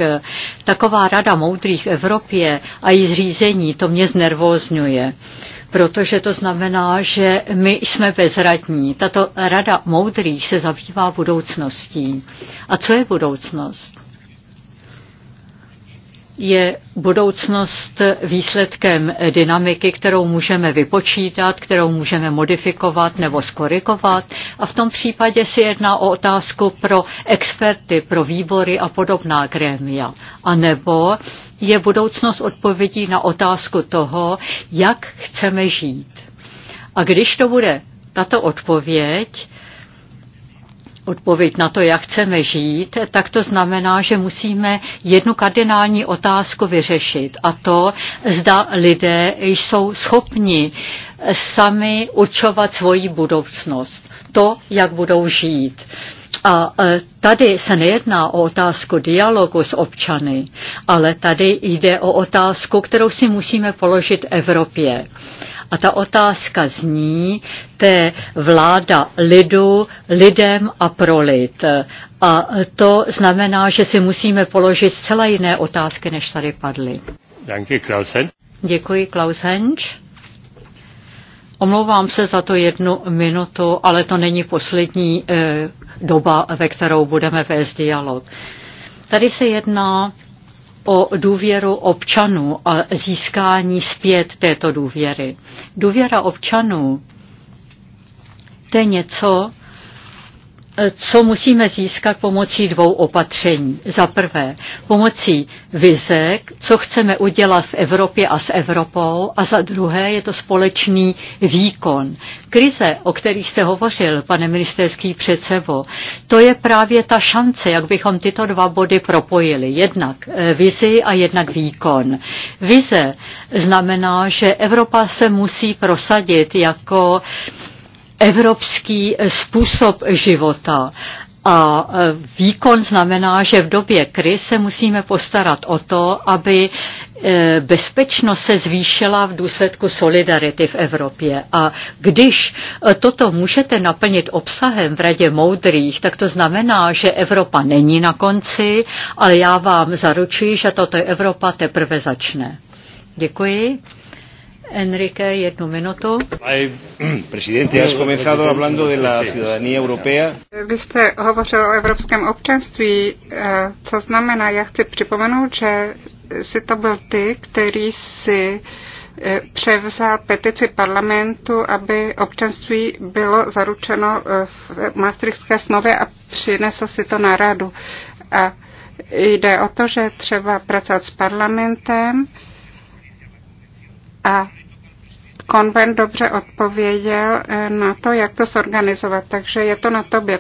S2: Taková rada moudrých v Evropě a její zřízení, to mě znervozňuje protože to znamená, že my jsme bezradní. Tato rada moudrých se zabývá budoucností. A co je budoucnost? je budoucnost výsledkem dynamiky, kterou můžeme vypočítat, kterou můžeme modifikovat nebo skorikovat. A v tom případě se jedná o otázku pro experty, pro výbory a podobná grémia. A nebo je budoucnost odpovědí na otázku toho, jak chceme žít. A když to bude tato odpověď, odpověď na to, jak chceme žít, tak to znamená, že musíme jednu kardinální otázku vyřešit a to, zda lidé jsou schopni sami určovat svoji budoucnost, to, jak budou žít. A e, tady se nejedná o otázku dialogu s občany, ale tady jde o otázku, kterou si musíme položit Evropě. A ta otázka zní, to je vláda lidu, lidem a pro lid. A to znamená, že si musíme položit zcela jiné otázky, než tady padly.
S1: Děkuji, Klaus Henč.
S2: Děkuji, Klaus Henč. Omlouvám se za to jednu minutu, ale to není poslední e, doba, ve kterou budeme vést dialog. Tady se jedná o důvěru občanů a získání zpět této důvěry. Důvěra občanů to je něco, co musíme získat pomocí dvou opatření. Za prvé, pomocí vizek, co chceme udělat v Evropě a s Evropou, a za druhé je to společný výkon. Krize, o kterých jste hovořil, pane ministerský předsevo, to je právě ta šance, jak bychom tyto dva body propojili. Jednak eh, vizi a jednak výkon. Vize znamená, že Evropa se musí prosadit jako eh, evropský eh, způsob života. A eh, výkon znamená, že v době krize musíme postarat o to, aby eh, bezpečnost se zvýšila v důsledku solidarity v Evropě. A když toto můžete naplnit obsahem v Radě moudrých, tak to znamená, že Evropa není na konci, ale já vám zaručuji, že toto Evropa teprve začne.
S3: Děkuji. Enrique, jednu minutu.
S1: Presidente, has comenzado hablando de la ciudadanía europea.
S3: Vy jste hovořil o evropském občanství, eh, co znamená, já chci připomenout, že si to byl ty, který si eh, převzal petici parlamentu, aby občanství bylo zaručeno eh, v Maastrichtské smlouvě a přinesl si to na radu. A jde o to, že třeba pracovat s parlamentem a konvent dobře odpověděl eh, na to, jak to zorganizovat. Takže je to na tobě,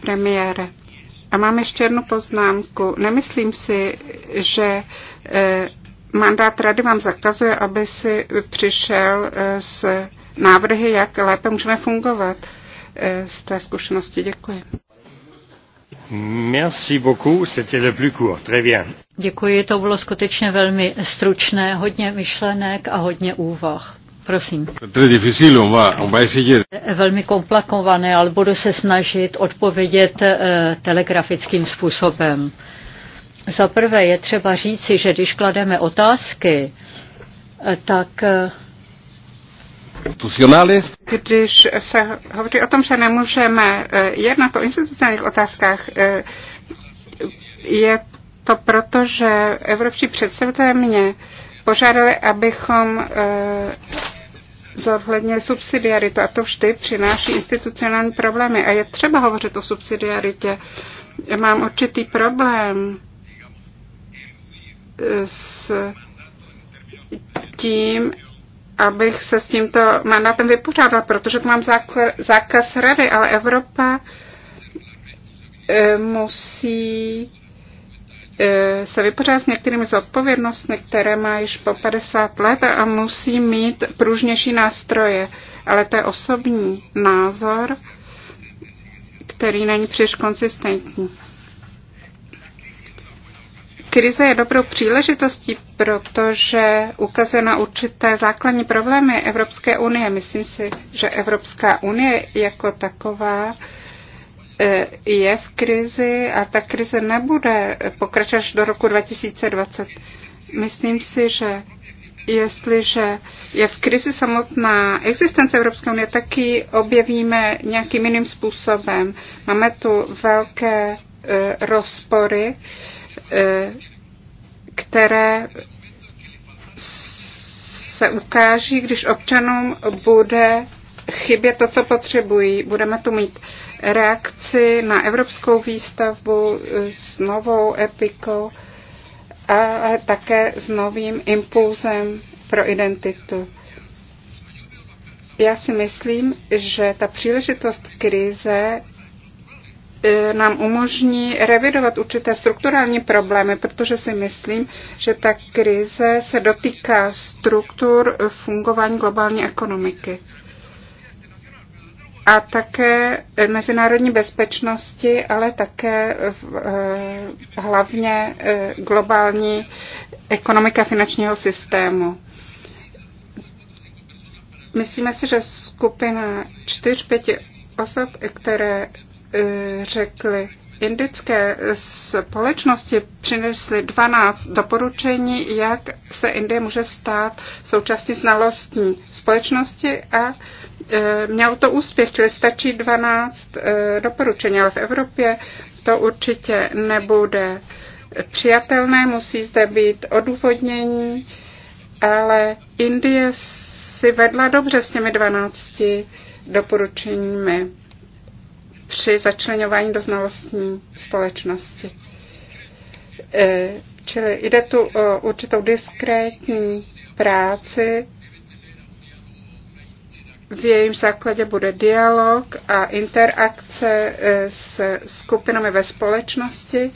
S3: premiére. A mám ještě jednu poznámku. Nemyslím si, že eh, mandát rady vám zakazuje, aby si přišel eh, s návrhy, jak lépe můžeme fungovat z té zkušenosti. Děkuji.
S1: Merci beaucoup, c'était le plus court, très bien.
S3: Děkuji, to bylo skutečně velmi stručné,
S2: hodně myšlenek a hodně úvah. Prosím. Velmi komplikované, ale budu se snažit odpovědět eh, telegrafickým způsobem. Za prvé je třeba říci, že když klademe otázky,
S3: eh, tak eh, když se hovoří o tom, že nemůžeme jednat o institucionálních otázkách, je to proto, že evropští představitelé mě požádali, abychom eh, zohlednili subsidiaritu a to vždy přináší institucionální problémy a je třeba hovořit o subsidiaritě. Mám určitý problém eh, s tím, abych se s tímto mandátem vypořádala, protože to mám zákaz rady, ale Evropa eh, musí E, se vypořádat s některými zodpovědnostmi, které má již po 50 let a musí mít pružnější nástroje. Ale to je osobní názor, který není příliš konsistentní. Krize je dobrou příležitostí, protože ukazuje na určité základní problémy Evropské unie. Myslím si, že Evropská unie jako taková E, je v krizi a ta krize nebude pokračovat do roku 2020. Myslím si, že jestliže je v krizi samotná existence Evropské unie, tak ji objevíme nějakým jiným způsobem. Máme tu velké e, rozpory, e, které se ukáží, když občanům bude chybět to, co potřebují. Budeme tu mít reakci na evropskou výstavbu s novou epikou a také s novým impulzem pro identitu. Já si myslím, že ta příležitost krize e, nám umožní revidovat určité strukturální problémy, protože si myslím, že ta krize se dotýká struktur fungování globální ekonomiky a také mezinárodní bezpečnosti, ale také eh, hlavně eh, globální ekonomika finančního systému. Myslíme si, že skupina čtyř, pěti osob, které eh, řekly, indické společnosti přinesly 12 doporučení, jak se Indie může stát součástí znalostní společnosti a Eh, mělo to úspěch, čili stačí 12 eh, doporučení, ale v Evropě to určitě nebude přijatelné, musí zde být odůvodnění, ale Indie si vedla dobře s těmi 12 doporučeními při začlenování do znalostní společnosti. Eh, čili jde tu o určitou diskrétní práci v jejím základě bude dialog a interakce eh, s skupinami ve společnosti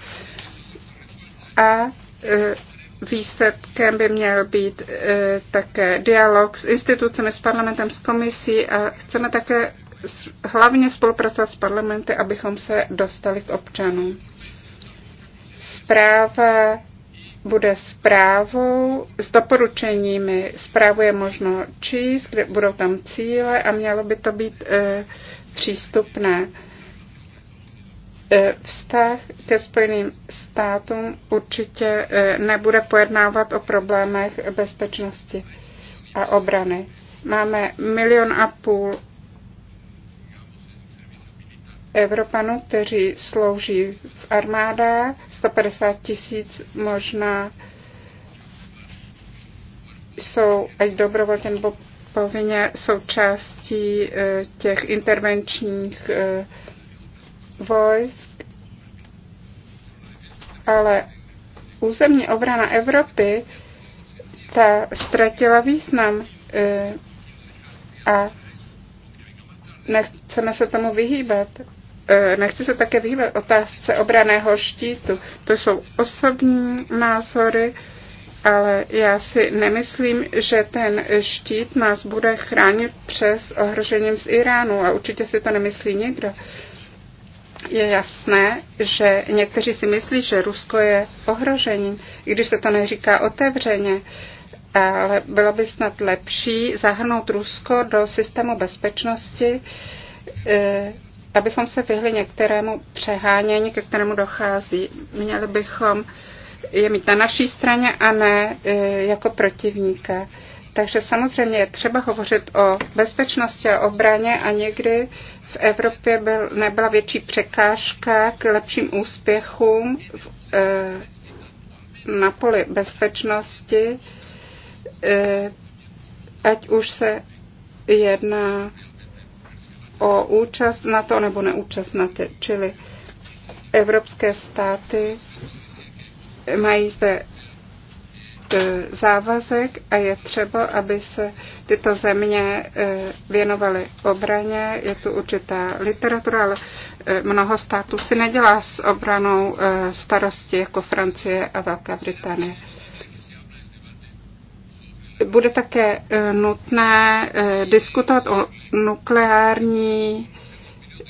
S3: a eh, výsledkem by měl být eh, také dialog s institucemi, s parlamentem, s komisí a chceme také hlavně spolupracovat s parlamenty, abychom se dostali k občanům. Zpráva bude zprávou s doporučeními. Zprávu je možno číst, kde budou tam cíle a mělo by to být e, přístupné. E, vztah ke Spojeným státům určitě e, nebude pojednávat o problémech bezpečnosti a obrany. Máme milion a půl Evropanů, kteří slouží v armádách, 150 tisíc možná jsou ať dobrovolně nebo povinně součástí eh, těch intervenčních eh, vojsk, ale územní obrana Evropy ta ztratila význam eh, a nechceme se tomu vyhýbat. E, nechci se také vyhýbat otázce obraného štítu. To jsou osobní názory, ale já si nemyslím, že ten štít nás bude chránit přes ohrožením z Iránu a určitě si to nemyslí někdo. Je jasné, že někteří si myslí, že Rusko je ohrožením, i když se to neříká otevřeně, ale bylo by snad lepší zahrnout Rusko do systému bezpečnosti, e, abychom se vyhli některému přehánění, ke kterému dochází. Měli bychom je mít na naší straně a ne e, jako protivníka. Takže samozřejmě je třeba hovořit o bezpečnosti a obraně a někdy v Evropě byl, nebyla větší překážka k lepším úspěchům v, e, na poli bezpečnosti, e, ať už se jedná o účast na to nebo neúčast na to, čili evropské státy mají zde e, závazek a je třeba, aby se tyto země e, věnovaly obraně. Je tu určitá literatura, ale e, mnoho států si nedělá s obranou starosti jako Francie a Velká Británie. Bude také eh, nutné eh, diskutovat o nukleární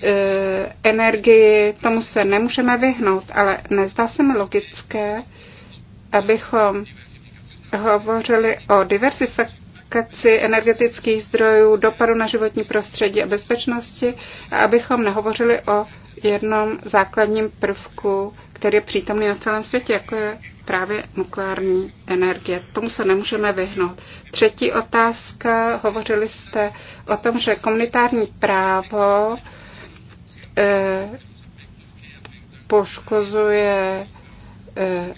S3: eh, energii, tomu se nemůžeme vyhnout, ale nezdá se mi logické, abychom hovořili o diversifikaci energetických zdrojů, dopadu na životní prostředí a bezpečnosti, a abychom nehovořili o jednom základním prvku, který je přítomný na celém světě, jako je právě nukleární energie. Tomu se nemůžeme vyhnout. Třetí otázka, hovořili jste o tom, že komunitární právo eh, poškozuje eh,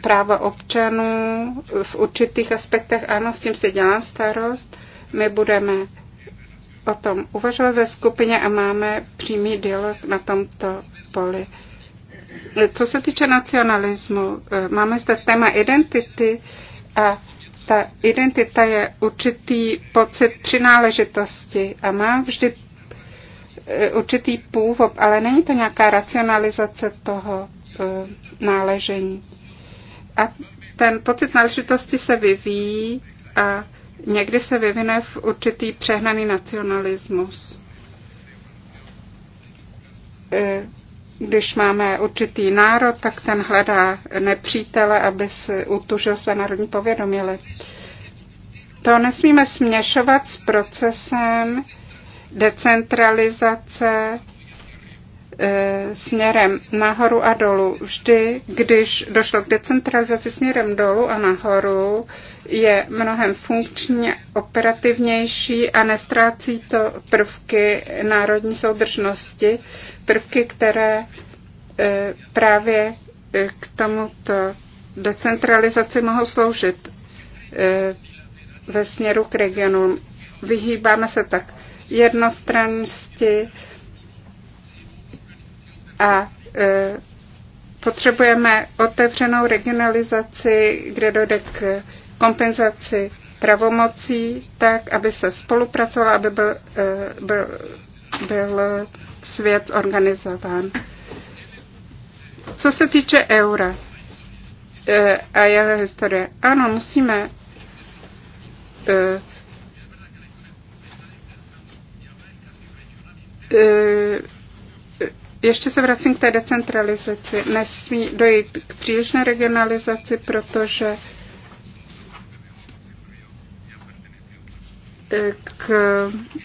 S3: práva občanů v určitých aspektech. Ano, s tím si dělám starost. My budeme o tom uvažovat ve skupině a máme přímý dialog na tomto poli. Co se týče nacionalismu, eh, máme zde téma identity a ta identita je určitý pocit přináležitosti a má vždy eh, určitý původ, ale není to nějaká racionalizace toho eh, náležení. A ten pocit náležitosti se vyvíjí a někdy se vyvine v určitý přehnaný nacionalismus když máme určitý národ, tak ten hledá nepřítele, aby si utužil své národní povědomí. To nesmíme směšovat s procesem decentralizace e, směrem nahoru a dolů. Vždy, když došlo k decentralizaci směrem dolů a nahoru, e, je mnohem funkčně operativnější a nestrácí to prvky národní soudržnosti, prvky, které e, právě e, k tomuto decentralizaci mohou sloužit e, ve směru k regionu. Vyhýbáme se tak jednostrannosti a potřebujeme otevřenou regionalizaci, kde dojde k kompenzaci pravomocí, tak, aby se spolupracovala, aby byl, eh, byl, byl svět organizován. Co se týče eura eh, a jeho historie, ano, musíme eh, ještě se vracím k té decentralizaci. Nesmí dojít k přílišné regionalizaci, protože k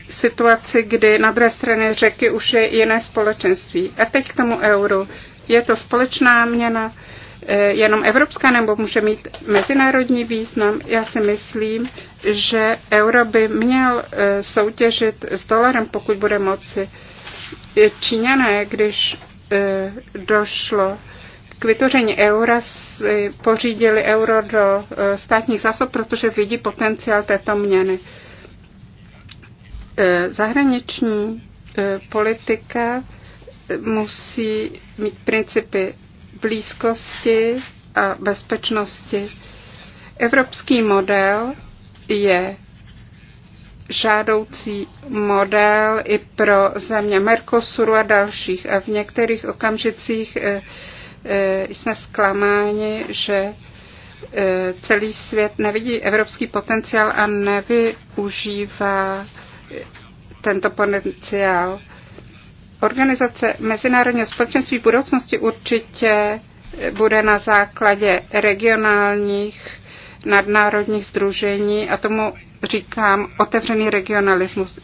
S3: situaci, kdy na druhé straně řeky už je jiné společenství. A teď k tomu euru. Je to společná měna, eh, jenom evropská nebo může mít mezinárodní význam. Já si myslím, že euro by měl eh, soutěžit s dolarem, pokud bude moci. Číňané, když eh, došlo k vytvoření eura pořídili euro do státních zásob, protože vidí potenciál této měny. Eh, zahraniční eh, politika eh, musí mít principy blízkosti a bezpečnosti. Evropský model je žádoucí model i pro země Mercosuru a dalších. A v některých okamžicích jsme zklamáni, že celý svět nevidí evropský potenciál a nevyužívá tento potenciál. Organizace Mezinárodního společenství budoucnosti určitě bude na základě regionálních nadnárodních združení a tomu říkám otevřený regionalismus.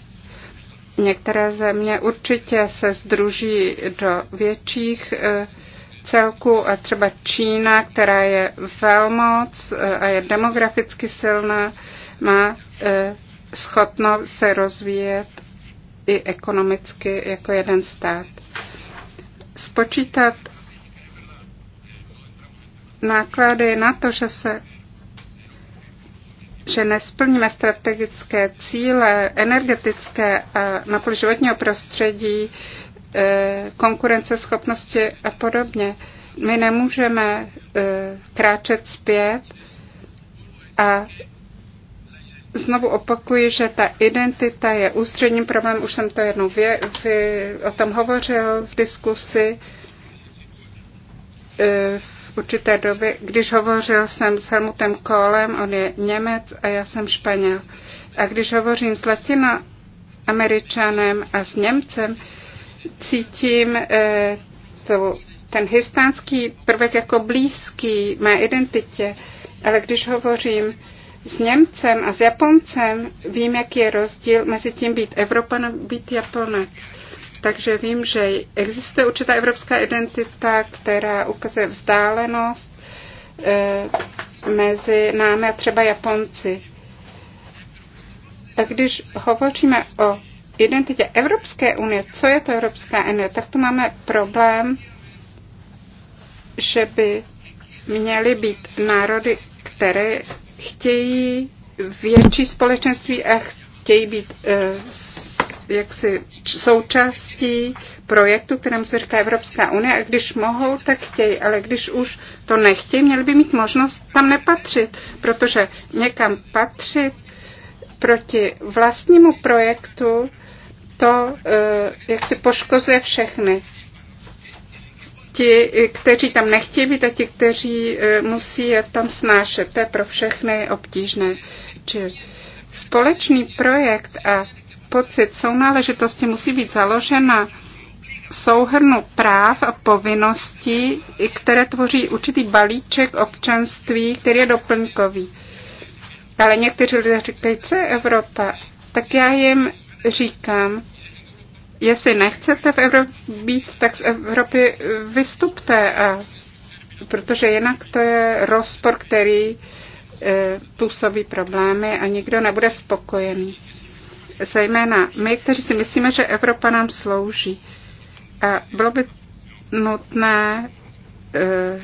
S3: Některé země určitě se združí do větších eh, celků a třeba Čína, která je velmoc eh, a je demograficky silná, má eh, schopno se rozvíjet i ekonomicky jako jeden stát. Spočítat náklady na to, že se že nesplníme strategické cíle energetické a na životního prostředí, eh, konkurenceschopnosti a podobně. My nemůžeme eh, kráčet zpět a znovu opakuji, že ta identita je ústředním problémem, už jsem to jednou vě, vy, o tom hovořil v diskusi e, v určité době, když hovořil jsem s Helmutem Kohlem, on je Němec a já jsem Španěl. A když hovořím s Latina Američanem a s Němcem, cítím eh, to, ten hispánský prvek jako blízký mé identitě, ale když hovořím s Němcem a s Japoncem vím, jaký je rozdíl mezi tím být Evropan a být Japonec. Takže vím, že existuje určitá evropská identita, která ukazuje vzdálenost e, mezi námi a třeba Japonci. Tak když hovoříme o identitě Evropské unie, co je to Evropská unie, tak tu máme problém, že by měly být národy, které chtějí větší společenství a chtějí být eh, jaksi součástí projektu, kterému se říká Evropská unie a když mohou, tak chtějí, ale když už to nechtějí, měli by mít možnost tam nepatřit, protože někam patřit proti vlastnímu projektu, to eh, jak si poškozuje všechny ti, kteří tam nechtějí být a ti, kteří e, musí je tam snášet. To je pro všechny obtížné. Či společný projekt a pocit sounáležitosti musí být založena souhrnu práv a povinností, které tvoří určitý balíček občanství, který je doplňkový. Ale někteří lidé říkají, co je Evropa? Tak já jim říkám, Jestli nechcete v Evropě být, tak z Evropy eh, vystupte, a, protože jinak to je rozpor, který e, působí problémy a nikdo nebude spokojený. Zejména my, kteří si myslíme, že Evropa nám slouží. A bylo by nutné e,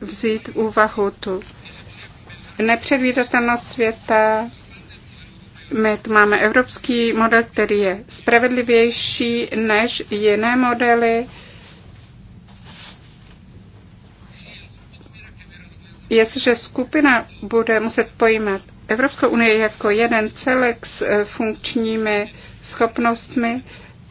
S3: vzít úvahu tu nepředvídatelnost světa. My tu máme evropský model, který je spravedlivější než jiné modely. Jestliže skupina bude muset pojímat Evropskou unii jako jeden celek s eh, funkčními schopnostmi,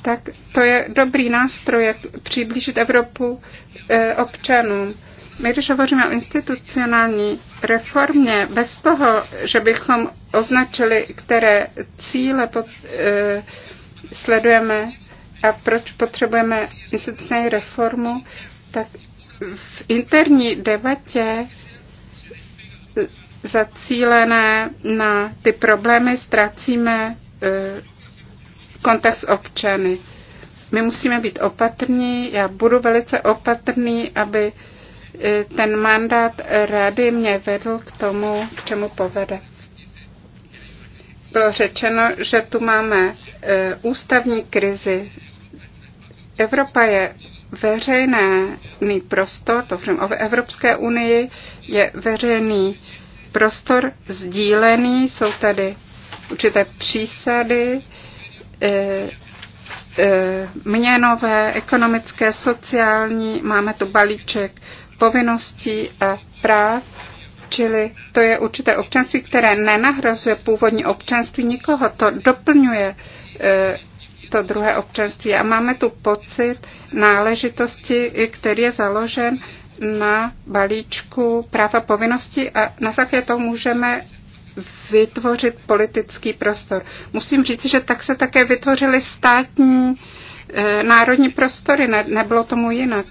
S3: tak to je dobrý nástroj, jak přiblížit Evropu eh, občanům. My, když hovoříme o institucionální reformě, bez toho, že bychom označili, které cíle pod, e, sledujeme a proč potřebujeme institucionální reformu, tak v interní debatě zacílené na ty problémy ztrácíme e, kontakt s občany. My musíme být opatrní, já budu velice opatrný, aby e, Eh, ten mandát rady mě vedl k tomu, k čemu povede. Bylo řečeno, že tu máme eh, ústavní krizi. Evropa je veřejný prostor, to o Evropské unii je veřejný prostor sdílený, jsou tady určité přísady, eh, měnové, ekonomické, sociální, máme tu balíček povinností a práv, čili to je určité občanství, které nenahrazuje původní občanství nikoho, to doplňuje e, to druhé občanství. A máme tu pocit náležitosti, který je založen na balíčku práv a povinností a na základě toho můžeme vytvořit politický prostor. Musím říct, že tak se také vytvořily státní e, národní prostory, ne, nebylo tomu jinak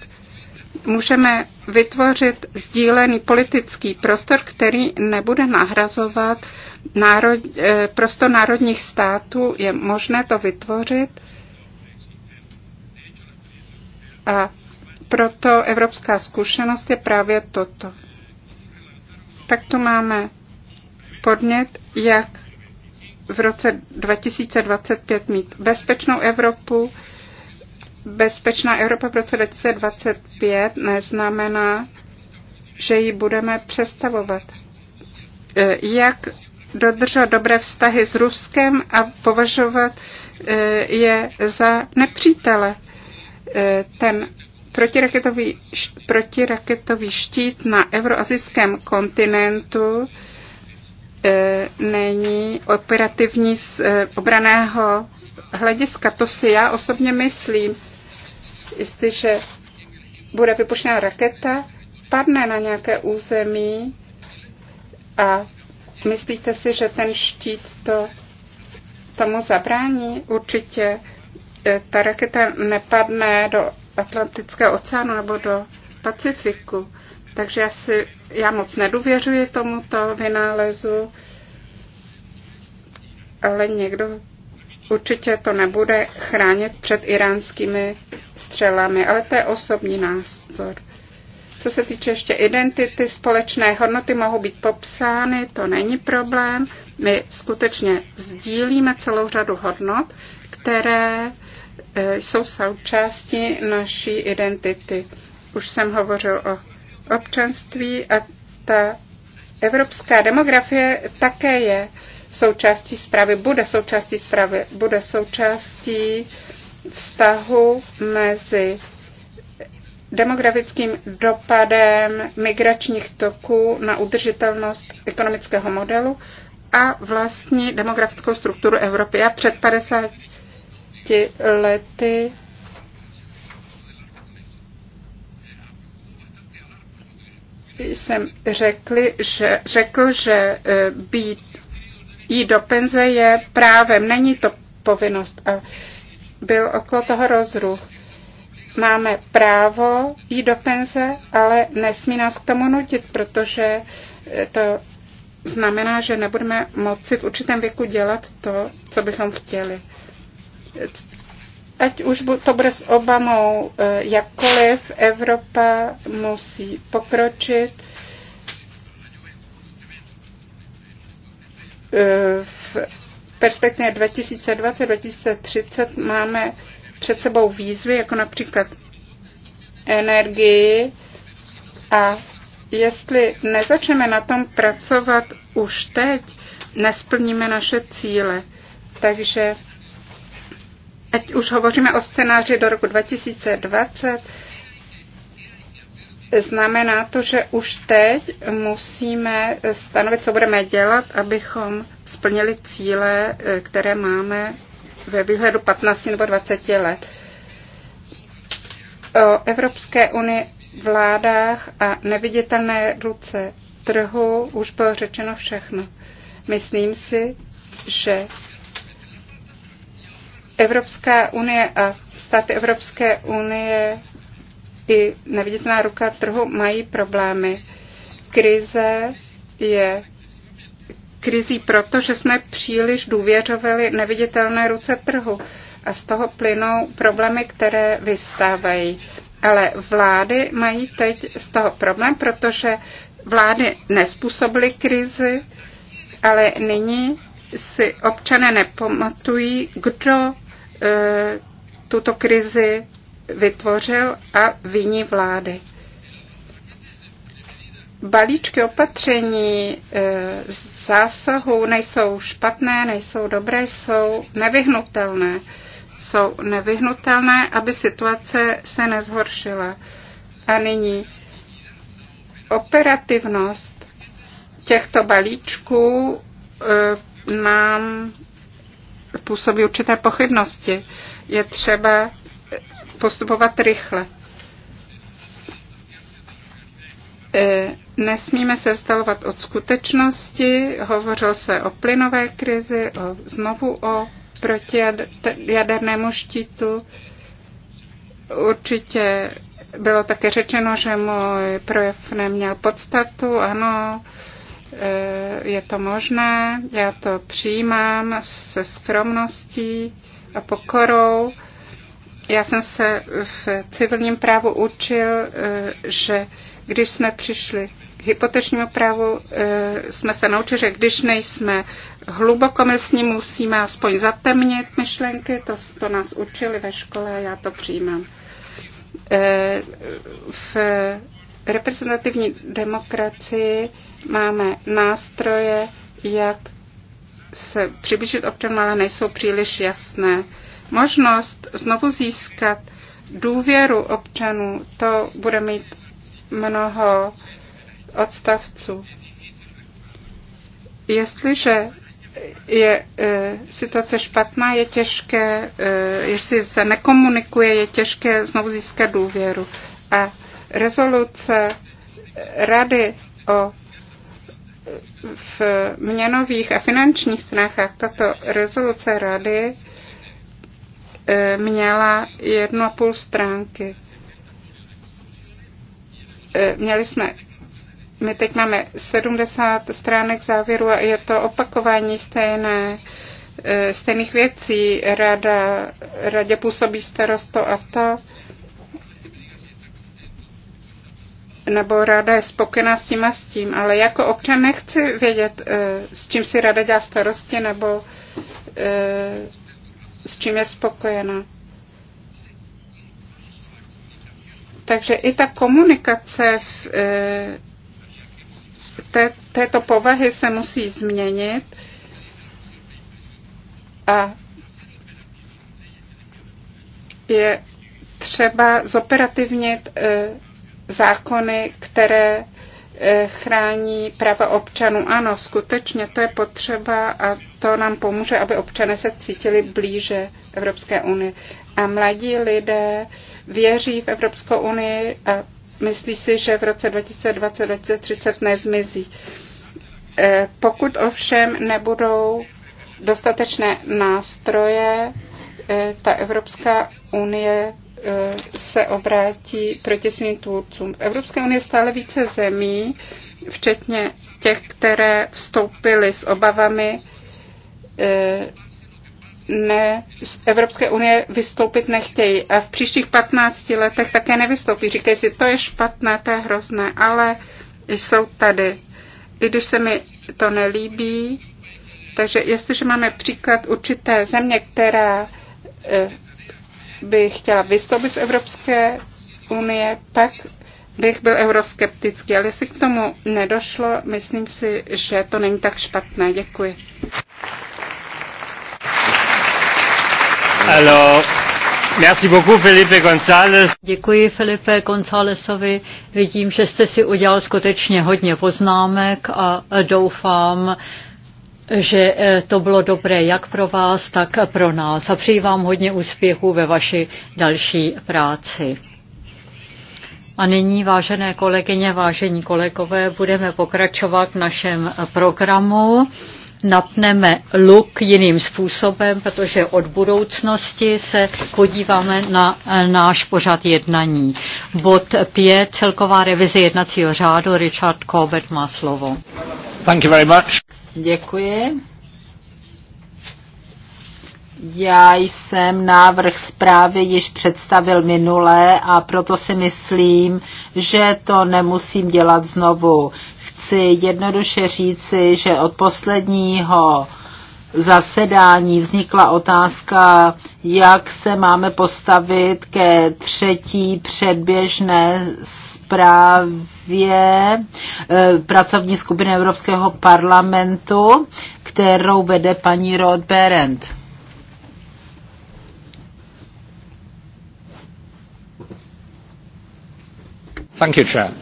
S3: můžeme vytvořit sdílený politický prostor, který nebude nahrazovat národ, eh, prostor národních států. Je možné to vytvořit a proto evropská zkušenost je právě toto. Tak tu máme podnět, jak v roce 2025 mít bezpečnou Evropu, bezpečná Evropa v roce 2025 neznamená, že ji budeme přestavovat. E, jak dodržovat dobré vztahy s Ruskem a považovat e, je za nepřítele. E, ten protiraketový, protiraketový štít na euroazijském kontinentu není operativní z obraného hlediska. To si já osobně myslím jestliže bude vypuštěna raketa, padne na nějaké území a myslíte si, že ten štít to tomu zabrání? Určitě eh, ta raketa nepadne do Atlantického oceánu nebo do Pacifiku. Takže já, si, já moc nedůvěřuji tomuto vynálezu, ale někdo určitě to nebude chránit před iránskými střelami, ale to je osobní názor. Co se týče ještě identity, společné hodnoty mohou být popsány, to není problém. My skutečně sdílíme celou řadu hodnot, které e, jsou součástí naší identity. Už jsem hovořil o občanství a ta evropská demografie také je součástí zprávy, bude součástí zprávy, bude součástí vztahu mezi demografickým dopadem migračních toků na udržitelnost ekonomického modelu a vlastní demografickou strukturu Evropy. Já před 50 lety jsem řekli, že, řekl, že e, být jít do penze je právem, není to povinnost. A byl okolo toho rozruch. Máme právo jít do penze, ale nesmí nás k tomu nutit, protože to znamená, že nebudeme moci v určitém věku dělat to, co bychom chtěli. Ať už to bude s Obamou eh, jakkoliv, Evropa musí pokročit E, v perspektivě 2020-2030 máme před sebou výzvy, jako například energii a jestli nezačneme na tom pracovat už teď, nesplníme naše cíle. Takže ať už hovoříme o scénáři do roku 2020, Znamená to, že už teď musíme stanovit, co budeme dělat, abychom splnili cíle, eh, které máme ve výhledu 15 nebo 20 let. O Evropské unii vládách a neviditelné ruce trhu už bylo řečeno všechno. Myslím si, že Evropská unie a státy Evropské unie i neviditelná ruka trhu mají problémy. Krize je krizí proto, že jsme příliš důvěřovali neviditelné ruce trhu a z toho plynou problémy, které vyvstávají. Ale vlády mají teď z toho problém, protože vlády nespůsobily krizi, ale nyní si občané nepamatují, kdo e, tuto krizi vytvořil a viní vlády. Balíčky opatření e, zásahů nejsou špatné, nejsou dobré, jsou nevyhnutelné. Jsou nevyhnutelné, aby situace se nezhoršila. A nyní operativnost těchto balíčků mám e, působí určité pochybnosti. Je třeba postupovat rychle. E, nesmíme se vzdalovat od skutečnosti. Hovořil se o plynové krizi, o, znovu o protijadernému štítu. Určitě bylo také řečeno, že můj projev neměl podstatu. Ano, e, je to možné, já to přijímám se skromností a pokorou já jsem se v civilním právu učil, eh, že když jsme přišli k hypotečnímu právu, eh, jsme se naučili, že když nejsme hlubokomyslní, musíme aspoň zatemnit myšlenky. To, to nás učili ve škole a já to přijímám. Eh, v reprezentativní demokracii máme nástroje, jak se přiblížit občanům, ale nejsou příliš jasné možnost znovu získat důvěru občanů, to bude mít mnoho odstavců. Jestliže je e, situace špatná, je těžké, e, jestli se nekomunikuje, je těžké znovu získat důvěru. A rezoluce rady o e, v měnových a finančních stránkách tato rezoluce rady E, měla jednu a půl stránky. E, měli jsme my teď máme 70 stránek závěru a je to opakování stejné, e, stejných věcí. Rada, radě působí starost to a to. Nebo rada je spokojená s tím a s tím, ale jako občan nechci vědět, s čím si rada dělá starosti, nebo s čím je spokojená. Takže i ta komunikace v, e, té, této povahy se musí změnit a je třeba zoperativnit e, zákony, které e, chrání práva občanů. Ano, skutečně to je potřeba a to nám pomůže, aby občané se cítili blíže Evropské unii. A mladí lidé věří v Evropskou unii a myslí si, že v roce 2020-2030 nezmizí. Eh, pokud ovšem nebudou dostatečné nástroje, eh, ta Evropská unie eh, se obrátí proti svým tvůrcům. V Evropské unii je stále více zemí, včetně těch, které vstoupily s obavami Eh, ne, z Evropské unie vystoupit nechtějí a v příštích 15 letech také nevystoupí. Říkají si, to je špatné, to je hrozné, ale jsou tady. I když se mi to nelíbí, takže jestliže máme příklad určité země, která eh, by chtěla vystoupit z Evropské unie, pak bych byl euroskeptický, ale jestli k tomu nedošlo, myslím si, že to není tak špatné. Děkuji.
S2: Děkuji Felipe Gonzálesovi. Vidím, že jste si udělal skutečně hodně poznámek a doufám, že eh, to bylo dobré jak pro vás, tak pro nás. A přeji vám hodně úspěchů ve vaší další práci. A nyní, vážené kolegyně, vážení kolegové, budeme pokračovat v našem programu napneme luk jiným způsobem, protože od budoucnosti se podíváme na eh, náš pořad jednání. Bod 5, celková revize jednacího řádu, Richard Colbert má slovo.
S1: Thank you very much.
S2: Děkuji. Já jsem
S4: návrh zprávy již představil minule a proto si myslím, že to nemusím dělat znovu chci jednoduše říci, že od posledního zasedání vznikla otázka, jak se máme postavit ke třetí předběžné zprávě eh, pracovní skupiny Evropského parlamentu, kterou vede paní Roth Berendt. Thank you, Chair.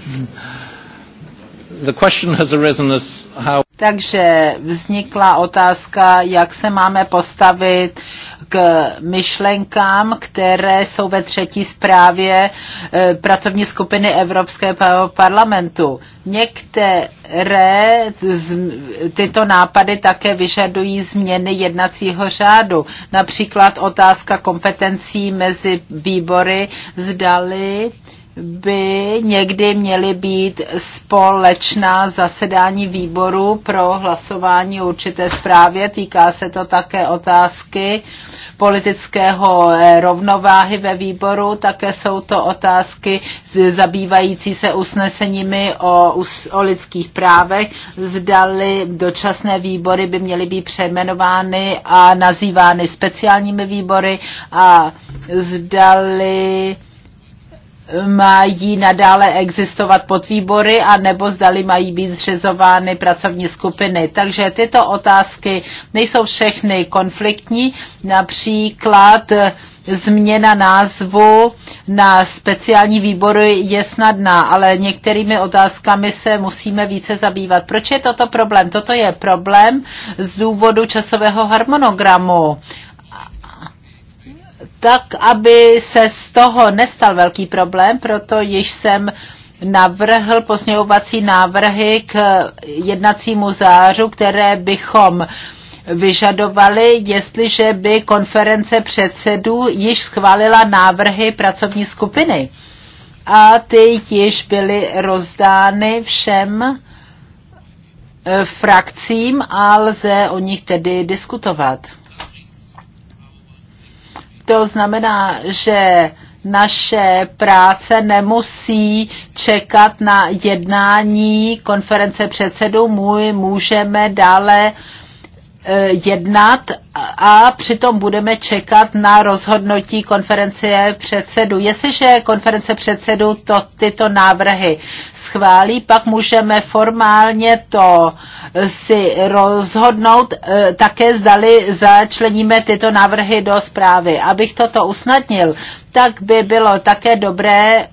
S4: Takže vznikla otázka, jak se máme postavit k myšlenkám, které jsou ve třetí zprávě e, pracovní skupiny Evropského parlamentu. Některé tyto nápady také vyžadují změny jednacího řádu. Například otázka kompetencí mezi výbory zdali by někdy měly být společná zasedání výboru pro hlasování o určité zprávě. Týká se to také otázky politického eh, rovnováhy ve výboru, také jsou to otázky zabývající se usneseními o, o lidských právech, zdali dočasné výbory by měly být přejmenovány a nazývány speciálními výbory a zdali mají nadále existovat podvýbory a nebo zdali mají být zřizovány pracovní skupiny. Takže tyto otázky nejsou všechny konfliktní, například eh, změna názvu na speciální výbory je snadná, ale některými otázkami se musíme více zabývat. Proč je toto problém? Toto je problém z důvodu časového harmonogramu tak, aby se z toho nestal velký problém, proto již jsem navrhl posměhovací návrhy k jednacímu zářu, které bychom vyžadovali, jestliže by konference předsedů již schválila návrhy pracovní skupiny. A ty již byly rozdány všem eh, frakcím a lze o nich tedy diskutovat. To znamená, že naše práce nemusí čekat na jednání konference předsedů. Můj, můžeme dále eh, jednat a přitom budeme čekat na rozhodnutí konference předsedu. Jestliže konference předsedu to, tyto návrhy schválí, pak můžeme formálně to si rozhodnout eh, také zdali začleníme tyto návrhy do zprávy. Abych toto usnadnil, tak by bylo také dobré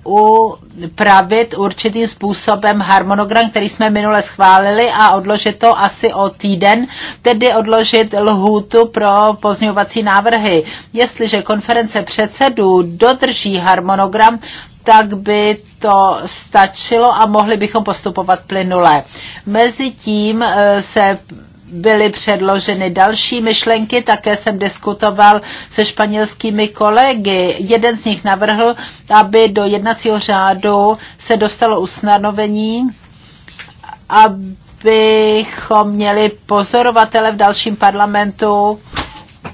S4: upravit určitým způsobem harmonogram, který jsme minule schválili a odložit to asi o týden, tedy odložit lhůtu pro pozňovací návrhy. Jestliže konference předsedů dodrží harmonogram, tak by to stačilo a mohli bychom postupovat plynule. Mezitím eh, se byly předloženy další myšlenky, také jsem diskutoval se španělskými kolegy. Jeden z nich navrhl, aby do jednacího řádu se dostalo usnanovení, aby bychom měli pozorovatele v dalším parlamentu,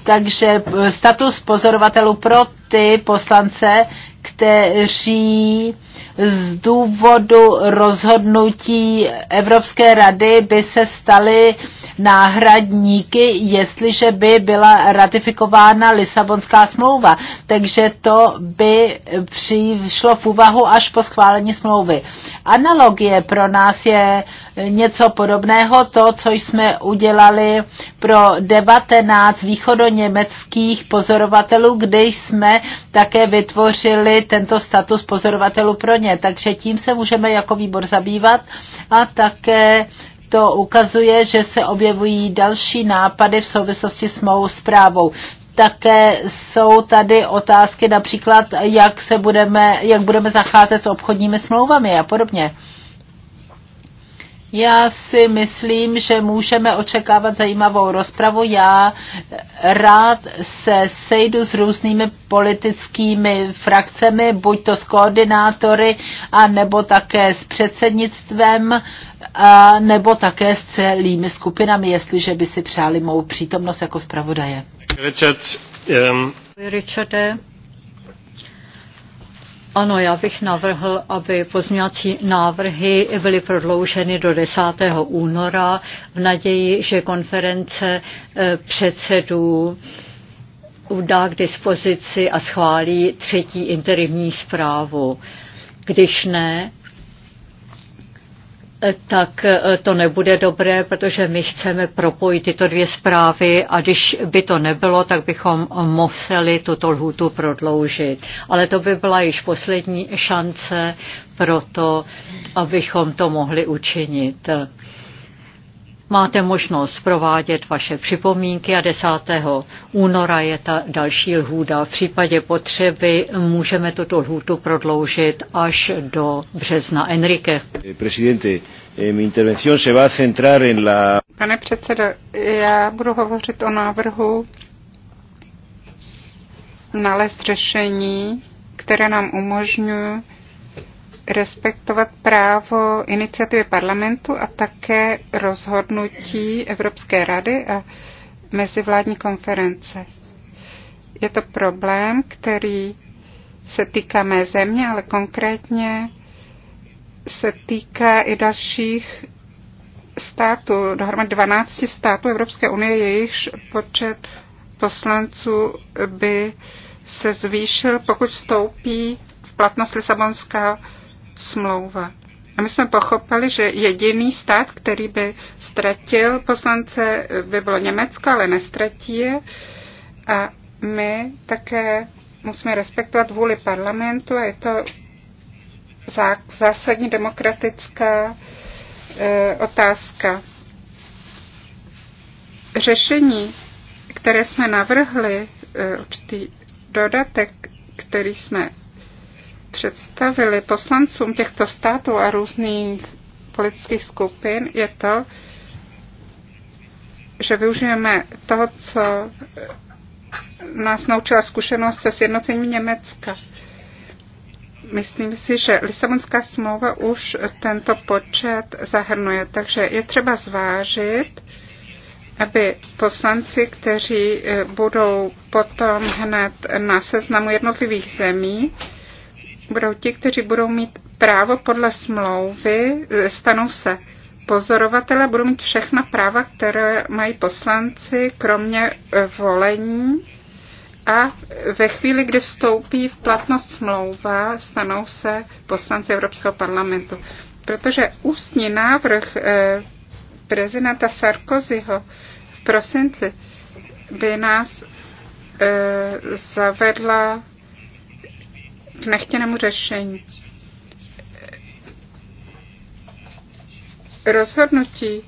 S4: takže status pozorovatelů pro ty poslance, kteří z důvodu rozhodnutí Evropské rady by se staly náhradníky, jestliže by byla ratifikována Lisabonská smlouva. Takže to by přišlo v úvahu až po schválení smlouvy. Analogie pro nás je něco podobného, to, co jsme udělali pro 19 východoněmeckých pozorovatelů, kde jsme také vytvořili tento status pozorovatelů pro straně. Takže tím se můžeme jako výbor zabývat a také to ukazuje, že se objevují další nápady v souvislosti s mou zprávou. Také jsou tady otázky například, jak, se budeme, jak budeme zacházet s obchodními smlouvami a podobně. Já si myslím, že můžeme očekávat zajímavou rozpravu. Já rád se sejdu s různými politickými frakcemi, buď to s koordinátory, a nebo také s předsednictvem, a nebo také s celými skupinami, jestliže
S2: by si přáli mou přítomnost jako zpravodaje.
S1: Richard, um...
S2: Richarde, ano, já bych navrhl, aby pozměňovací návrhy byly prodlouženy do 10. února v naději, že konference eh, předsedů udá k dispozici a schválí třetí interimní zprávu. Když ne, tak e, to nebude dobré, protože my chceme propojit tyto dvě zprávy a když by to nebylo, tak bychom museli tuto lhůtu prodloužit. Ale to by byla již poslední šance pro to, abychom to mohli učinit máte možnost provádět vaše připomínky a 10. února je ta další lhůda. V případě potřeby můžeme tuto lhůtu prodloužit až do března. Enrique. Eh,
S1: eh, se
S3: Pane předsedo, já budu hovořit o návrhu nalézt řešení, které nám umožňuje respektovat právo iniciativy parlamentu a také rozhodnutí Evropské rady a mezivládní konference. Je to problém, který se týká mé země, ale konkrétně se týká i dalších států, dohromady 12 států Evropské unie, jejichž počet poslanců by se zvýšil, pokud stoupí v platnost Lisabonská smlouva. A my jsme pochopili, že jediný stát, který by ztratil poslance, by bylo Německo, ale nestratí je. A my také musíme respektovat vůli parlamentu a je to zásadní demokratická e, otázka. Řešení, které jsme navrhli, e, určitý dodatek, který jsme představili poslancům těchto států a různých politických skupin, je to, že využijeme toho, co nás naučila zkušenost se sjednocením Německa. Myslím si, že Lisabonská smlouva už tento počet zahrnuje, takže je třeba zvážit, aby poslanci, kteří eh, budou potom hned na seznamu jednotlivých zemí, budou ti, kteří budou mít právo podle smlouvy, e, stanou se pozorovatele, budou mít všechna práva, které mají poslanci, kromě e, volení. A ve chvíli, kdy vstoupí v platnost smlouva, stanou se poslanci Evropského parlamentu. Protože ústní návrh e, prezidenta Sarkozyho v prosinci by nás zavedla k nechtěnému řešení. Rozhodnutí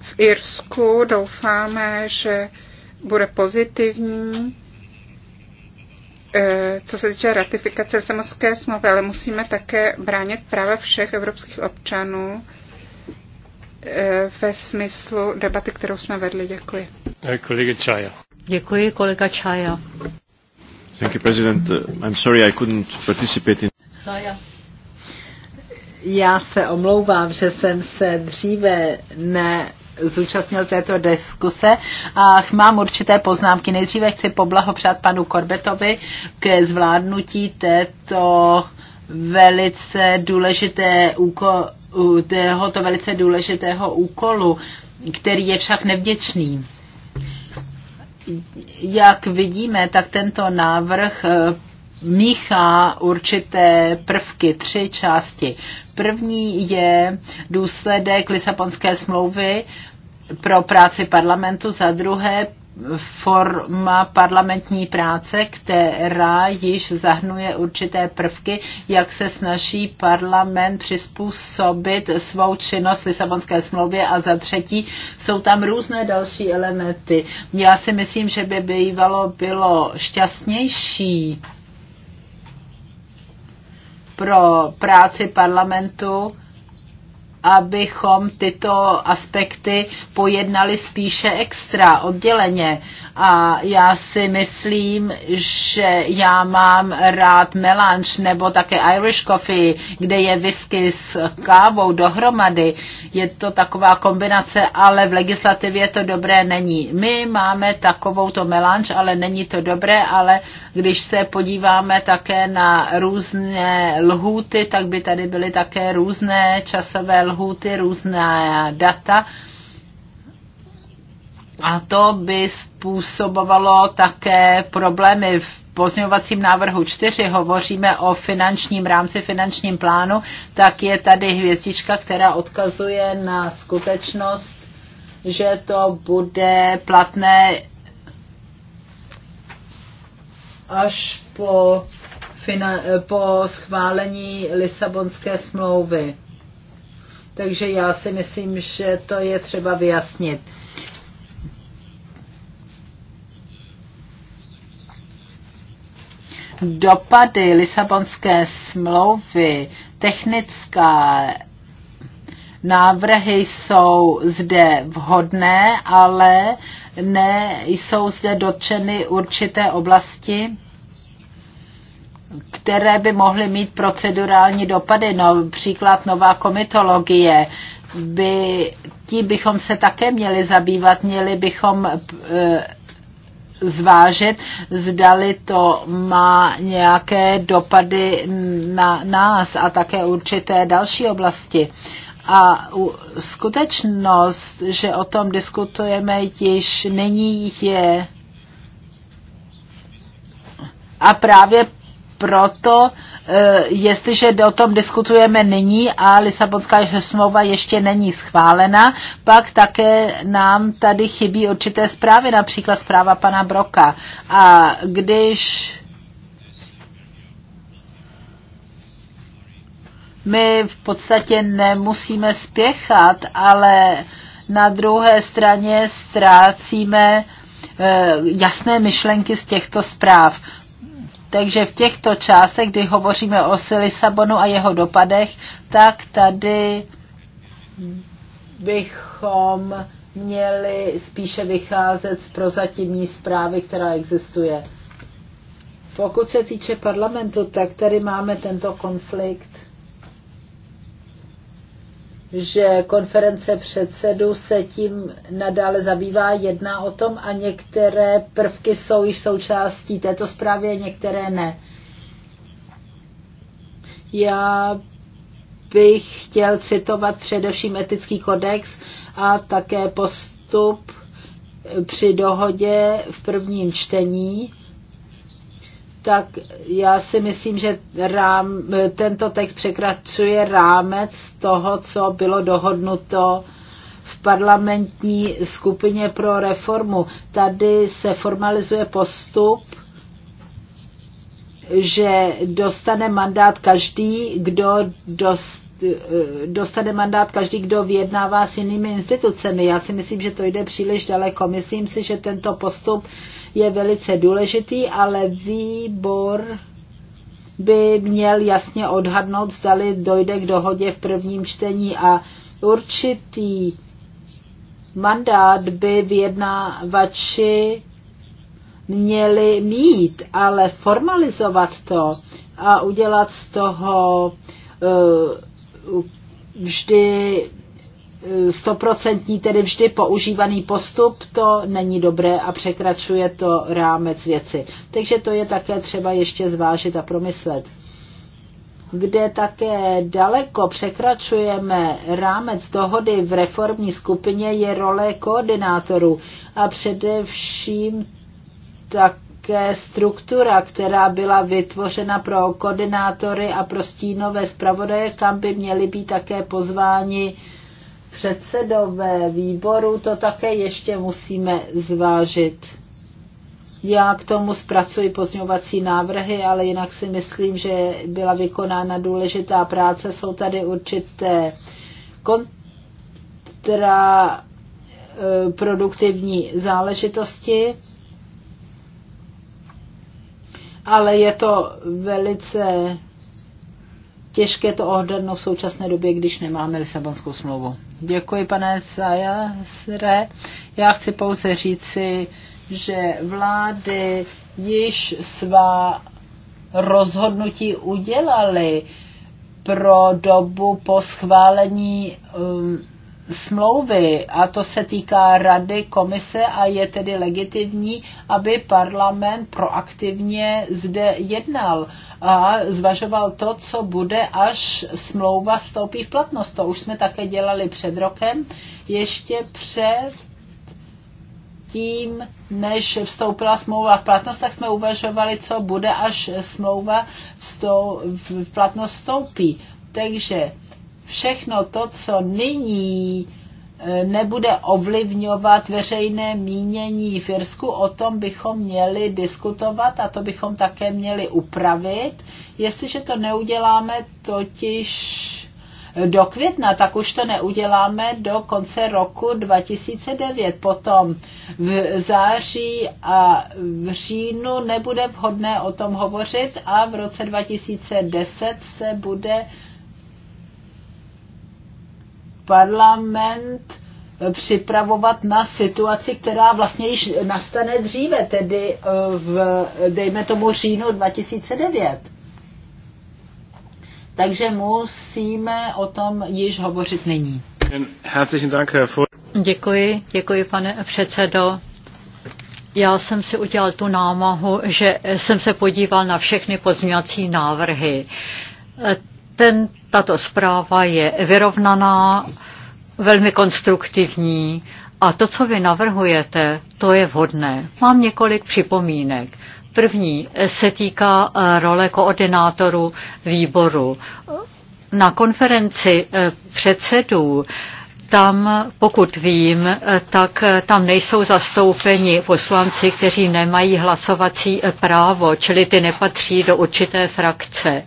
S3: v Irsku doufáme, že bude pozitivní, eh, co se týče ratifikace Lisabonské smlouvy, ale musíme také bránit práva všech evropských občanů eh, ve smyslu debaty, kterou jsme vedli. Děkuji.
S2: Eh, kolega Čaja. Děkuji, kolega Čaja.
S1: Thank you, President. Uh, I'm sorry I couldn't participate in...
S4: Já se omlouvám, že jsem se dříve ne, zúčastnil této diskuse a mám určité poznámky. Nejdříve chci poblahopřát panu Korbetovi ke zvládnutí této velice důležité úko, tohoto velice důležitého úkolu, který je však nevděčný jak vidíme, tak tento návrh eh, míchá určité prvky, tři části. První je důsledek Lisabonské smlouvy pro práci parlamentu, za druhé forma parlamentní práce, která již zahnuje určité prvky, jak se snaží parlament přizpůsobit svou činnost Lisabonské smlouvě a za třetí jsou tam různé další elementy. Já si myslím, že by bývalo bylo šťastnější pro práci parlamentu, abychom tyto aspekty pojednali spíše extra, odděleně. A já si myslím, že já mám rád melanč nebo také Irish coffee, kde je whisky s kávou dohromady. Je to taková kombinace, ale v legislativě to dobré není. My máme takovouto melanč, ale není to dobré, ale když se podíváme také na různé lhůty, tak by tady byly také různé časové lhůty lhůty, různá data. A to by způsobovalo také problémy v pozňovacím návrhu 4 hovoříme o finančním rámci, finančním plánu, tak je tady hvězdička, která odkazuje na skutečnost, že to bude platné až po, po schválení Lisabonské smlouvy. Takže já si myslím, že to je třeba vyjasnit. Dopady Lisabonské smlouvy, technická návrhy jsou zde vhodné, ale ne, jsou zde dotčeny určité oblasti které by mohly mít procedurální dopady, no, příklad nová komitologie, by, tí bychom se také měli zabývat, měli bychom e, zvážit, zdali to má nějaké dopady na nás a také určité další oblasti. A skutečnost, že o tom diskutujeme již nyní, je a právě proto, e, jestliže o tom diskutujeme nyní a Lisabonská smlouva ještě není schválena, pak také nám tady chybí určité zprávy, například zpráva pana Broka. A když my v podstatě nemusíme spěchat, ale na druhé straně ztrácíme e, jasné myšlenky z těchto zpráv. Takže v těchto částech, kdy hovoříme o Lisabonu a jeho dopadech, tak tady bychom měli spíše vycházet z prozatímní zprávy, která existuje. Pokud se týče parlamentu, tak tady máme tento konflikt že konference předsedů se tím nadále zabývá, jedná o tom a některé prvky jsou již součástí této zprávy a některé ne. Já bych chtěl citovat především etický kodex a také postup při dohodě v prvním čtení tak já si myslím, že rám, tento text překračuje rámec toho, co bylo dohodnuto v parlamentní skupině pro reformu. Tady se formalizuje postup, že dostane mandát každý, kdo dostane mandát každý, kdo vyjednává s jinými institucemi. Já si myslím, že to jde příliš daleko. Myslím si, že tento postup je velice důležitý, ale výbor by měl jasně odhadnout, zdali dojde k dohodě v prvním čtení a určitý mandát by vyjednávači měli mít, ale formalizovat to a udělat z toho eh, vždy stoprocentní, tedy vždy používaný postup, to není dobré a překračuje to rámec věci. Takže to je také třeba ještě zvážit a promyslet. Kde také daleko překračujeme rámec dohody v reformní skupině, je role koordinátorů a především tak také struktura, která byla vytvořena pro koordinátory a pro stínové zpravodaje, kam by měli být také pozváni předsedové výboru, to také ještě musíme zvážit. Já k tomu zpracuji pozňovací návrhy, ale jinak si myslím, že byla vykonána důležitá práce. Jsou tady určité kontraproduktivní e, záležitosti, ale je to velice těžké to odhadnout v současné době, když nemáme Lisabonskou smlouvu. Děkuji, pane Zajasre. Já chci pouze říci, že vlády již svá rozhodnutí udělaly pro dobu po schválení um, smlouvy a to se týká rady komise a je tedy legitimní, aby parlament proaktivně zde jednal a zvažoval to, co bude, až smlouva stoupí v platnost. To už jsme také dělali před rokem, ještě před tím, než vstoupila smlouva v platnost, tak jsme uvažovali, co bude, až smlouva v platnost stoupí. Takže všechno to, co nyní eh, nebude ovlivňovat veřejné mínění v Irsku, o tom bychom měli diskutovat a to bychom také měli upravit. Jestliže to neuděláme totiž eh, do května, tak už to neuděláme do konce roku 2009. Potom v září a v říjnu nebude vhodné o tom hovořit a v roce 2010 se bude parlament připravovat na situaci, která vlastně již nastane dříve, tedy eh, v, dejme tomu říjnu 2009.
S2: Takže musíme o tom již hovořit nyní. Děkuji, děkuji pane předsedo. Já jsem si udělal tu námahu, že jsem se podíval na všechny pozměňovací návrhy. Ten, tato zpráva je vyrovnaná, velmi konstruktivní a to, co vy navrhujete, to je vhodné. Mám několik připomínek. První se týká eh, role koordinátoru výboru. Na konferenci eh, předsedů tam, pokud vím, eh, tak tam nejsou zastoupeni poslanci, kteří nemají hlasovací právo, čili ty nepatří do určité frakce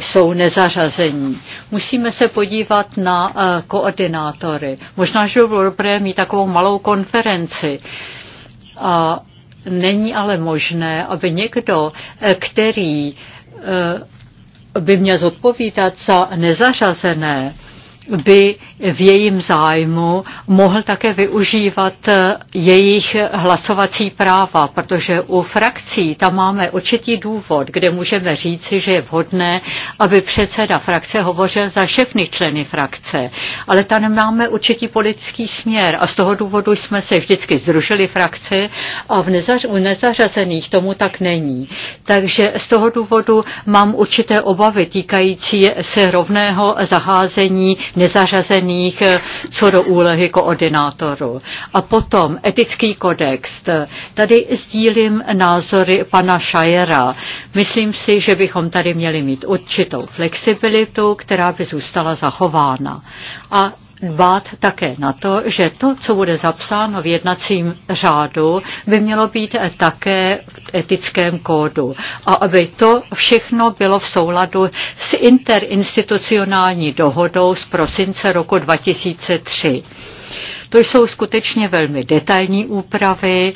S2: jsou nezařazení. Musíme se podívat na eh, koordinátory. Možná, že bylo dobré mít takovou malou konferenci. A není ale možné, aby někdo, eh, který eh, by měl zodpovídat za nezařazené, by v jejím zájmu mohl také využívat eh, jejich hlasovací práva, protože u frakcí tam máme určitý důvod, kde můžeme říci, že je vhodné, aby předseda frakce hovořil za všechny členy frakce. Ale tam máme určitý politický směr a z toho důvodu jsme se vždycky združili frakce a v nezař- u nezařazených tomu tak není. Takže z toho důvodu mám určité obavy týkající se rovného zaházení nezařazených eh, co do úlohy koordinátorů. A potom etický kodex. Tady sdílím názory pana Šajera. Myslím si, že bychom tady měli mít určitou flexibilitu, která by zůstala zachována. A dbát také na to, že to, co bude zapsáno v jednacím řádu, by mělo být také v etickém kódu. A aby to všechno bylo v souladu s interinstitucionální dohodou z prosince roku 2003. To jsou skutečně velmi detailní úpravy,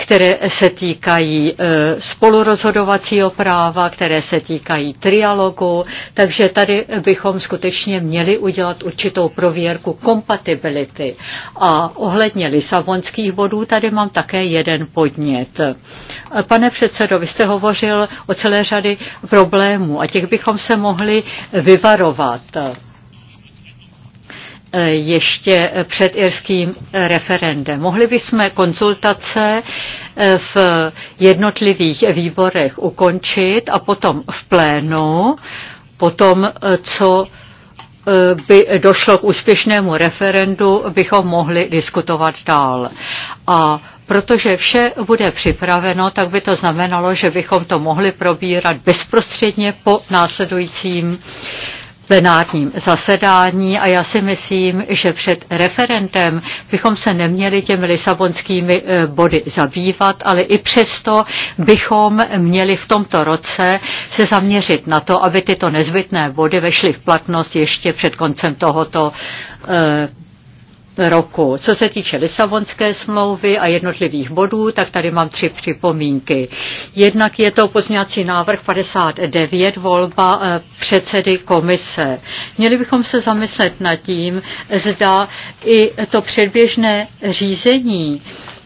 S2: které se týkají e, spolurozhodovacího práva, které se týkají trialogu, takže tady bychom skutečně měli udělat určitou prověrku kompatibility. A ohledně lisabonských bodů tady mám také jeden podnět. Pane předsedo, vy jste hovořil o celé řady problémů a těch bychom se mohli vyvarovat Eh, ještě před irským referendem. Mohli bychom konzultace eh, v jednotlivých výborech ukončit a potom v plénu, potom eh, co by došlo k úspěšnému referendu, bychom mohli diskutovat dál. A protože vše bude připraveno, tak by to znamenalo, že bychom to mohli probírat bezprostředně po následujícím plenárním zasedání a já si myslím, že před referentem bychom se neměli těmi lisabonskými eh, body zabývat, ale i přesto bychom měli v tomto roce se zaměřit na to, aby tyto nezbytné body vešly v platnost ještě před koncem tohoto eh, roku. Co se týče Lisabonské smlouvy a jednotlivých bodů, tak tady mám tři připomínky. Jednak je to pozněcí návrh 59, volba eh, předsedy komise. Měli bychom se zamyslet nad tím, zda i to předběžné řízení,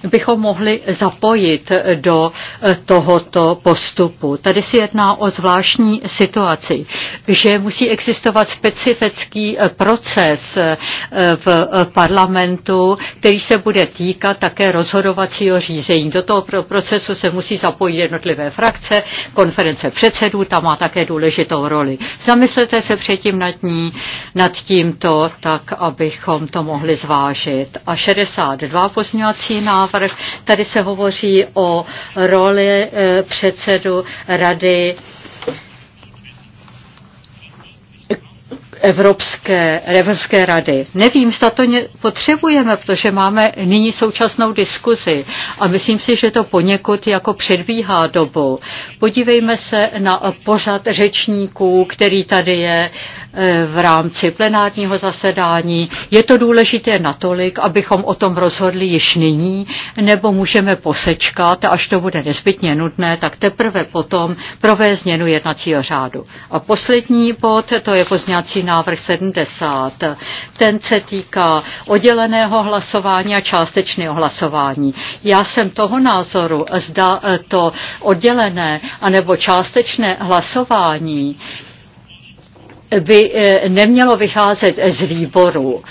S2: bychom mohli zapojit do eh, tohoto postupu. Tady se jedná o zvláštní situaci, že musí existovat specifický eh, proces eh, v parlamentu, který se bude týkat také rozhodovacího řízení. Do toho procesu se musí zapojit jednotlivé frakce, konference předsedů, tam má také důležitou roli. Zamyslete se předtím nad, ní, nad tímto, tak abychom to mohli zvážit. A 62 pozměňovací návrh Farag, tady se hovoří o roli eh, předsedu rady Evropské, Evropské rady. Nevím, zda to potřebujeme, protože máme nyní současnou diskuzi a myslím si, že to poněkud jako předbíhá dobu. Podívejme se na pořad řečníků, který tady je. Eh, v rámci plenárního zasedání. Je to důležité natolik, abychom o tom rozhodli již nyní, nebo můžeme posečkat, až to bude nezbytně nutné, tak teprve potom provést změnu jednacího řádu. A poslední bod, to je pozněcí návrh 70. Ten se týká odděleného hlasování a částečného hlasování. Já jsem toho názoru, zda to oddělené anebo částečné hlasování, by eh, nemělo vycházet z výboru.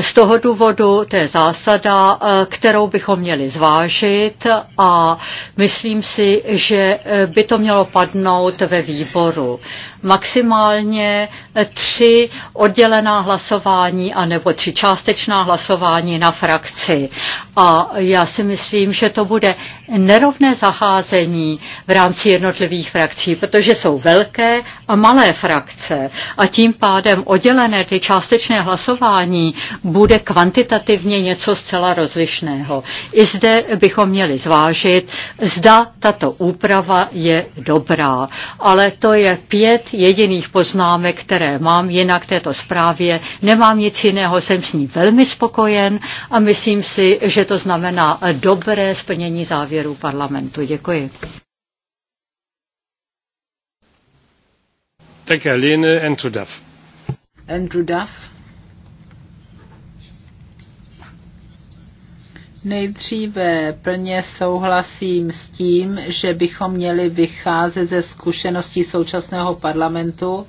S2: Z toho důvodu to je zásada, eh, kterou bychom měli zvážit a myslím si, že eh, by to mělo padnout ve výboru maximálně tři oddělená hlasování a nebo tři částečná hlasování na frakci. A já si myslím, že to bude nerovné zacházení v rámci jednotlivých frakcí, protože jsou velké a malé frakce a tím pádem oddělené ty částečné hlasování bude kvantitativně něco zcela rozlišného. I zde bychom měli zvážit, zda tato úprava je dobrá. Ale to je pět jediných poznámek, které mám jinak této zprávě. Nemám nic jiného, jsem s ní velmi spokojen a myslím si, že to znamená dobré splnění závěrů parlamentu. Děkuji.
S1: Tak Lene Andrew Duff.
S4: Andrew Duff. Nejdříve plně souhlasím s tím, že bychom měli vycházet ze zkušeností současného parlamentu,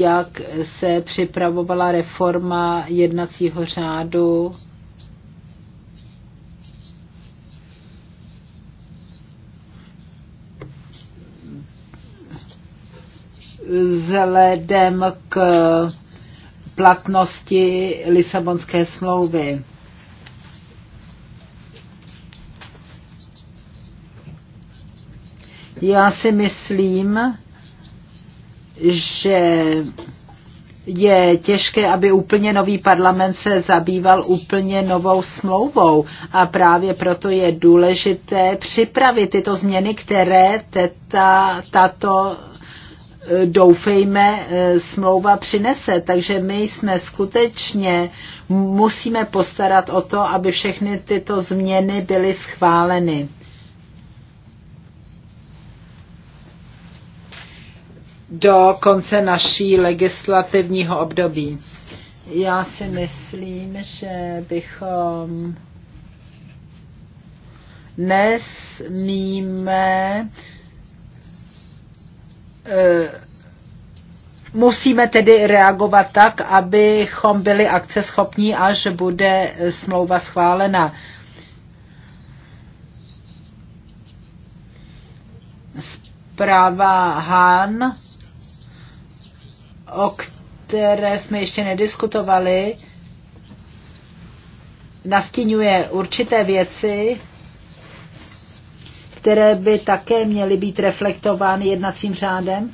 S4: jak se připravovala reforma jednacího řádu vzhledem k platnosti Lisabonské smlouvy. Já si myslím, že je těžké, aby úplně nový parlament se zabýval úplně novou smlouvou. A právě proto je důležité připravit tyto změny, které teta, tato e, doufejme, e, smlouva přinese. Takže my jsme skutečně musíme postarat o to, aby všechny tyto změny byly schváleny. do konce naší legislativního období. Já si myslím, že bychom nesmíme eh, musíme tedy reagovat tak, abychom byli akceschopní, až bude smlouva schválena. Zpráva Han o které jsme ještě nediskutovali, nastínuje určité věci, které by také měly být reflektovány jednacím řádem.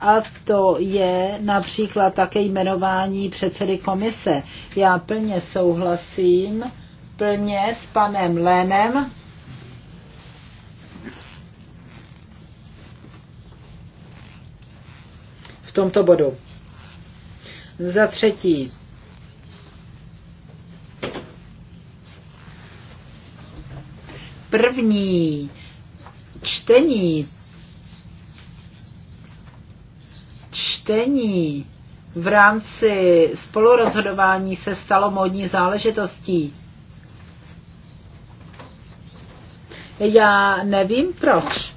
S4: A to je například také jmenování předsedy komise. Já plně souhlasím, plně s panem Lénem. V tomto bodu. Za třetí, první čtení, čtení v rámci spolurozhodování se stalo módní záležitostí. Já nevím proč.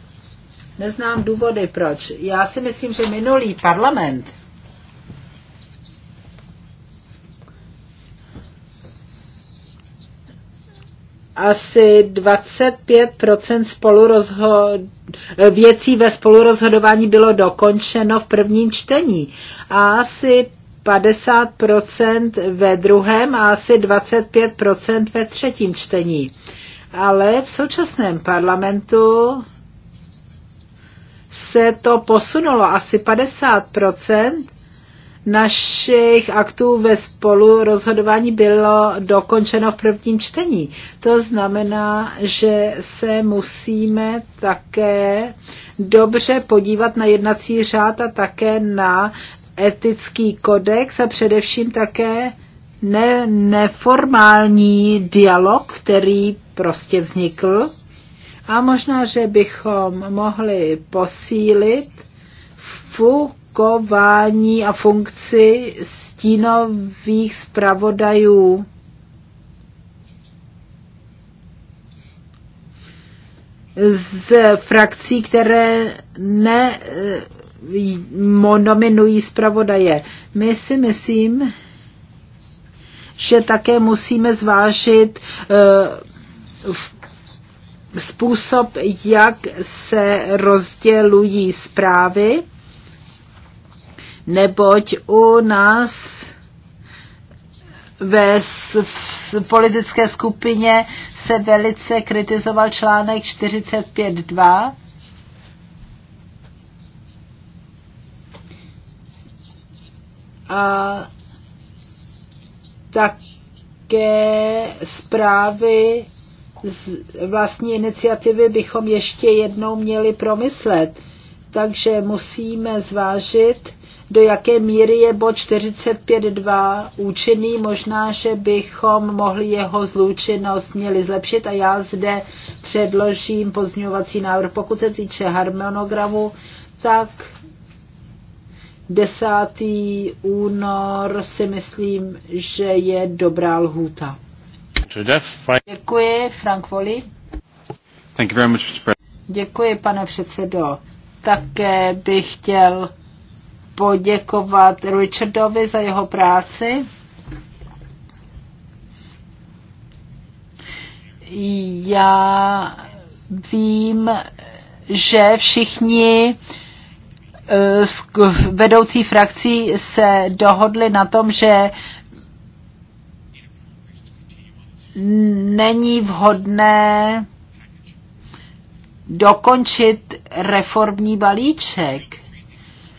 S4: Neznám důvody proč. Já si myslím, že minulý parlament asi 25 spolurozhod... věcí ve spolurozhodování bylo dokončeno v prvním čtení a asi 50 ve druhém a asi 25 ve třetím čtení. Ale v současném parlamentu se to posunulo asi 50 našich aktů ve spolu rozhodování bylo dokončeno v prvním čtení. To znamená, že se musíme také dobře podívat na jednací řád a také na etický kodex a především také ne, neformální dialog, který prostě vznikl. A možná, že bychom mohli posílit FUK fungování a funkci stínových zpravodajů. z frakcí, které ne eh, nominují zpravodaje. My si myslím, že také musíme zvážit eh, způsob, jak se rozdělují zprávy neboť u nás ve politické skupině se velice kritizoval článek 45.2, a také zprávy z vlastní iniciativy bychom ještě jednou měli promyslet. Takže musíme zvážit, do jaké míry je bod 45.2 účinný. Možná, že bychom mohli jeho zlučinnost měli zlepšit a já zde předložím pozňovací návrh. Pokud se týče harmonogramu, tak 10. únor si myslím, že je dobrá lhůta. Děkuji, Frank Voli. Děkuji, pane předsedo. Také bych chtěl poděkovat Richardovi za jeho práci. Já vím, že všichni eh, vedoucí frakcí se dohodli na tom, že není vhodné dokončit reformní balíček.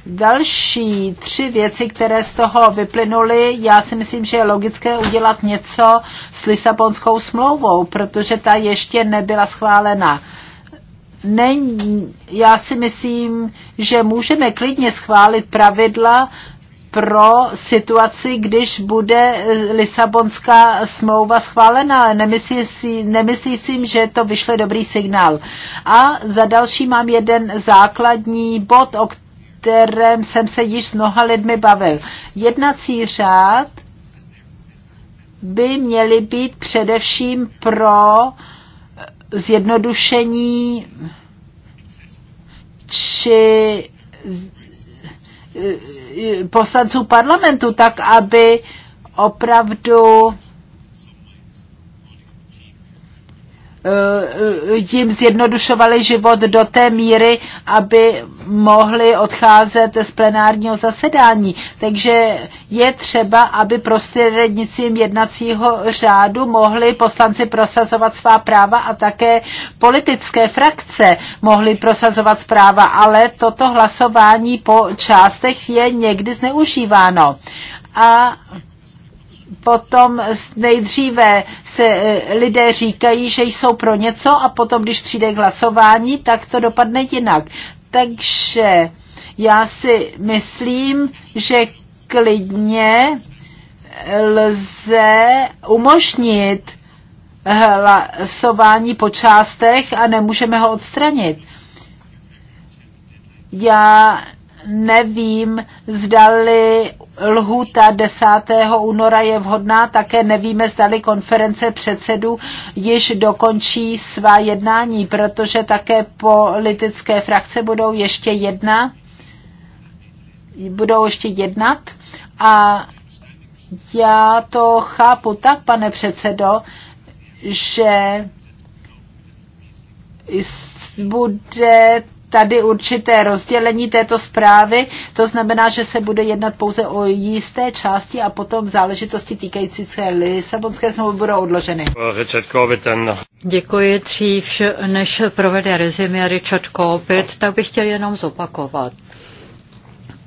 S4: Další tři věci, které z toho vyplynuly, já si myslím, že je logické udělat něco s Lisabonskou smlouvou, protože ta ještě nebyla schválena. Není, já si myslím, že můžeme klidně schválit pravidla pro situaci, když bude Lisabonská smlouva schválena, ale nemyslím si, nemyslí si, že to vyšle dobrý signál. A za další mám jeden základní bod, o kterém jsem se již s mnoha lidmi bavil. Jednací řád by měly být především pro eh, zjednodušení či eh, eh, poslanců parlamentu, tak aby opravdu Eh, jim zjednodušovali život do té míry, aby mohli odcházet z plenárního zasedání. Takže je třeba, aby prostřednictvím jednacího řádu mohli poslanci prosazovat svá práva a také politické frakce mohly prosazovat práva, ale toto hlasování po částech je někdy zneužíváno. A potom nejdříve se e, lidé říkají, že jsou pro něco a potom, když přijde k hlasování, tak to dopadne jinak. Takže já si myslím, že klidně lze umožnit hlasování po částech a nemůžeme ho odstranit. Já nevím, zdali lhůta 10. února je vhodná, také nevíme, zdali konference předsedů již dokončí svá jednání, protože také politické frakce budou ještě jedna, budou ještě jednat a já to chápu tak, pane předsedo, že bude tady určité rozdělení této zprávy, to znamená, že se bude jednat pouze o jisté části a potom záležitosti týkající se Lisabonské smlouvy budou
S2: odloženy. Děkuji dřív, než provede rezimě Richard Kovit, tak bych chtěl jenom zopakovat,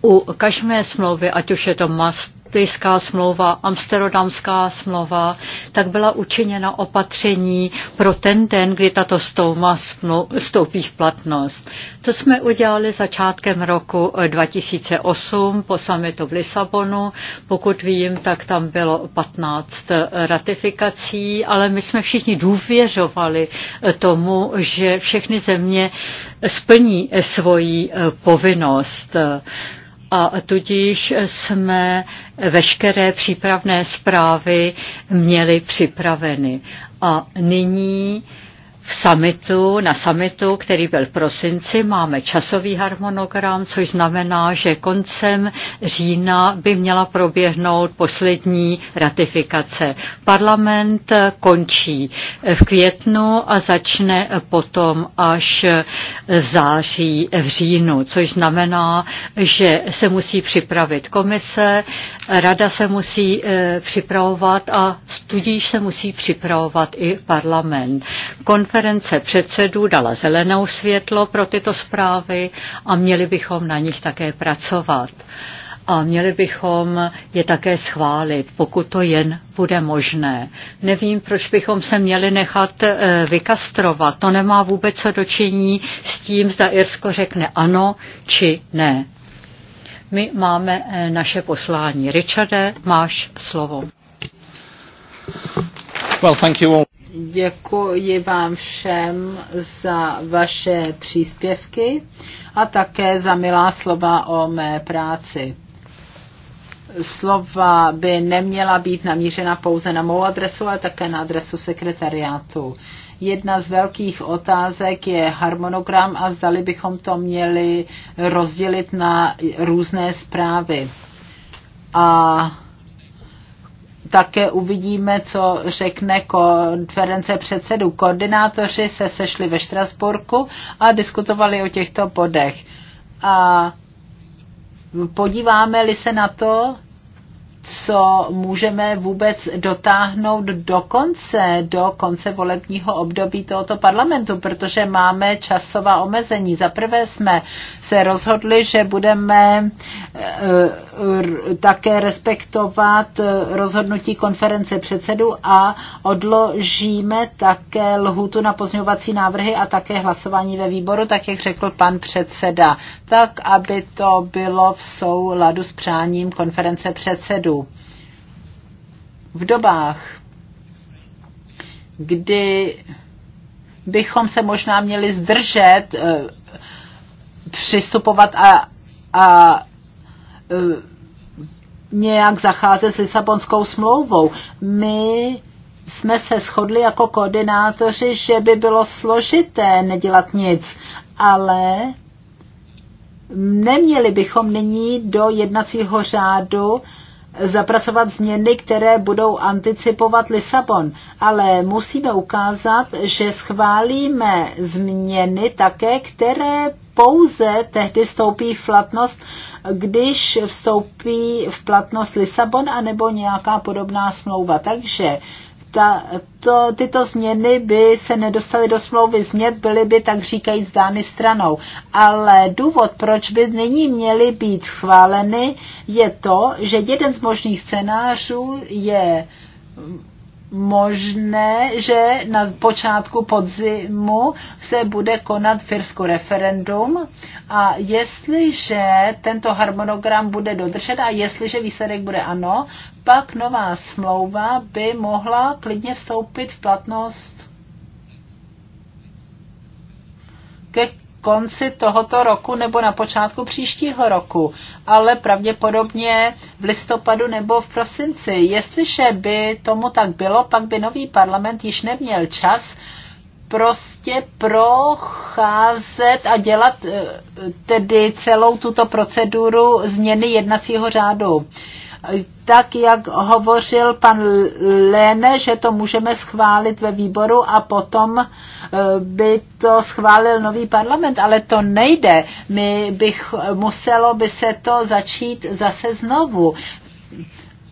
S2: u každé smlouvy, ať už je to Maastrichtská smlouva, Amsterdamská smlouva, tak byla učiněna opatření pro ten den, kdy tato stouma stoupí v platnost. To jsme udělali začátkem roku 2008 eh, po samitu v Lisabonu. Pokud vím, tak tam bylo 15 eh, ratifikací, ale my jsme všichni důvěřovali eh, tomu, že všechny země splní svoji povinnost a tudíž jsme veškeré přípravné zprávy měli připraveny. A nyní v summitu, na summitu, který byl v prosinci, máme časový harmonogram, což znamená, že koncem října by měla proběhnout poslední ratifikace. Parlament končí v květnu a začne potom až v září, v říjnu, což znamená, že se musí připravit komise, rada se musí eh, připravovat a studíž se musí připravovat i parlament. Konf- konference předsedů dala zelenou světlo pro tyto zprávy a měli bychom na nich také pracovat. A měli bychom je také schválit, pokud to jen bude možné. Nevím, proč bychom se měli nechat eh, vykastrovat. To nemá vůbec co dočení s tím, zda Irsko řekne ano či ne. My máme eh, naše poslání. Richarde, máš slovo. Well,
S3: thank you all.
S4: Děkuji vám všem za vaše příspěvky a také za milá slova o mé práci. Slova by neměla být namířena pouze na mou adresu, ale také na adresu sekretariátu. Jedna z velkých otázek je harmonogram a zdali bychom to měli rozdělit na různé zprávy. A také uvidíme, co řekne konference předsedů. Koordinátoři se sešli ve Štrasburku a diskutovali o těchto bodech. A podíváme-li se na to, co můžeme vůbec dotáhnout do konce, do konce volebního období tohoto parlamentu, protože máme časová omezení. Za prvé jsme se rozhodli, že budeme eh, také respektovat eh, rozhodnutí konference předsedu a odložíme také lhutu na pozňovací návrhy a také hlasování ve výboru, tak jak řekl pan předseda, tak aby to bylo v souladu s přáním konference předsedu míru. V dobách, kdy bychom se možná měli zdržet, eh, přistupovat a, a eh, nějak zacházet s Lisabonskou smlouvou. My jsme se shodli jako koordinátoři, že by bylo složité nedělat nic, ale neměli bychom nyní do jednacího řádu zapracovat změny, které budou anticipovat Lisabon, ale musíme ukázat, že schválíme změny také, které pouze tehdy vstoupí v platnost, když vstoupí v platnost Lisabon anebo nějaká podobná smlouva. Takže ta, to, tyto změny by se nedostaly do smlouvy změn, byly by tak říkajíc dány stranou. Ale důvod, proč by nyní měly být schváleny, je to, že jeden z možných scénářů je možné, že na počátku podzimu se bude konat firsko referendum a jestliže tento harmonogram bude dodržet a jestliže výsledek bude ano, pak nová smlouva by mohla klidně vstoupit v platnost ke konci tohoto roku nebo na počátku příštího roku, ale pravděpodobně v listopadu nebo v prosinci. Jestliže by tomu tak bylo, pak by nový parlament již neměl čas prostě procházet a dělat eh, tedy celou tuto proceduru změny jednacího řádu tak jak hovořil pan Léne, že to můžeme schválit ve výboru a potom eh, by to schválil nový parlament, ale to nejde. My bych, muselo by se to začít zase znovu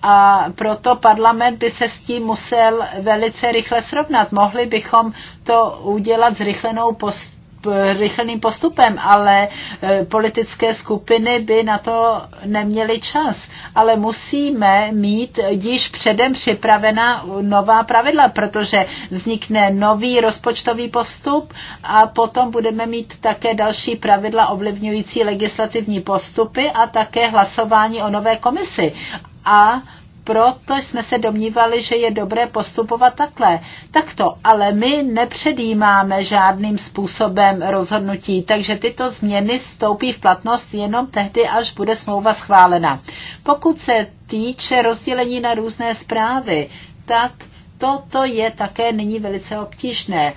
S4: a proto parlament by se s tím musel velice rychle srovnat. Mohli bychom to udělat zrychlenou post rychlým postupem, ale e, politické skupiny by na to neměly čas. Ale musíme mít již předem připravená nová pravidla, protože vznikne nový rozpočtový postup a potom budeme mít také další pravidla ovlivňující legislativní postupy a také hlasování o nové komisi. A proto jsme se domnívali, že je dobré postupovat takhle. Takto, ale my nepředjímáme žádným způsobem rozhodnutí, takže tyto změny stoupí v platnost jenom tehdy, až bude smlouva schválena. Pokud se týče rozdělení na různé zprávy, tak toto je také nyní velice obtížné.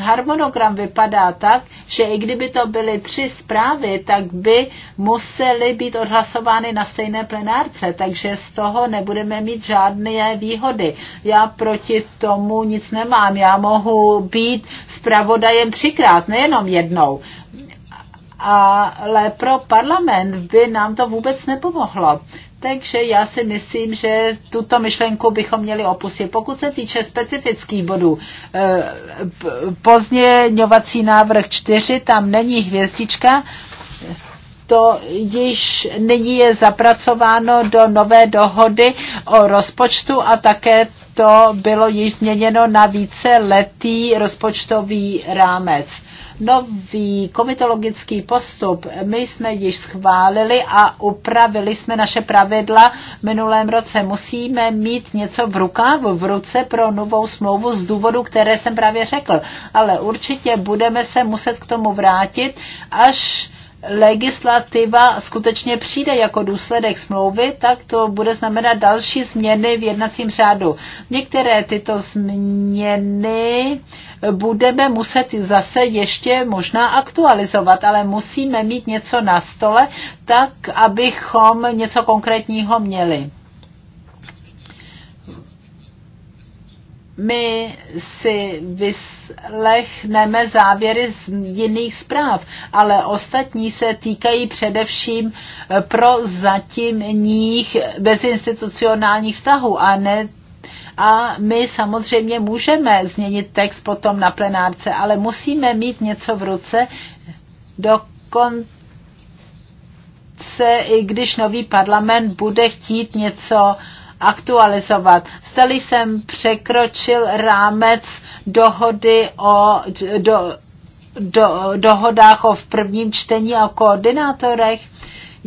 S4: Harmonogram vypadá tak, že i kdyby to byly tři zprávy, tak by musely být odhlasovány na stejné plenárce, takže z toho nebudeme mít žádné výhody. Já proti tomu nic nemám. Já mohu být zpravodajem třikrát, nejenom jednou. Ale pro parlament by nám to vůbec nepomohlo takže já si myslím, že tuto myšlenku bychom měli opustit. Pokud se týče specifických bodů, eh, pozněňovací návrh 4, tam není hvězdička, to již nyní je zapracováno do nové dohody o rozpočtu a také to bylo již změněno na více letý rozpočtový rámec nový komitologický postup my jsme již schválili a upravili jsme naše pravidla v minulém roce. Musíme mít něco v rukávu, v ruce pro novou smlouvu z důvodu, které jsem právě řekl. Ale určitě budeme se muset k tomu vrátit, až legislativa skutečně přijde jako důsledek smlouvy, tak to bude znamenat další změny v jednacím řádu. Některé tyto změny budeme muset zase ještě možná aktualizovat, ale musíme mít něco na stole, tak abychom něco konkrétního měli. my si vyslechneme závěry z jiných zpráv, ale ostatní se týkají především eh, pro zatímních bezinstitucionálních vztahů a ne a my samozřejmě můžeme změnit text potom na plenárce, ale musíme mít něco v ruce dokonce i když nový parlament bude chtít něco uh, aktualizovat. Stali jsem překročil rámec dohody o do, do, dohodách o v prvním čtení a koordinátorech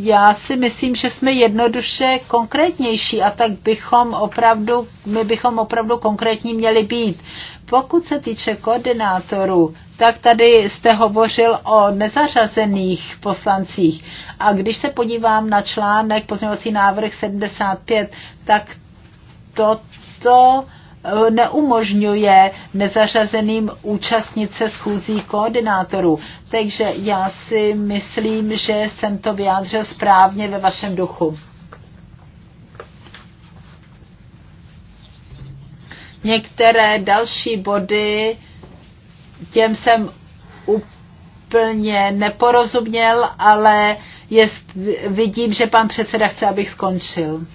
S4: já si myslím, že jsme jednoduše konkrétnější a tak bychom opravdu, my bychom opravdu konkrétní měli být. Pokud se týče koordinátorů, tak tady jste hovořil o nezařazených poslancích. A když se podívám na článek pozměňovací návrh 75, tak toto neumožňuje nezařazeným účastnit se schůzí koordinátorů. Takže já si myslím, že jsem to vyjádřil správně ve vašem duchu. Některé další body, těm jsem úplně neporozuměl, ale jest, vidím, že pan předseda chce, abych skončil.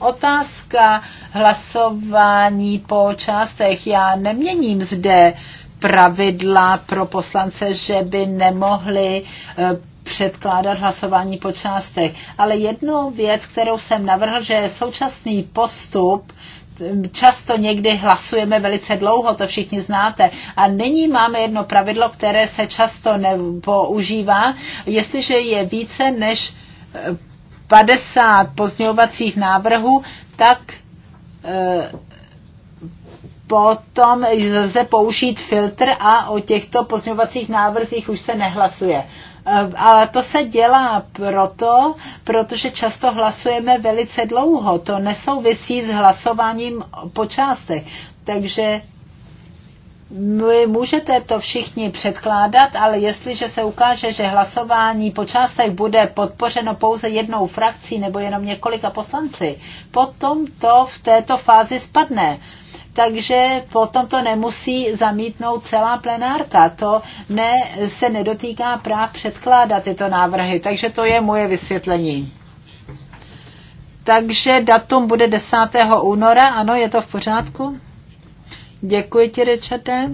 S4: Otázka hlasování po částech. Já neměním zde pravidla pro poslance, že by nemohli eh, předkládat hlasování po částech. Ale jednu věc, kterou jsem navrhl, že současný postup často někdy hlasujeme velice dlouho, to všichni znáte. A nyní máme jedno pravidlo, které se často nepoužívá. Jestliže je více než eh, 50 pozměňovacích návrhů, tak e, potom lze použít filtr a o těchto pozměňovacích návrzích už se nehlasuje. E, ale to se dělá proto, protože často hlasujeme velice dlouho. To nesouvisí s hlasováním po částech. Takže vy můžete to všichni předkládat, ale jestliže se ukáže, že hlasování po částech bude podpořeno pouze jednou frakcí nebo jenom několika poslanci, potom to v této fázi spadne. Takže potom to nemusí zamítnout celá plenárka. To ne, se nedotýká práv předkládat tyto návrhy. Takže to je moje vysvětlení. Takže datum bude 10. února. Ano, je to v pořádku? Děkuji ti, Richarde.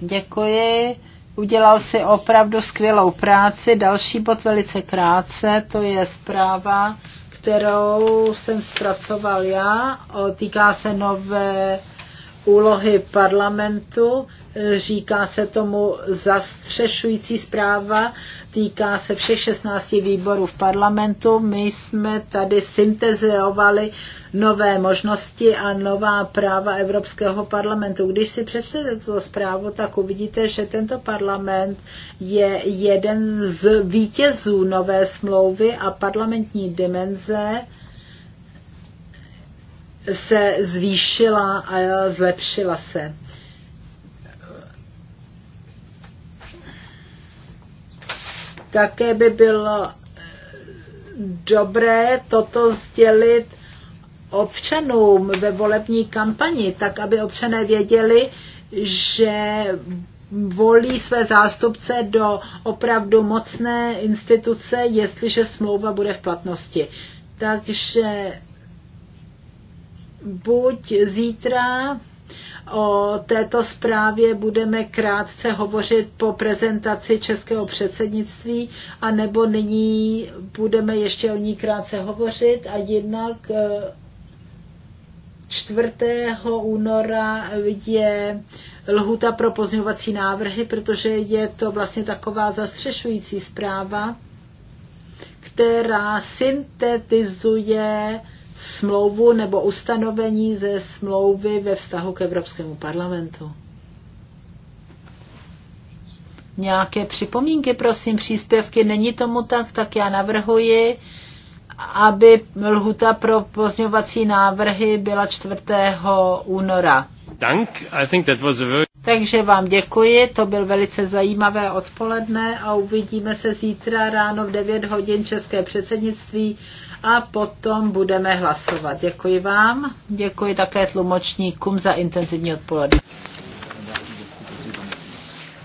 S4: Děkuji. Udělal si opravdu skvělou práci. Další bod velice krátce, to je zpráva, kterou jsem zpracoval já. Týká se nové úlohy parlamentu říká se tomu zastřešující zpráva, týká se všech 16 výborů v parlamentu. My jsme tady syntezovali nové možnosti a nová práva Evropského parlamentu. Když si přečtete tuto zprávu, tak uvidíte, že tento parlament je jeden z vítězů nové smlouvy a parlamentní dimenze se zvýšila a zlepšila se. Také by bylo eh, dobré toto sdělit občanům ve volební kampani, tak aby občané věděli, že volí své zástupce do opravdu mocné instituce, jestliže smlouva bude v platnosti. Takže buď zítra O této zprávě budeme krátce hovořit po prezentaci českého předsednictví, anebo nyní budeme ještě o ní krátce hovořit a jednak 4. Eh, února je lhuta pro pozměňovací návrhy, protože je to vlastně taková zastřešující zpráva, která syntetizuje smlouvu nebo ustanovení ze smlouvy ve vztahu k Evropskému parlamentu. Nějaké připomínky, prosím, příspěvky. Není tomu tak, tak já navrhuji, aby lhuta pro pozňovací návrhy byla 4. února.
S1: Dank. I think that was a very...
S4: Takže vám děkuji, to byl velice zajímavé odpoledne a uvidíme se zítra ráno v 9 hodin České předsednictví a potom budeme hlasovat. Děkuji vám, děkuji také tlumočníkům za intenzivní odpoledne.